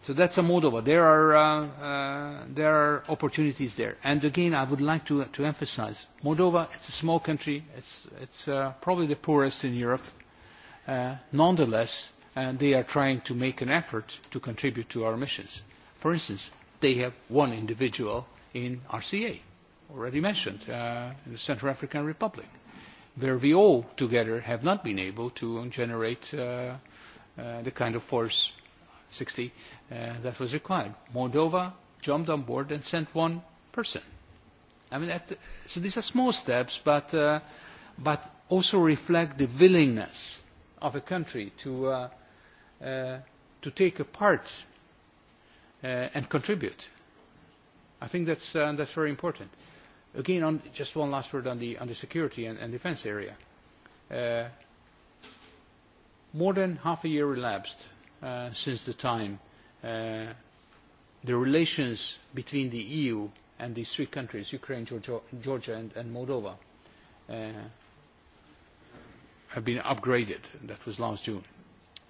so that's a Moldova. There are, uh, uh, there are opportunities there. And again, I would like to, to emphasize, Moldova, it's a small country. It's, it's uh, probably the poorest in Europe. Uh, nonetheless, uh, they are trying to make an effort to contribute to our missions. For instance, they have one individual in RCA, already mentioned, uh, in the Central African Republic, where we all together have not been able to generate uh, uh, the kind of force 60 uh, that was required. Moldova jumped on board and sent one person. I mean, at the, so these are small steps, but, uh, but also reflect the willingness of a country to, uh, uh, to take a part uh, and contribute. I think that's, uh, that's very important. Again, on, just one last word on the, on the security and, and defense area. Uh, more than half a year elapsed Uh, since the time uh, the relations between the EU and these three countries, Ukraine, Georgia, Georgia and, Moldova, uh, have been upgraded. That was last June,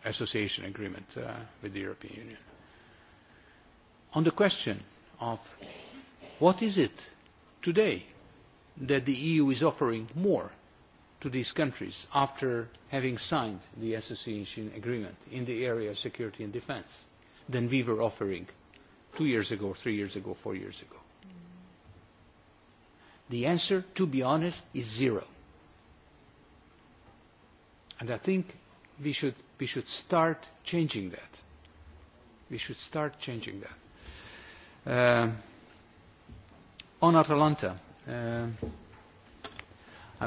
association agreement with the European Union. On the question of what is it today that the EU is offering more to these countries after having signed the association agreement in the area of security and defence than we were offering two years ago, three years ago, four years ago? The answer, to be honest, is zero. And I think we should, we should start changing that. We should start changing that. Uh, on Atalanta, uh,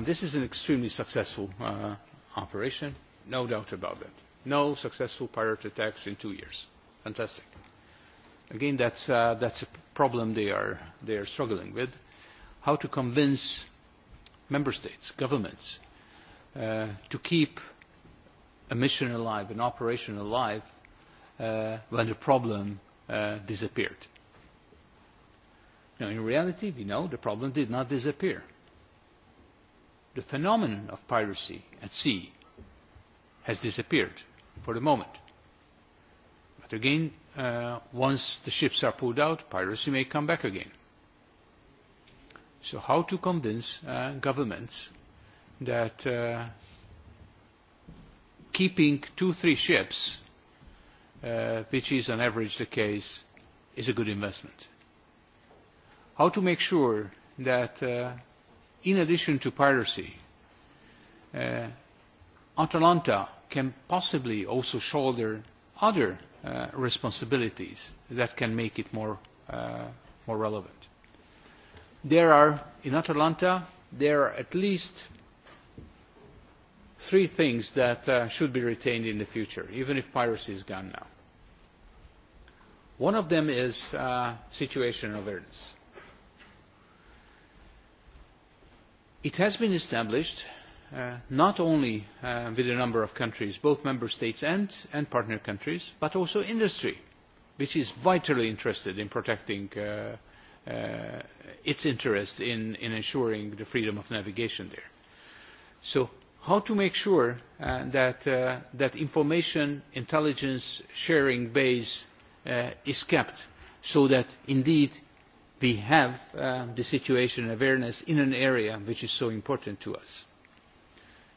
this is an extremely successful uh, operation, no doubt about that. No successful pirate attacks in two years. Fantastic. Again, that's, uh, that's a problem they are, they are struggling with. How to convince member states, governments, uh, to keep a mission alive, an operation alive, uh, when the problem uh, disappeared. Now, in reality, we know the problem did not disappear the phenomenon of piracy at sea has disappeared for the moment. But again, uh, once the ships are pulled out, piracy may come back again. So how to convince uh, governments that uh, keeping two, three ships, uh, which is on average the case, is a good investment? How to make sure that uh, in addition to piracy, uh, Atalanta can possibly also shoulder other uh, responsibilities that can make it more, uh, more relevant. There are, in Atalanta, there are at least three things that uh, should be retained in the future, even if piracy is gone now. One of them is uh, situation awareness it has been established uh, not only uh, with a number of countries, both member states and, and partner countries, but also industry, which is vitally interested in protecting uh, uh, its interest in, in ensuring the freedom of navigation there. So how to make sure uh, that, uh, that information intelligence sharing base uh, is kept so that indeed we have um, the situation awareness in an area which is so important to us.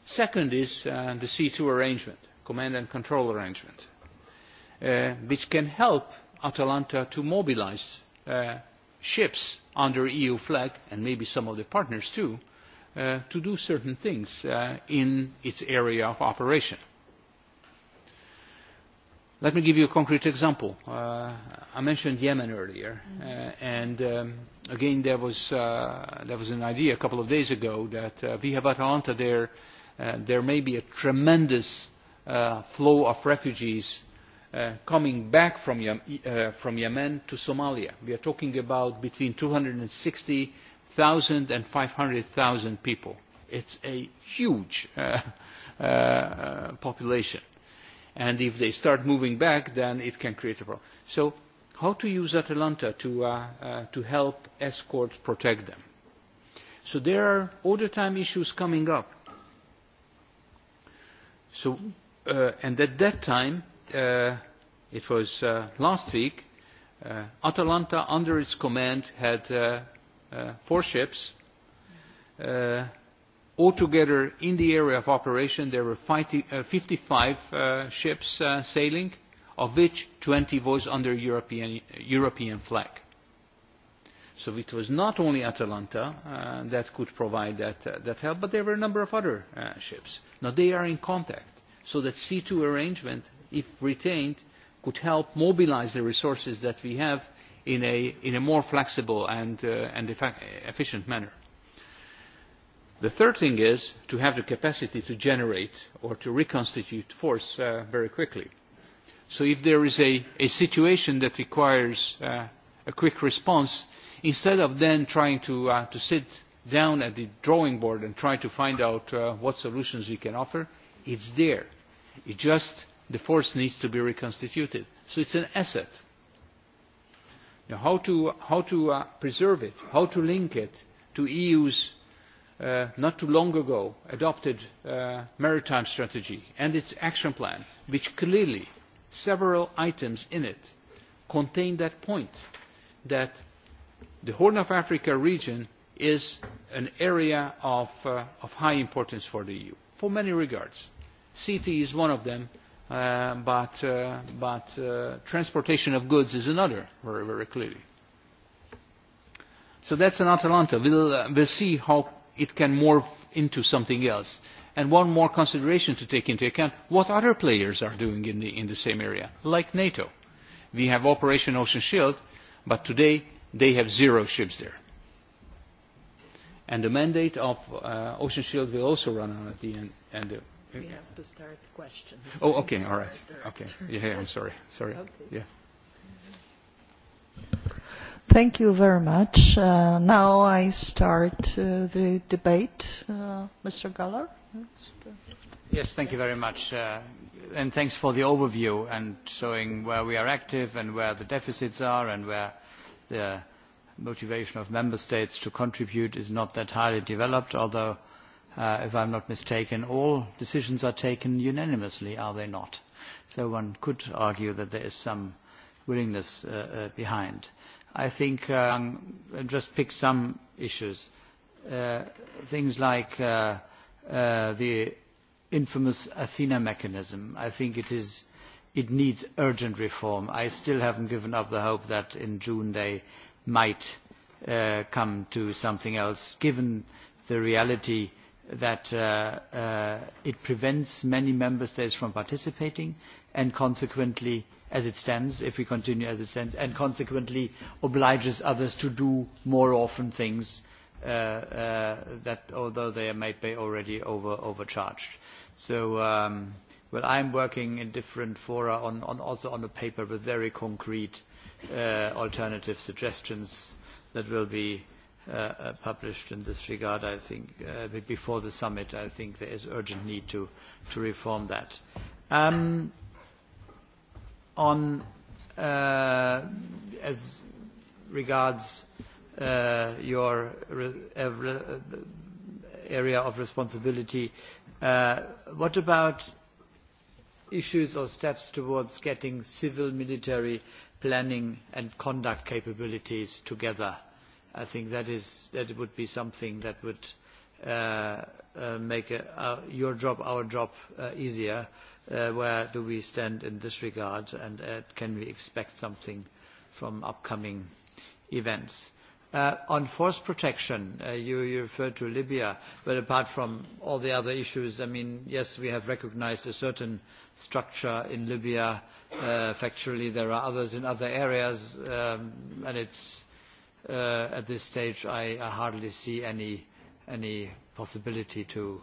Second is uh, the c two arrangement, command and control arrangement, uh, which can help Atalanta to mobilise uh, ships under EU flag and maybe some of the partners too to do certain things in its area of operation Let me give you a concrete example. Uh, I mentioned Yemen earlier, mm-hmm. uh, and um, again there was uh, there was an idea a couple of days ago that uh, via Atalanta there uh, there may be a tremendous uh, flow of refugees uh, coming back from Yem uh, from Yemen to Somalia. We are talking about between 260,000 and 500,000 people. It's a huge uh, uh, uh population and if they start moving back, then it can create a problem. So how to use Atalanta to, uh, uh, to help escort protect them? So there are all the time issues coming up. So, uh, and at that time, uh, it was uh, last week, uh, Atalanta under its command had uh, uh, four ships, uh, altogether in the area of operation there were uh, fifty five uh, ships uh, sailing of which twenty was under european, european flag so it was not only atalanta uh, that could provide that, uh, that help but there were a number of other uh, ships now they are in contact so that c two arrangement if retained could help mobilise the resources that we have in a, in a more flexible and, and efficient manner the third thing is to have the capacity to generate or to reconstitute force uh, very quickly. so if there is a, situation that requires uh, a quick response instead of then trying uh, to, sit down at the drawing board and try to find out what solutions we can offer it's there it just the force needs to be reconstituted so it is an asset now how to how to uh, preserve it how to link it to EU's Uh, not too long ago adopted uh, maritime strategy and its action plan which clearly several items in it contain that point that the horn of africa region is an area of, uh, of high importance for the eu for many regards CT is one of them uh, but, uh, but uh, transportation of goods is another very, very clearly so that's an atalanta we'll, uh, we'll see how it can morph into something else. And one more consideration to take into account, what other players are doing in the, in the same area, like NATO. We have Operation Ocean Shield, but today they have zero ships there. And the mandate of uh, Ocean Shield will also run out at the end. And uh we have to start questions. Oh, okay, all right. Okay, yeah, yeah I'm sorry. Sorry. Okay. Yeah. Thank you very much. Uh, now I start uh, the debate. Uh, Mr. Galler? Yes, thank you very much. Uh, and thanks for the overview and showing where we are active and where the deficits are and where the motivation of member states to contribute is not that highly developed, although, uh, if I'm not mistaken, all decisions are taken unanimously, are they not? So one could argue that there is some willingness uh, uh, behind i think um, just pick some issues. Uh, things like uh, uh, the infamous Athena mechanism. I think it, is, it needs urgent reform. I still haven't given up the hope that in June they might uh, come to something else, given the reality that uh, uh, it prevents many member states from participating and consequently as it stands, if we continue as it stands, and consequently obliges others to do more often things uh, uh, that, although they may be already over, overcharged. So, um, well, I'm working in different fora on, on also on a paper with very concrete uh, alternative suggestions that will be uh, uh published in this regard, I think, uh, before the summit. I think there is urgent need to, to reform that. Um, on uh, as regards uh, your re area of responsibility, uh, what about issues or steps towards getting civil military planning and conduct capabilities together? I think that, is, that would be something that would uh, uh, uh, make uh, your job, our job, uh, easier? Uh, where do we stand in this regard, and uh, can we expect something from upcoming events? Uh, on force protection, uh, you, you referred to Libya, but apart from all the other issues, I mean, yes, we have recognized a certain structure in Libya. Uh, factually, there are others in other areas, um, and it's, uh, at this stage, I, I hardly see any uh, any possibility to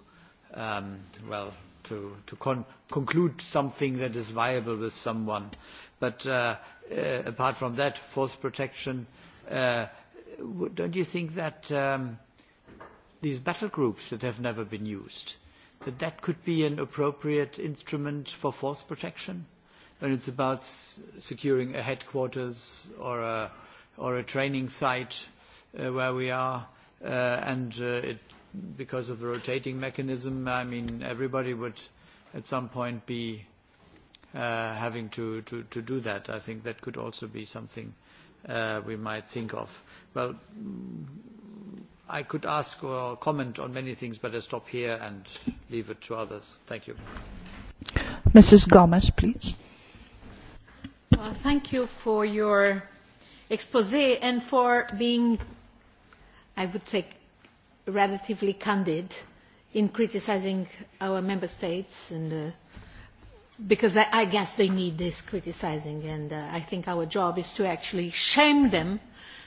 um, well to to con conclude something that is viable with someone. But uh, uh, apart from that, force protection. Uh, don't you think that um, these battle groups that have never been used, that that could be an appropriate instrument for force protection? When it's about s securing a headquarters or a, or a training site uh, where we are, uh, and uh, it, because of the rotating mechanism, I mean, everybody would at some point be uh, having to, to, to do that. I think that could also be something uh, we might think of. Well, I could ask or comment on many things, but I stop here and leave it to others. Thank you. Mrs. Gomez, please. Well, uh, thank you for your expose and for being i would say, relatively candid in criticising our member states and uh, because I, I guess they need this criticising and uh, I think our job is to actually shame them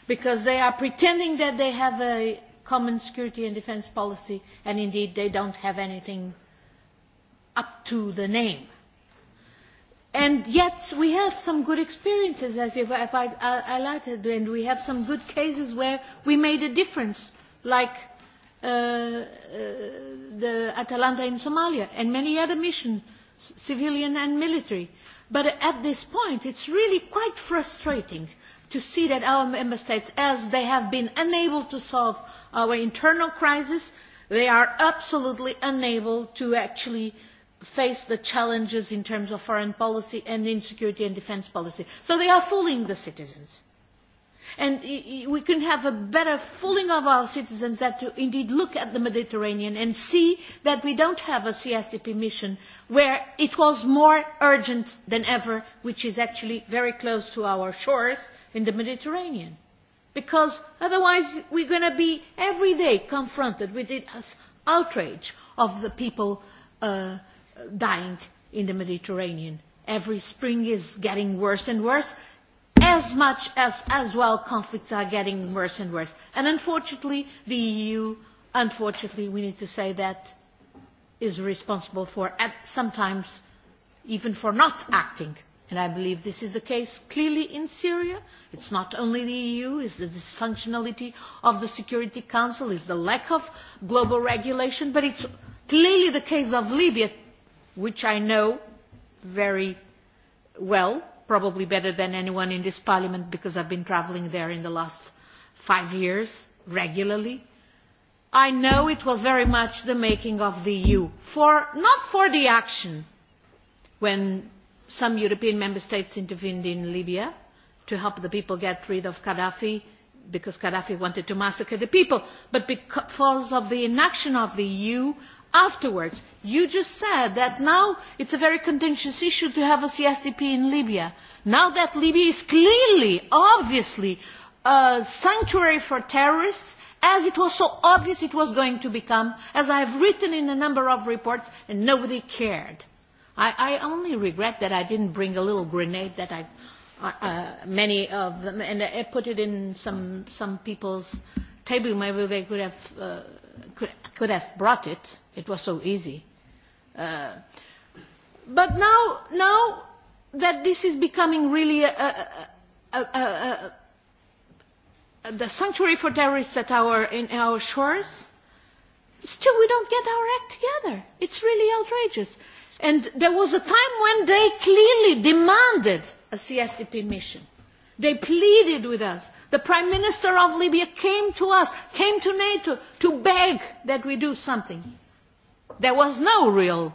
because they are pretending that they have a common security and defence policy and indeed they don't have anything up to the name And yet we have some good experiences, as you have uh, highlighted, and we have some good cases where we made a difference, like uh, uh the Atalanta in Somalia and many other missions, civilian and military. But at this point, it's really quite frustrating to see that our member states, as they have been unable to solve our internal crisis, they are absolutely unable to actually uh, face the challenges in terms of foreign policy and in security and defence policy. So they are fooling the citizens. And we can have a better fooling of our citizens that to indeed look at the Mediterranean and see that we don't have a CSDP mission where it was more urgent than ever, which is actually very close to our shores in the Mediterranean. Because otherwise we are going to be every day confronted with the outrage of the people uh, dying in the Mediterranean. Every spring is getting worse and worse, as much as, as well conflicts are getting worse and worse. And unfortunately, the EU, unfortunately, we need to say that is responsible for at sometimes even for not acting. And I believe this is the case clearly in Syria. It's not only the EU, it's the dysfunctionality of the Security Council, it's the lack of global regulation, but it's clearly the case of Libya which I know very well, probably better than anyone in this parliament because I've been travelling there in the last five years regularly. I know it was very much the making of the EU, for, not for the action when some European member states intervened in Libya to help the people get rid of Gaddafi because Gaddafi wanted to massacre the people, but because of the inaction of the EU afterwards you just said that now it is a very contentious issue to have a csdp in libya now that libya is clearly obviously a sanctuary for terrorists as it was so obvious it was going to become as i have written in a number of reports and nobody cared i, I only regret that i didn't bring a little grenade that i uh, uh many of them and I put it in some some people's table, maybe they could have, uh, could, could have brought it. It was so easy. Uh, but now, now that this is becoming really a, a, a, a, a, the sanctuary for terrorists at our, in our shores, still we don't get our act together. It's really outrageous. And there was a time when they clearly demanded a CSDP mission. They pleaded with us The Prime Minister of Libya came to us, came to NATO to beg that we do something. There was no real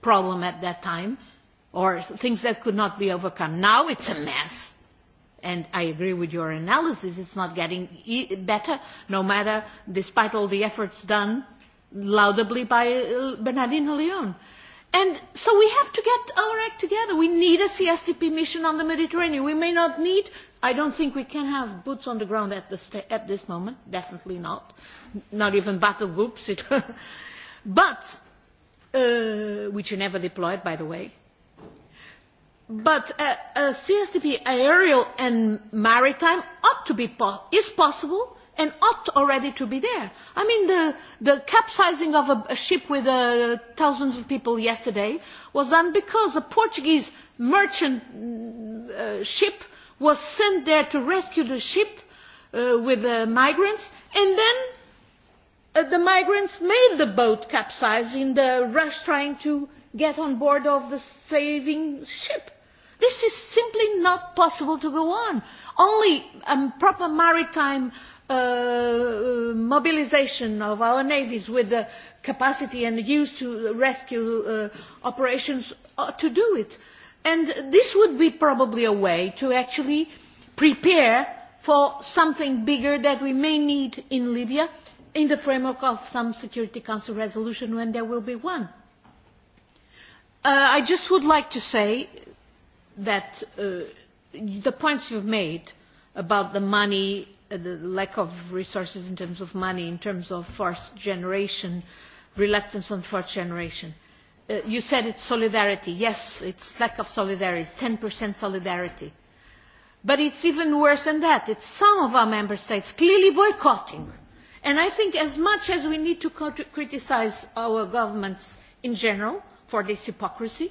problem at that time or things that could not be overcome. Now it's a mess. And I agree with your analysis, it's not getting e better, no matter, despite all the efforts done laudably by uh, Bernardino Leon. Uh, And so we have to get our act together. We need a CSTP mission on the Mediterranean. We may not need, I don't think we can have boots on the ground at this, at this moment, definitely not, not even battle groups, it but, uh, which you never deployed, by the way. But a, a CSTP aerial and maritime ought to be, po is possible, and ought already to be there. I mean, the, the capsizing of a, a ship with uh, thousands of people yesterday was done because a Portuguese merchant mm, uh, ship was sent there to rescue the ship uh, with the migrants, and then uh, the migrants made the boat capsize in the rush trying to get on board of the saving ship. This is simply not possible to go on. Only a um, proper maritime uh, mobilisation of our navies with the capacity and use to rescue uh, operations uh, to do it. And this would be probably a way to actually prepare for something bigger that we may need in Libya in the framework of some Security Council resolution when there will be one. Uh, I just would like to say that uh, the points you've made about the money Uh, the lack of resources in terms of money, in terms of first generation, reluctance on fourth generation. Uh, you said it's solidarity. Yes, it's lack of solidarity. ten 10% solidarity. But it's even worse than that. It's some of our member states clearly boycotting. And I think as much as we need to criticise our governments in general for this hypocrisy,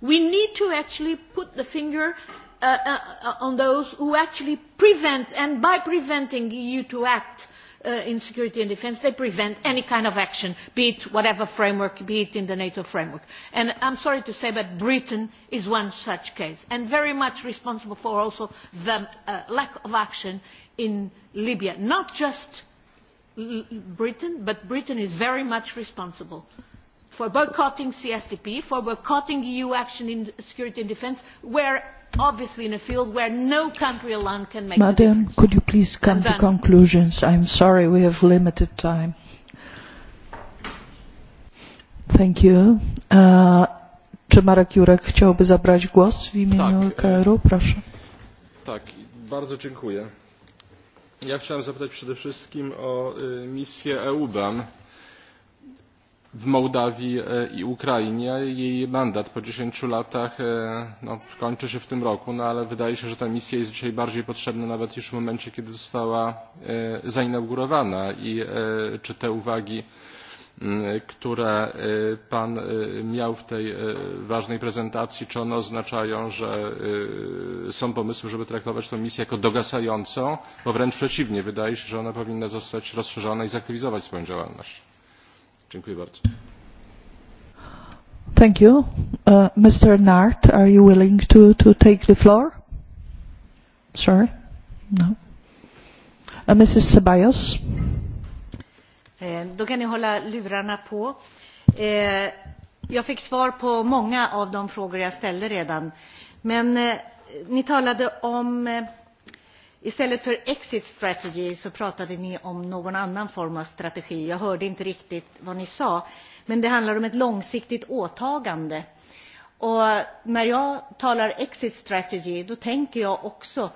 we need to actually put the finger Uh, uh, on those who actually prevent, and by preventing you to act uh, in security and defence, they prevent any kind of action, be it whatever framework, be it in the NATO framework. And I'm sorry to say, but Britain is one such case, and very much responsible for also the uh, lack of action in Libya. Not just Britain, but Britain is very much responsible for boycotting CSTP, for boycotting EU action in security and defence, where obviously in a field where no country alone can make Madam, a difference. Madam, could you please come to done. conclusions? I'm sorry, we have limited time. Thank you. Uh, czy Marek Jurek chciałby zabrać głos w imieniu tak, EKR-u? Proszę. Tak, bardzo dziękuję. Ja chciałem zapytać przede wszystkim o misję EUBAM w Mołdawii e, i Ukrainie. Jej mandat po dziesięciu latach e, no, kończy się w tym roku, no ale wydaje się, że ta misja jest dzisiaj bardziej potrzebna nawet niż w momencie, kiedy została e, zainaugurowana. I czy te uwagi, które Pan miał w tej ważnej prezentacji, czy one oznaczają, że są pomysły, żeby traktować tę misję jako dogasającą, bo wręcz przeciwnie, wydaje się, że ona powinna zostać rozszerzona i zaktywizować swoją działalność. Dziękuję bardzo. Thank you. Uh, Mr. Nart, are you willing to, to take the floor? Sorry? No. Uh, Mrs. Ceballos? Eh, då kan ni hålla lurarna på. Eh, jag fick svar på många av de frågor jag ställde redan. Men eh, ni talade om Istället för exit strategy så pratade ni om någon annan form av strategi. Jag hörde inte riktigt vad ni sa. Men det handlar om ett långsiktigt åtagande. Och när jag talar exit strategy då tänker jag också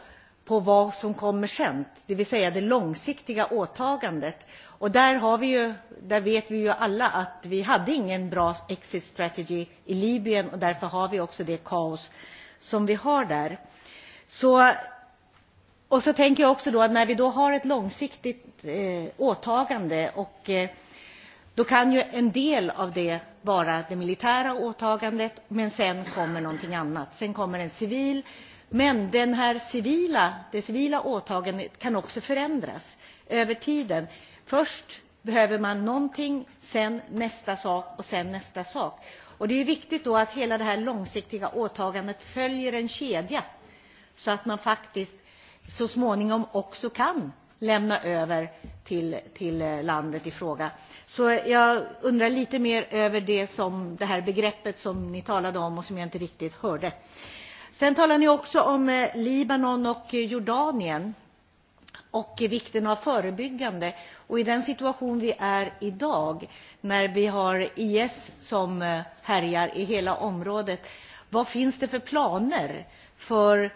på vad som kommer sen, det vill säga det långsiktiga åtagandet. Och där, har vi ju, där vet vi ju alla att vi hade ingen bra exit strategy i Libyen och därför har vi också det kaos som vi har där. Så Och så tänker jag också då att när vi då har ett långsiktigt eh, åtagande och eh, då kan ju en del av det vara det militära åtagandet men sen kommer någonting annat. Sen kommer en civil men den här civila, det civila åtagandet kan också förändras över tiden. Först behöver man någonting, sen nästa sak och sen nästa sak. Och det är viktigt då att hela det här långsiktiga åtagandet följer en kedja så att man faktiskt så småningom också kan lämna över till, till eh, landet i fråga. Så jag undrar lite mer över det, som, det här begreppet som ni talade om och som jag inte riktigt hörde. Sen talar ni också om eh, Libanon och Jordanien och vikten av förebyggande. Och i den situation vi är idag, när vi har IS som eh, härjar i hela området, vad finns det för planer för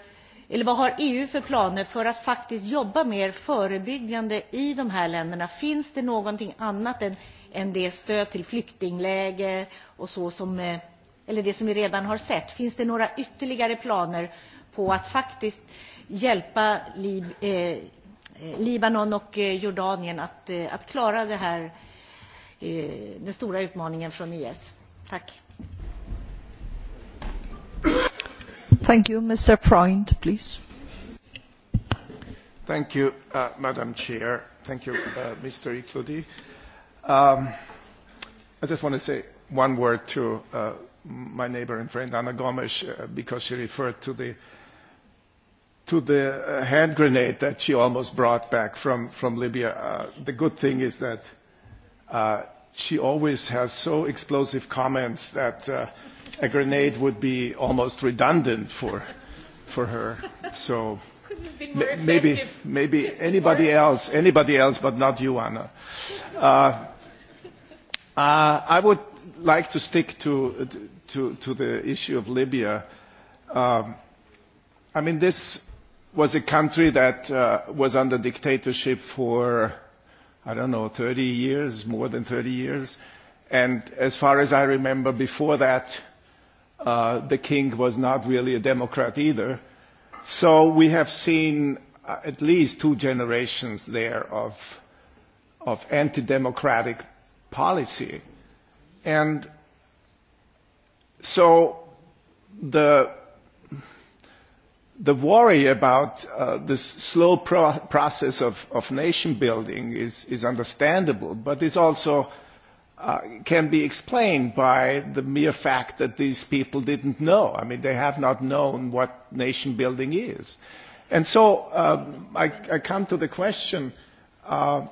eller vad har EU för planer för att faktiskt jobba mer förebyggande i de här länderna? Finns det någonting annat än, än det stöd till flyktingläger och så som, eh, eller det som vi redan har sett? Finns det några ytterligare planer på att faktiskt hjälpa Lib eh, eh Libanon och eh, Jordanien att, att klara det här, eh, den stora utmaningen från IS? Tack. Thank you. Mr. Freund, please. Thank you, uh, Madam Chair. Thank you, uh, Mr. Ikludi. Um, I just want to say one word to uh, my neighbor and friend Anna Gomes uh, because she referred to the to the uh, hand grenade that she almost brought back from, from Libya. Uh, the good thing is that uh, she always has so explosive comments that uh, a grenade would be almost redundant for, for her. So maybe, maybe anybody else, anybody else, but not you, Anna. Uh, uh, I would like to stick to, to, to the issue of Libya. Um, I mean, this was a country that uh, was under dictatorship for i don't know, 30 years, more than 30 years. And as far as I remember, before that, uh, the king was not really a democrat either. So we have seen uh, at least two generations there of, of anti-democratic policy. And so the the worry about uh, this slow pro process of, of nation building is, is understandable, but it also uh, can be explained by the mere fact that these people didn't know. I mean, they have not known what nation building is. And so uh, I, I come to the question, uh,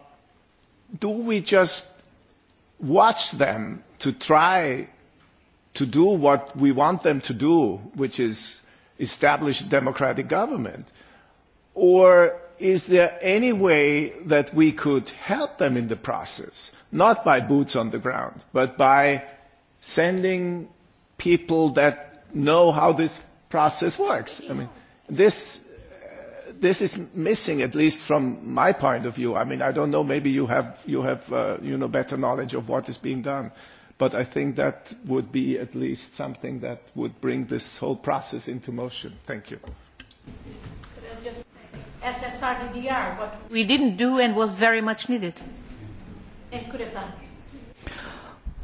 do we just watch them to try to do what we want them to do, which is establish a democratic government? Or is there any way that we could help them in the process? Not by boots on the ground, but by sending people that know how this process works. I mean, this, uh, this is missing, at least from my point of view. I mean, I don't know, maybe you have, you have uh, you know, better knowledge of what is being done. Uh, But I think that would be at least something that would bring this whole process into motion. Thank you. SSRDDR, what we didn't do and was very much needed.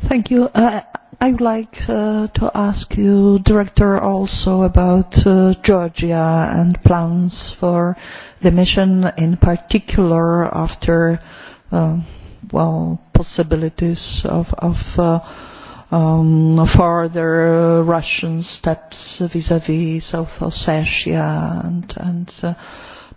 Thank you. Uh, I would like uh, to ask you, Director, also about uh, Georgia and plans for the mission, in particular after uh, well, possibilities of, of uh, um, further uh, Russian steps vis-à-vis -vis South Ossetia and, and uh,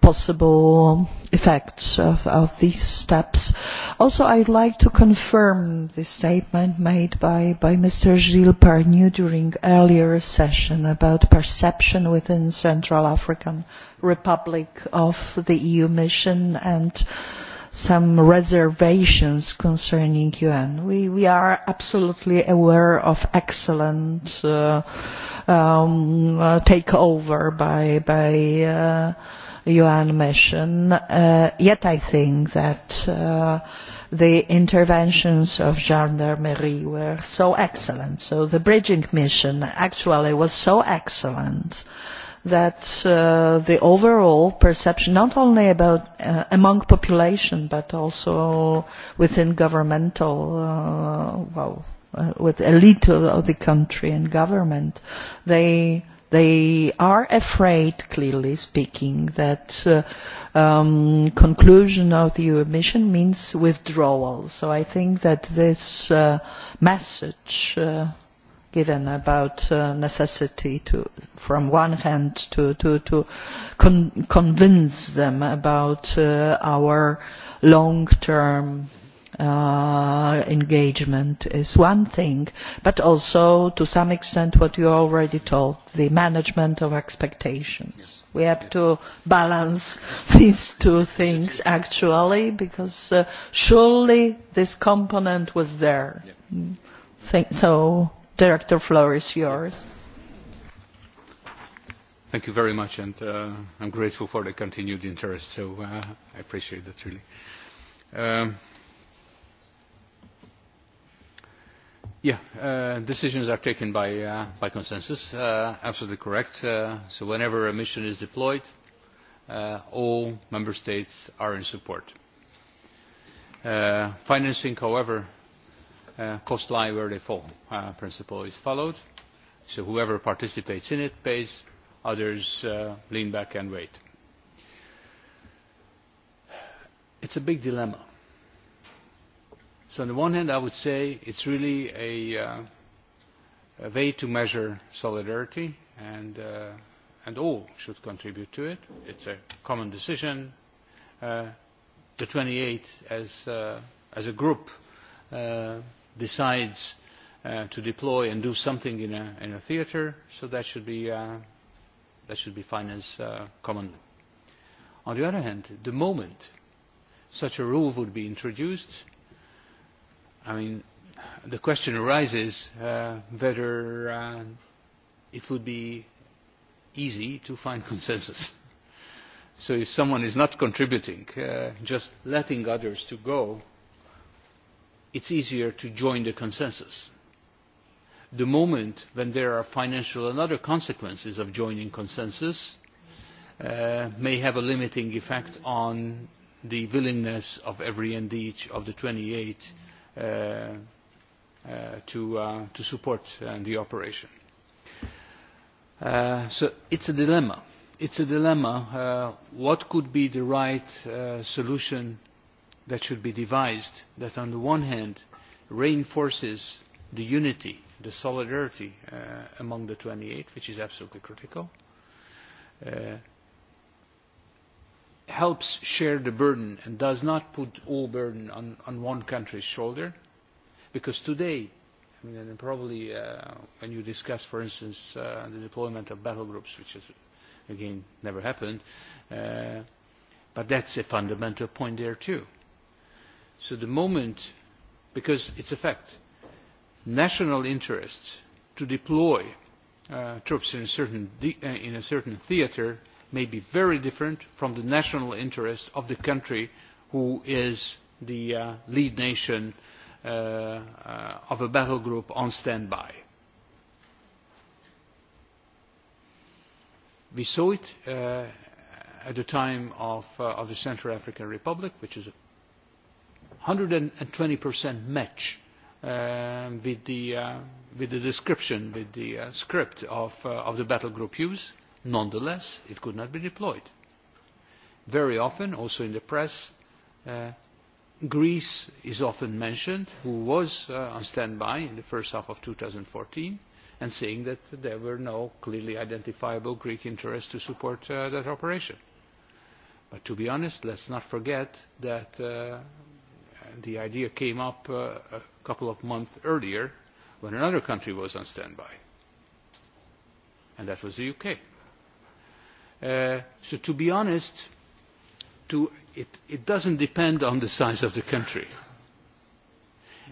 possible effects of, of these steps. Also, I'd like to confirm the statement made by, by Mr. Gilles Parnu during earlier session about perception within Central African Republic of the EU mission and uh, some reservations concerning UN. We, we are absolutely aware of excellent uh, um, uh, takeover by, by uh, UN mission. Uh, yet I think that uh, the interventions of gendarmerie were so excellent. So the bridging mission actually was so excellent that uh, the overall perception, not only about uh, among population, but also within governmental, uh, well, uh, with elite of, of the country and government, they they are afraid, clearly speaking, that uh, um, conclusion of the EU mission means withdrawal. So I think that this uh, message. Uh, given about uh, necessity to, from one hand, to, to, to con convince them about uh, our long-term uh, engagement is one thing, but also to some extent what you already told, the management of expectations. We have to balance these two things actually, because uh, surely this component was there. Mm. so director floor is yours. Thank you very much, and uh, I'm grateful for the continued interest. So uh, I appreciate that really. Um, yeah, uh, decisions are taken by uh, by consensus. Uh, absolutely correct. Uh, so whenever a mission is deployed, uh, all member states are in support. Uh, financing, however, uh, cost liability for uh, principle is followed. So whoever participates in it pays, others uh, lean back and wait. It's a big dilemma. So on the one hand, I would say it's really a, uh, a way to measure solidarity, and, uh, and all should contribute to it. It's a common decision. Uh, the 28 as, uh, as a group uh, decides uh, to deploy and do something in a, in a theatre, so that should be, uh, that should be financed uh, commonly. On the other hand, the moment such a rule would be introduced, I mean, the question arises uh, whether uh, it would be easy to find consensus. so if someone is not contributing, uh, just letting others to go it is easier to join the consensus. The moment when there are financial and other consequences of joining consensus uh, may have a limiting effect on the willingness of every and each of the twenty eight uh, uh, to, support the operation. so so it's a dilemma. It's a dilemma. what could be the right solution that should be devised that on the one hand reinforces the unity, the solidarity uh, among the 28, which is absolutely critical, uh, helps share the burden and does not put all burden on, on one country's shoulder, because today, I mean, and probably uh, when you discuss, for instance, uh, the deployment of battle groups, which is, again, never happened, uh, but that's a fundamental point there too. So the moment, because it's a fact, national interests to deploy uh, troops in a certain, de uh, in a certain theater may be very different from the national interest of the country who is the uh, lead nation uh, uh, of a battle group on standby. We saw it uh, at the time of, uh, of the Central African Republic, which is a 120% match uh, with, the, uh, with the description, with the uh, script of, uh, of the battle group use. Nonetheless, it could not be deployed. Very often, also in the press, uh, Greece is often mentioned, who was uh, on standby in the first half of 2014, and saying that there were no clearly identifiable Greek interests to support uh, that operation. But to be honest, let's not forget that uh, the idea came up uh, a couple of months earlier when another country was on standby, and that was the UK. Uh, so to be honest, to, it, it doesn't depend on the size of the country.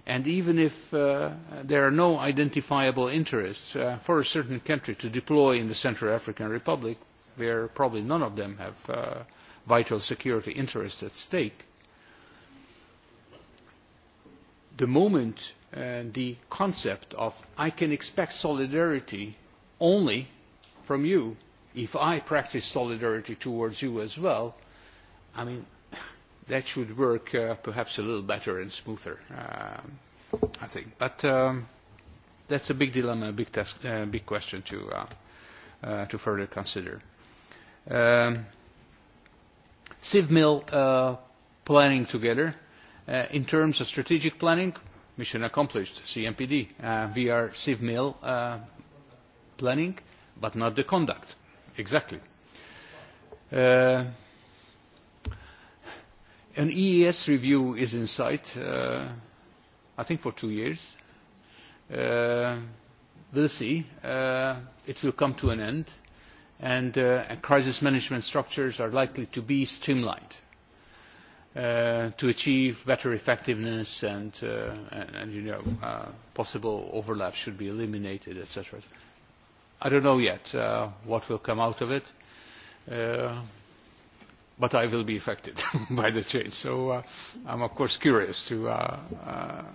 And even if uh, there are no identifiable interests uh, for a certain country to deploy in the Central African Republic, where probably none of them have uh, vital security interests at stake, the moment uh, the concept of I can expect solidarity only from you if I practice solidarity towards you as well, I mean, that should work uh, perhaps a little better and smoother, um, I think. But um, that's a big dilemma, a big, task, uh, big question to, uh, uh, to further consider. Um, CivMill uh, planning together Uh, in terms of strategic planning, mission accomplished, CMPD. Uh, we are sieve uh, planning, but not the conduct. Exactly. Uh, an EES review is in sight, I think for two years. we we'll see. it will come to an end, and crisis management structures are likely to be streamlined Uh, to achieve better effectiveness and, uh, and, and you know, uh, possible overlap should be eliminated, etc. I don't know yet uh, what will come out of it, uh, but I will be affected by the change. So uh, I'm, of course, curious to, uh, uh,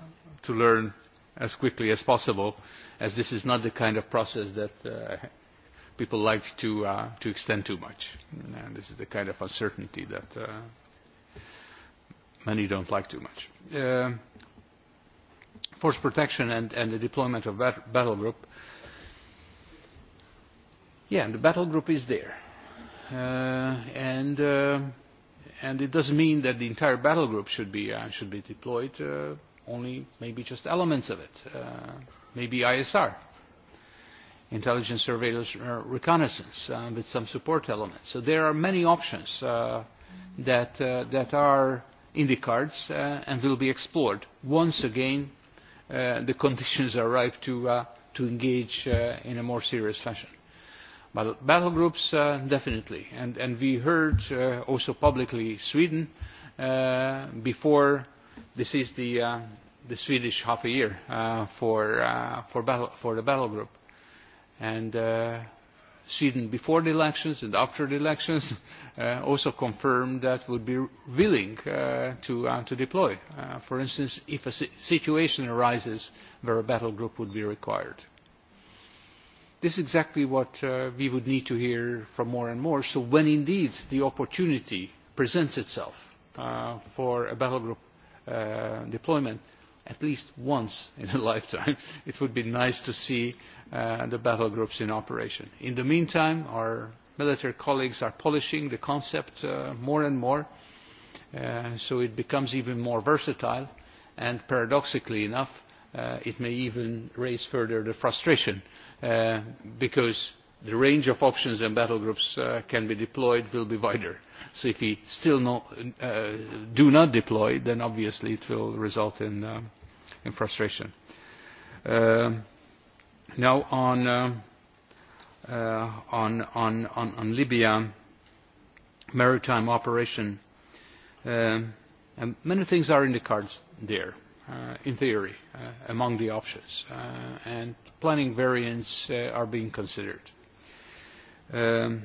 to learn as quickly as possible, as this is not the kind of process that uh, people like to, uh, to extend too much. And this is the kind of uncertainty that uh, many don't like too much. Uh, force protection and, and the deployment of bat battle group. Yeah, and the battle group is there. Uh, and, uh, and it doesn't mean that the entire battle group should be, uh, should be deployed, uh, only maybe just elements of it, uh, maybe ISR, intelligence surveillance uh, reconnaissance, uh, with some support elements. So there are many options uh, that, uh, that are in the cards uh, and will be explored once again uh, the conditions are ripe to, uh, to engage uh, in a more serious fashion. But battle groups, uh, definitely. And, and we heard uh, also publicly Sweden uh, before this is the, uh, the Swedish half a year uh, for, uh, for, battle, for the battle group. And uh, Sweden before the elections and after the elections uh, also confirmed that would be willing uh, to, uh, to deploy, uh, for instance, if a situation arises where a battle group would be required. This is exactly what uh, we would need to hear from more and more. So when indeed the opportunity presents itself uh, for a battle group uh, deployment, at least once in a lifetime, it would be nice to see uh, the battle groups in operation. In the meantime, our military colleagues are polishing the concept uh, more and more, uh, so it becomes even more versatile, and paradoxically enough, uh, it may even raise further the frustration, uh, because the range of options and battle groups uh, can be deployed will be wider. So if we still no, uh, do not deploy, then obviously it will result in uh in frustration. Uh, now on, uh, uh, on, on, on, on Libya, maritime operation, uh, and um, many things are in the cards there. Uh, in theory, uh, among the options, uh, and planning variants uh, are being considered. Um,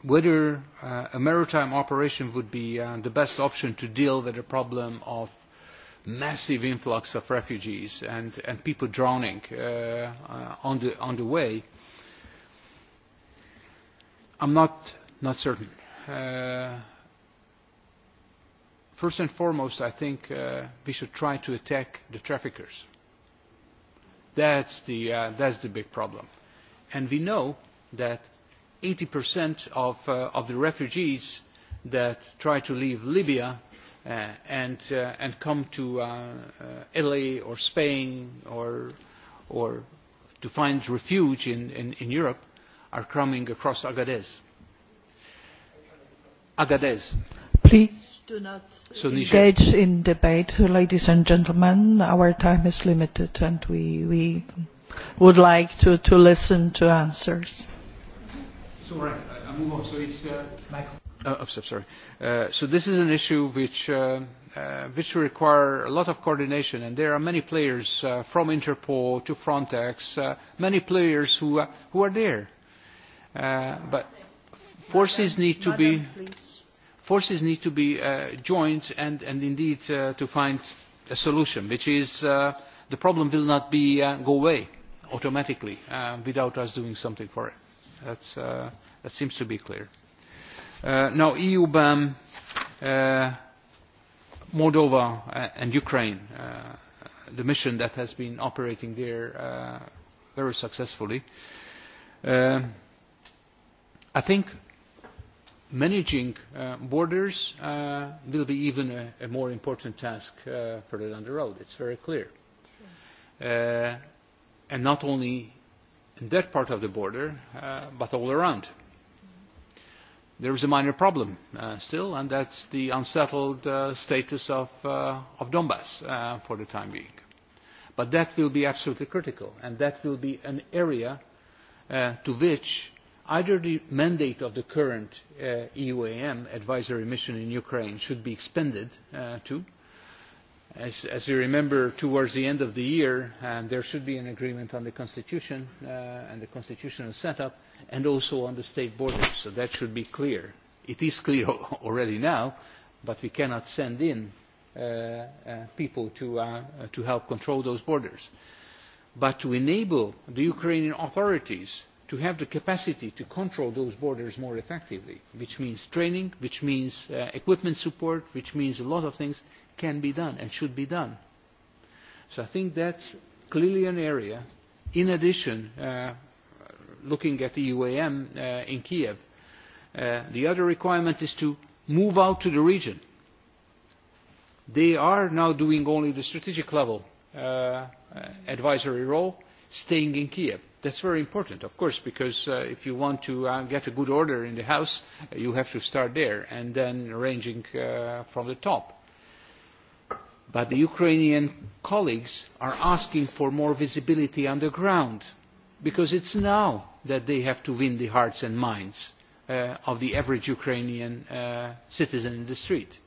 whether uh, a maritime operation would be uh, the best option to deal with the problem of massive influx of refugees and, and people drowning uh, uh, on, the, on the way, I'm not, not certain. Uh, first and foremost, I think uh, we should try to attack the traffickers. That's the, uh, that's the big problem. And we know that 80% of, uh, of the refugees that try to leave Libya Uh, and uh, and come to uh, Italy or Spain or or to find refuge in, in, in Europe are coming across Agadez. Agadez. Please do not so engage in debate, ladies and gentlemen. Our time is limited, and we we would like to, to listen to answers. all right, I, I move on. So it's uh, Michael. Uh, sorry. Uh, so this is an issue which, uh, uh, which require a lot of coordination, and there are many players uh, from Interpol to Frontex, uh, many players who, uh, who are there. Uh, but forces need to be forces need to be uh, joined and, and indeed uh, to find a solution, which is uh, the problem will not be uh, go away automatically uh, without us doing something for it. That's, uh, that seems to be clear. Uh, now EU-BAM, uh, Moldova uh, and Ukraine, the mission that has been operating there very successfully. I think managing uh, borders uh, will be even a, a more important task uh, further down the road. It's very clear. Sure. Uh, and not only in that part of the border, uh, but all around there is a minor problem uh, still, and that's the unsettled uh, status of, uh, of Donbass uh, for the time being. But that will be absolutely critical, and that will be an area uh, to which either the mandate of the current uh, EUAM advisory mission in Ukraine should be expanded uh, to, As, as you remember, towards the end of the year, uh, there should be an agreement on the constitution uh, and the constitutional setup, and also on the state borders. So that should be clear. It is clear already now, but we cannot send in uh, uh, people to, uh, to help control those borders. But to enable the Ukrainian authorities to have the capacity to control those borders more effectively, which means training, which means uh, equipment support, which means a lot of things, can be done and should be done. So I think that's clearly an area. In addition, uh, looking at the UAM uh, in Kiev, uh, the other requirement is to move out to the region. They are now doing only the strategic level uh, uh, advisory role, staying in Kiev. That's very important, of course, because uh, if you want to uh, get a good order in the house, uh, you have to start there and then arranging uh, from the top but the Ukrainian colleagues are asking for more visibility on the ground, because it is now that they have to win the hearts and minds uh, of the average Ukrainian uh, citizen in the street.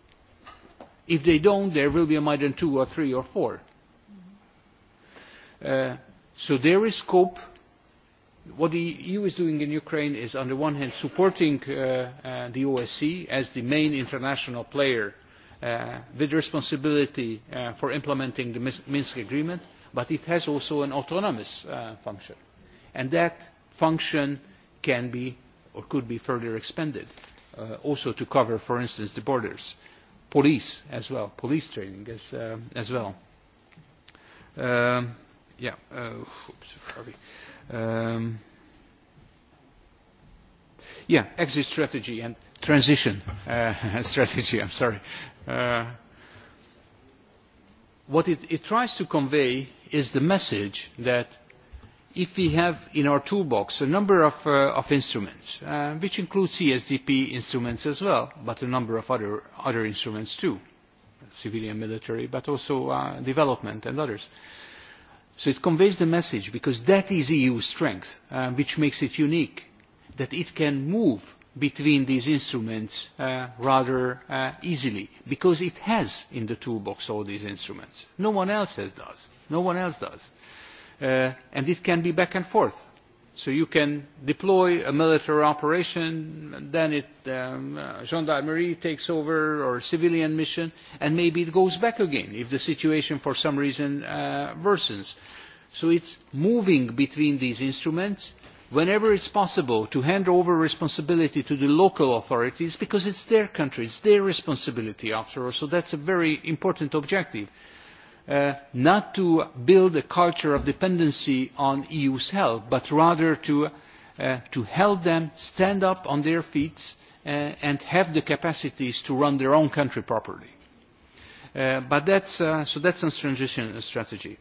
If they don't, there will be a Maidan 2 or 3 or 4. Uh, so there is scope. What the EU is doing in Ukraine is, on the one hand, supporting uh, uh, the OSCE as the main international player uh, with responsibility uh, for implementing the Minsk Agreement, but it has also an autonomous uh, function. And that function can be or could be further expanded, uh, also to cover, for instance, the borders, police as well, police training as, uh, as well. Um, yeah, uh, oops, sorry. Um, yeah, exit strategy and transition uh, strategy, I'm sorry. Uh, what it, it tries to convey is the message that if we have in our toolbox a number of, uh, of instruments, uh, which include CSDP instruments as well, but a number of other, other instruments too, civilian, military, but also uh, development and others. So it conveys the message because that is EU strength, uh, which makes it unique, that it can move between these instruments uh, rather uh, easily because it has in the toolbox all these instruments. No one else has does. No one else does. Uh, and it can be back and forth. So you can deploy a military operation, and then it, um, uh, gendarmerie takes over or a civilian mission, and maybe it goes back again if the situation for some reason uh, worsens. So it's moving between these instruments whenever it is possible to hand over responsibility to the local authorities because it is their country, it is their responsibility after all, so that is a very important objective. Uh, not to build a culture of dependency on the EU's help, but rather uh, to, help them stand up on their feet uh, and have the capacities to run their own country properly. that but that's, uh, so that's a transition strategy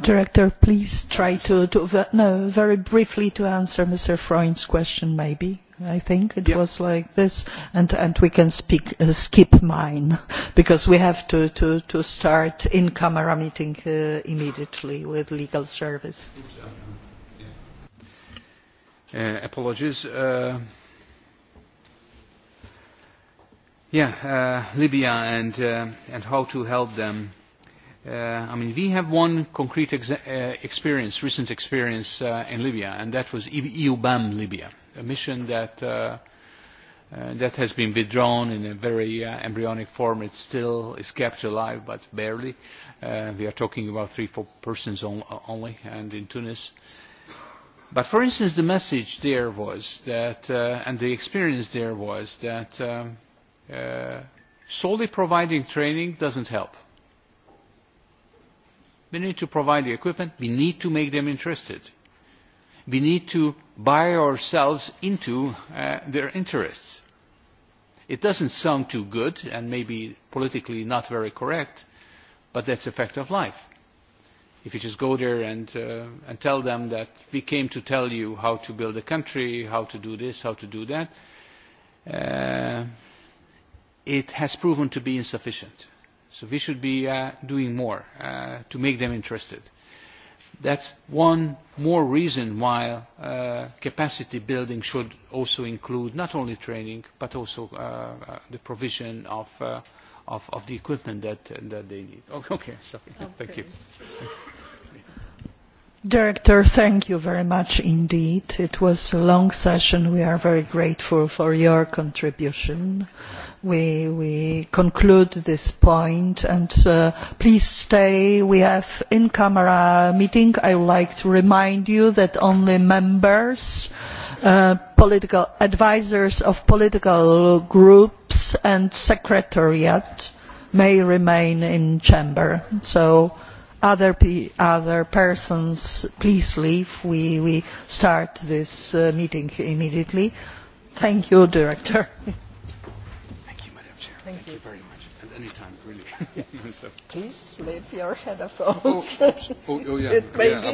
Director, please try to, to no, very briefly to answer Mr. Freund's question, maybe. I think it yep. was like this, and, and we can speak, uh, skip mine because we have to, to, to start in camera meeting uh, immediately with legal service. Uh, apologies. Uh, yeah, uh, Libya and uh, and how to help them uh, I mean, we have one concrete ex uh, experience, recent experience uh, in Libya, and that was EUBAM e Libya, a mission that, uh, uh, that has been withdrawn in a very uh, embryonic form. It still is kept alive, but barely. Uh, we are talking about three, four persons on, only, and in Tunis. But for instance, the message there was that, uh, and the experience there was that um, uh, solely providing training doesn't help we need to provide the equipment we need to make them interested we need to buy ourselves into uh, their interests. It doesn't sound too good and maybe politically not very correct, but that's a fact of life. If you just go there and, uh, and tell them that we came to tell you how to build a country, how to do this, how to do that, uh, it has proven to be insufficient so we should be uh, doing more uh, to make them interested. That's one more reason why uh, capacity building should also include not only training but also uh, uh, the provision of, uh, of, of the equipment that, uh, that they need. Okay, oh, okay sorry. Okay. Thank you. Director, thank you very much indeed. It was a long session. We are very grateful for your contribution we, we conclude this point and uh, please stay we have in camera meeting i would like to remind you that only members uh, political advisers of political groups and secretariat may remain in chamber so other, pe other persons please leave we, we start this uh, meeting immediately thank you director Thank, you. very much. At any time, really. so. Please leave your headphones. Oh, oh, oh, oh yeah. it may yeah, be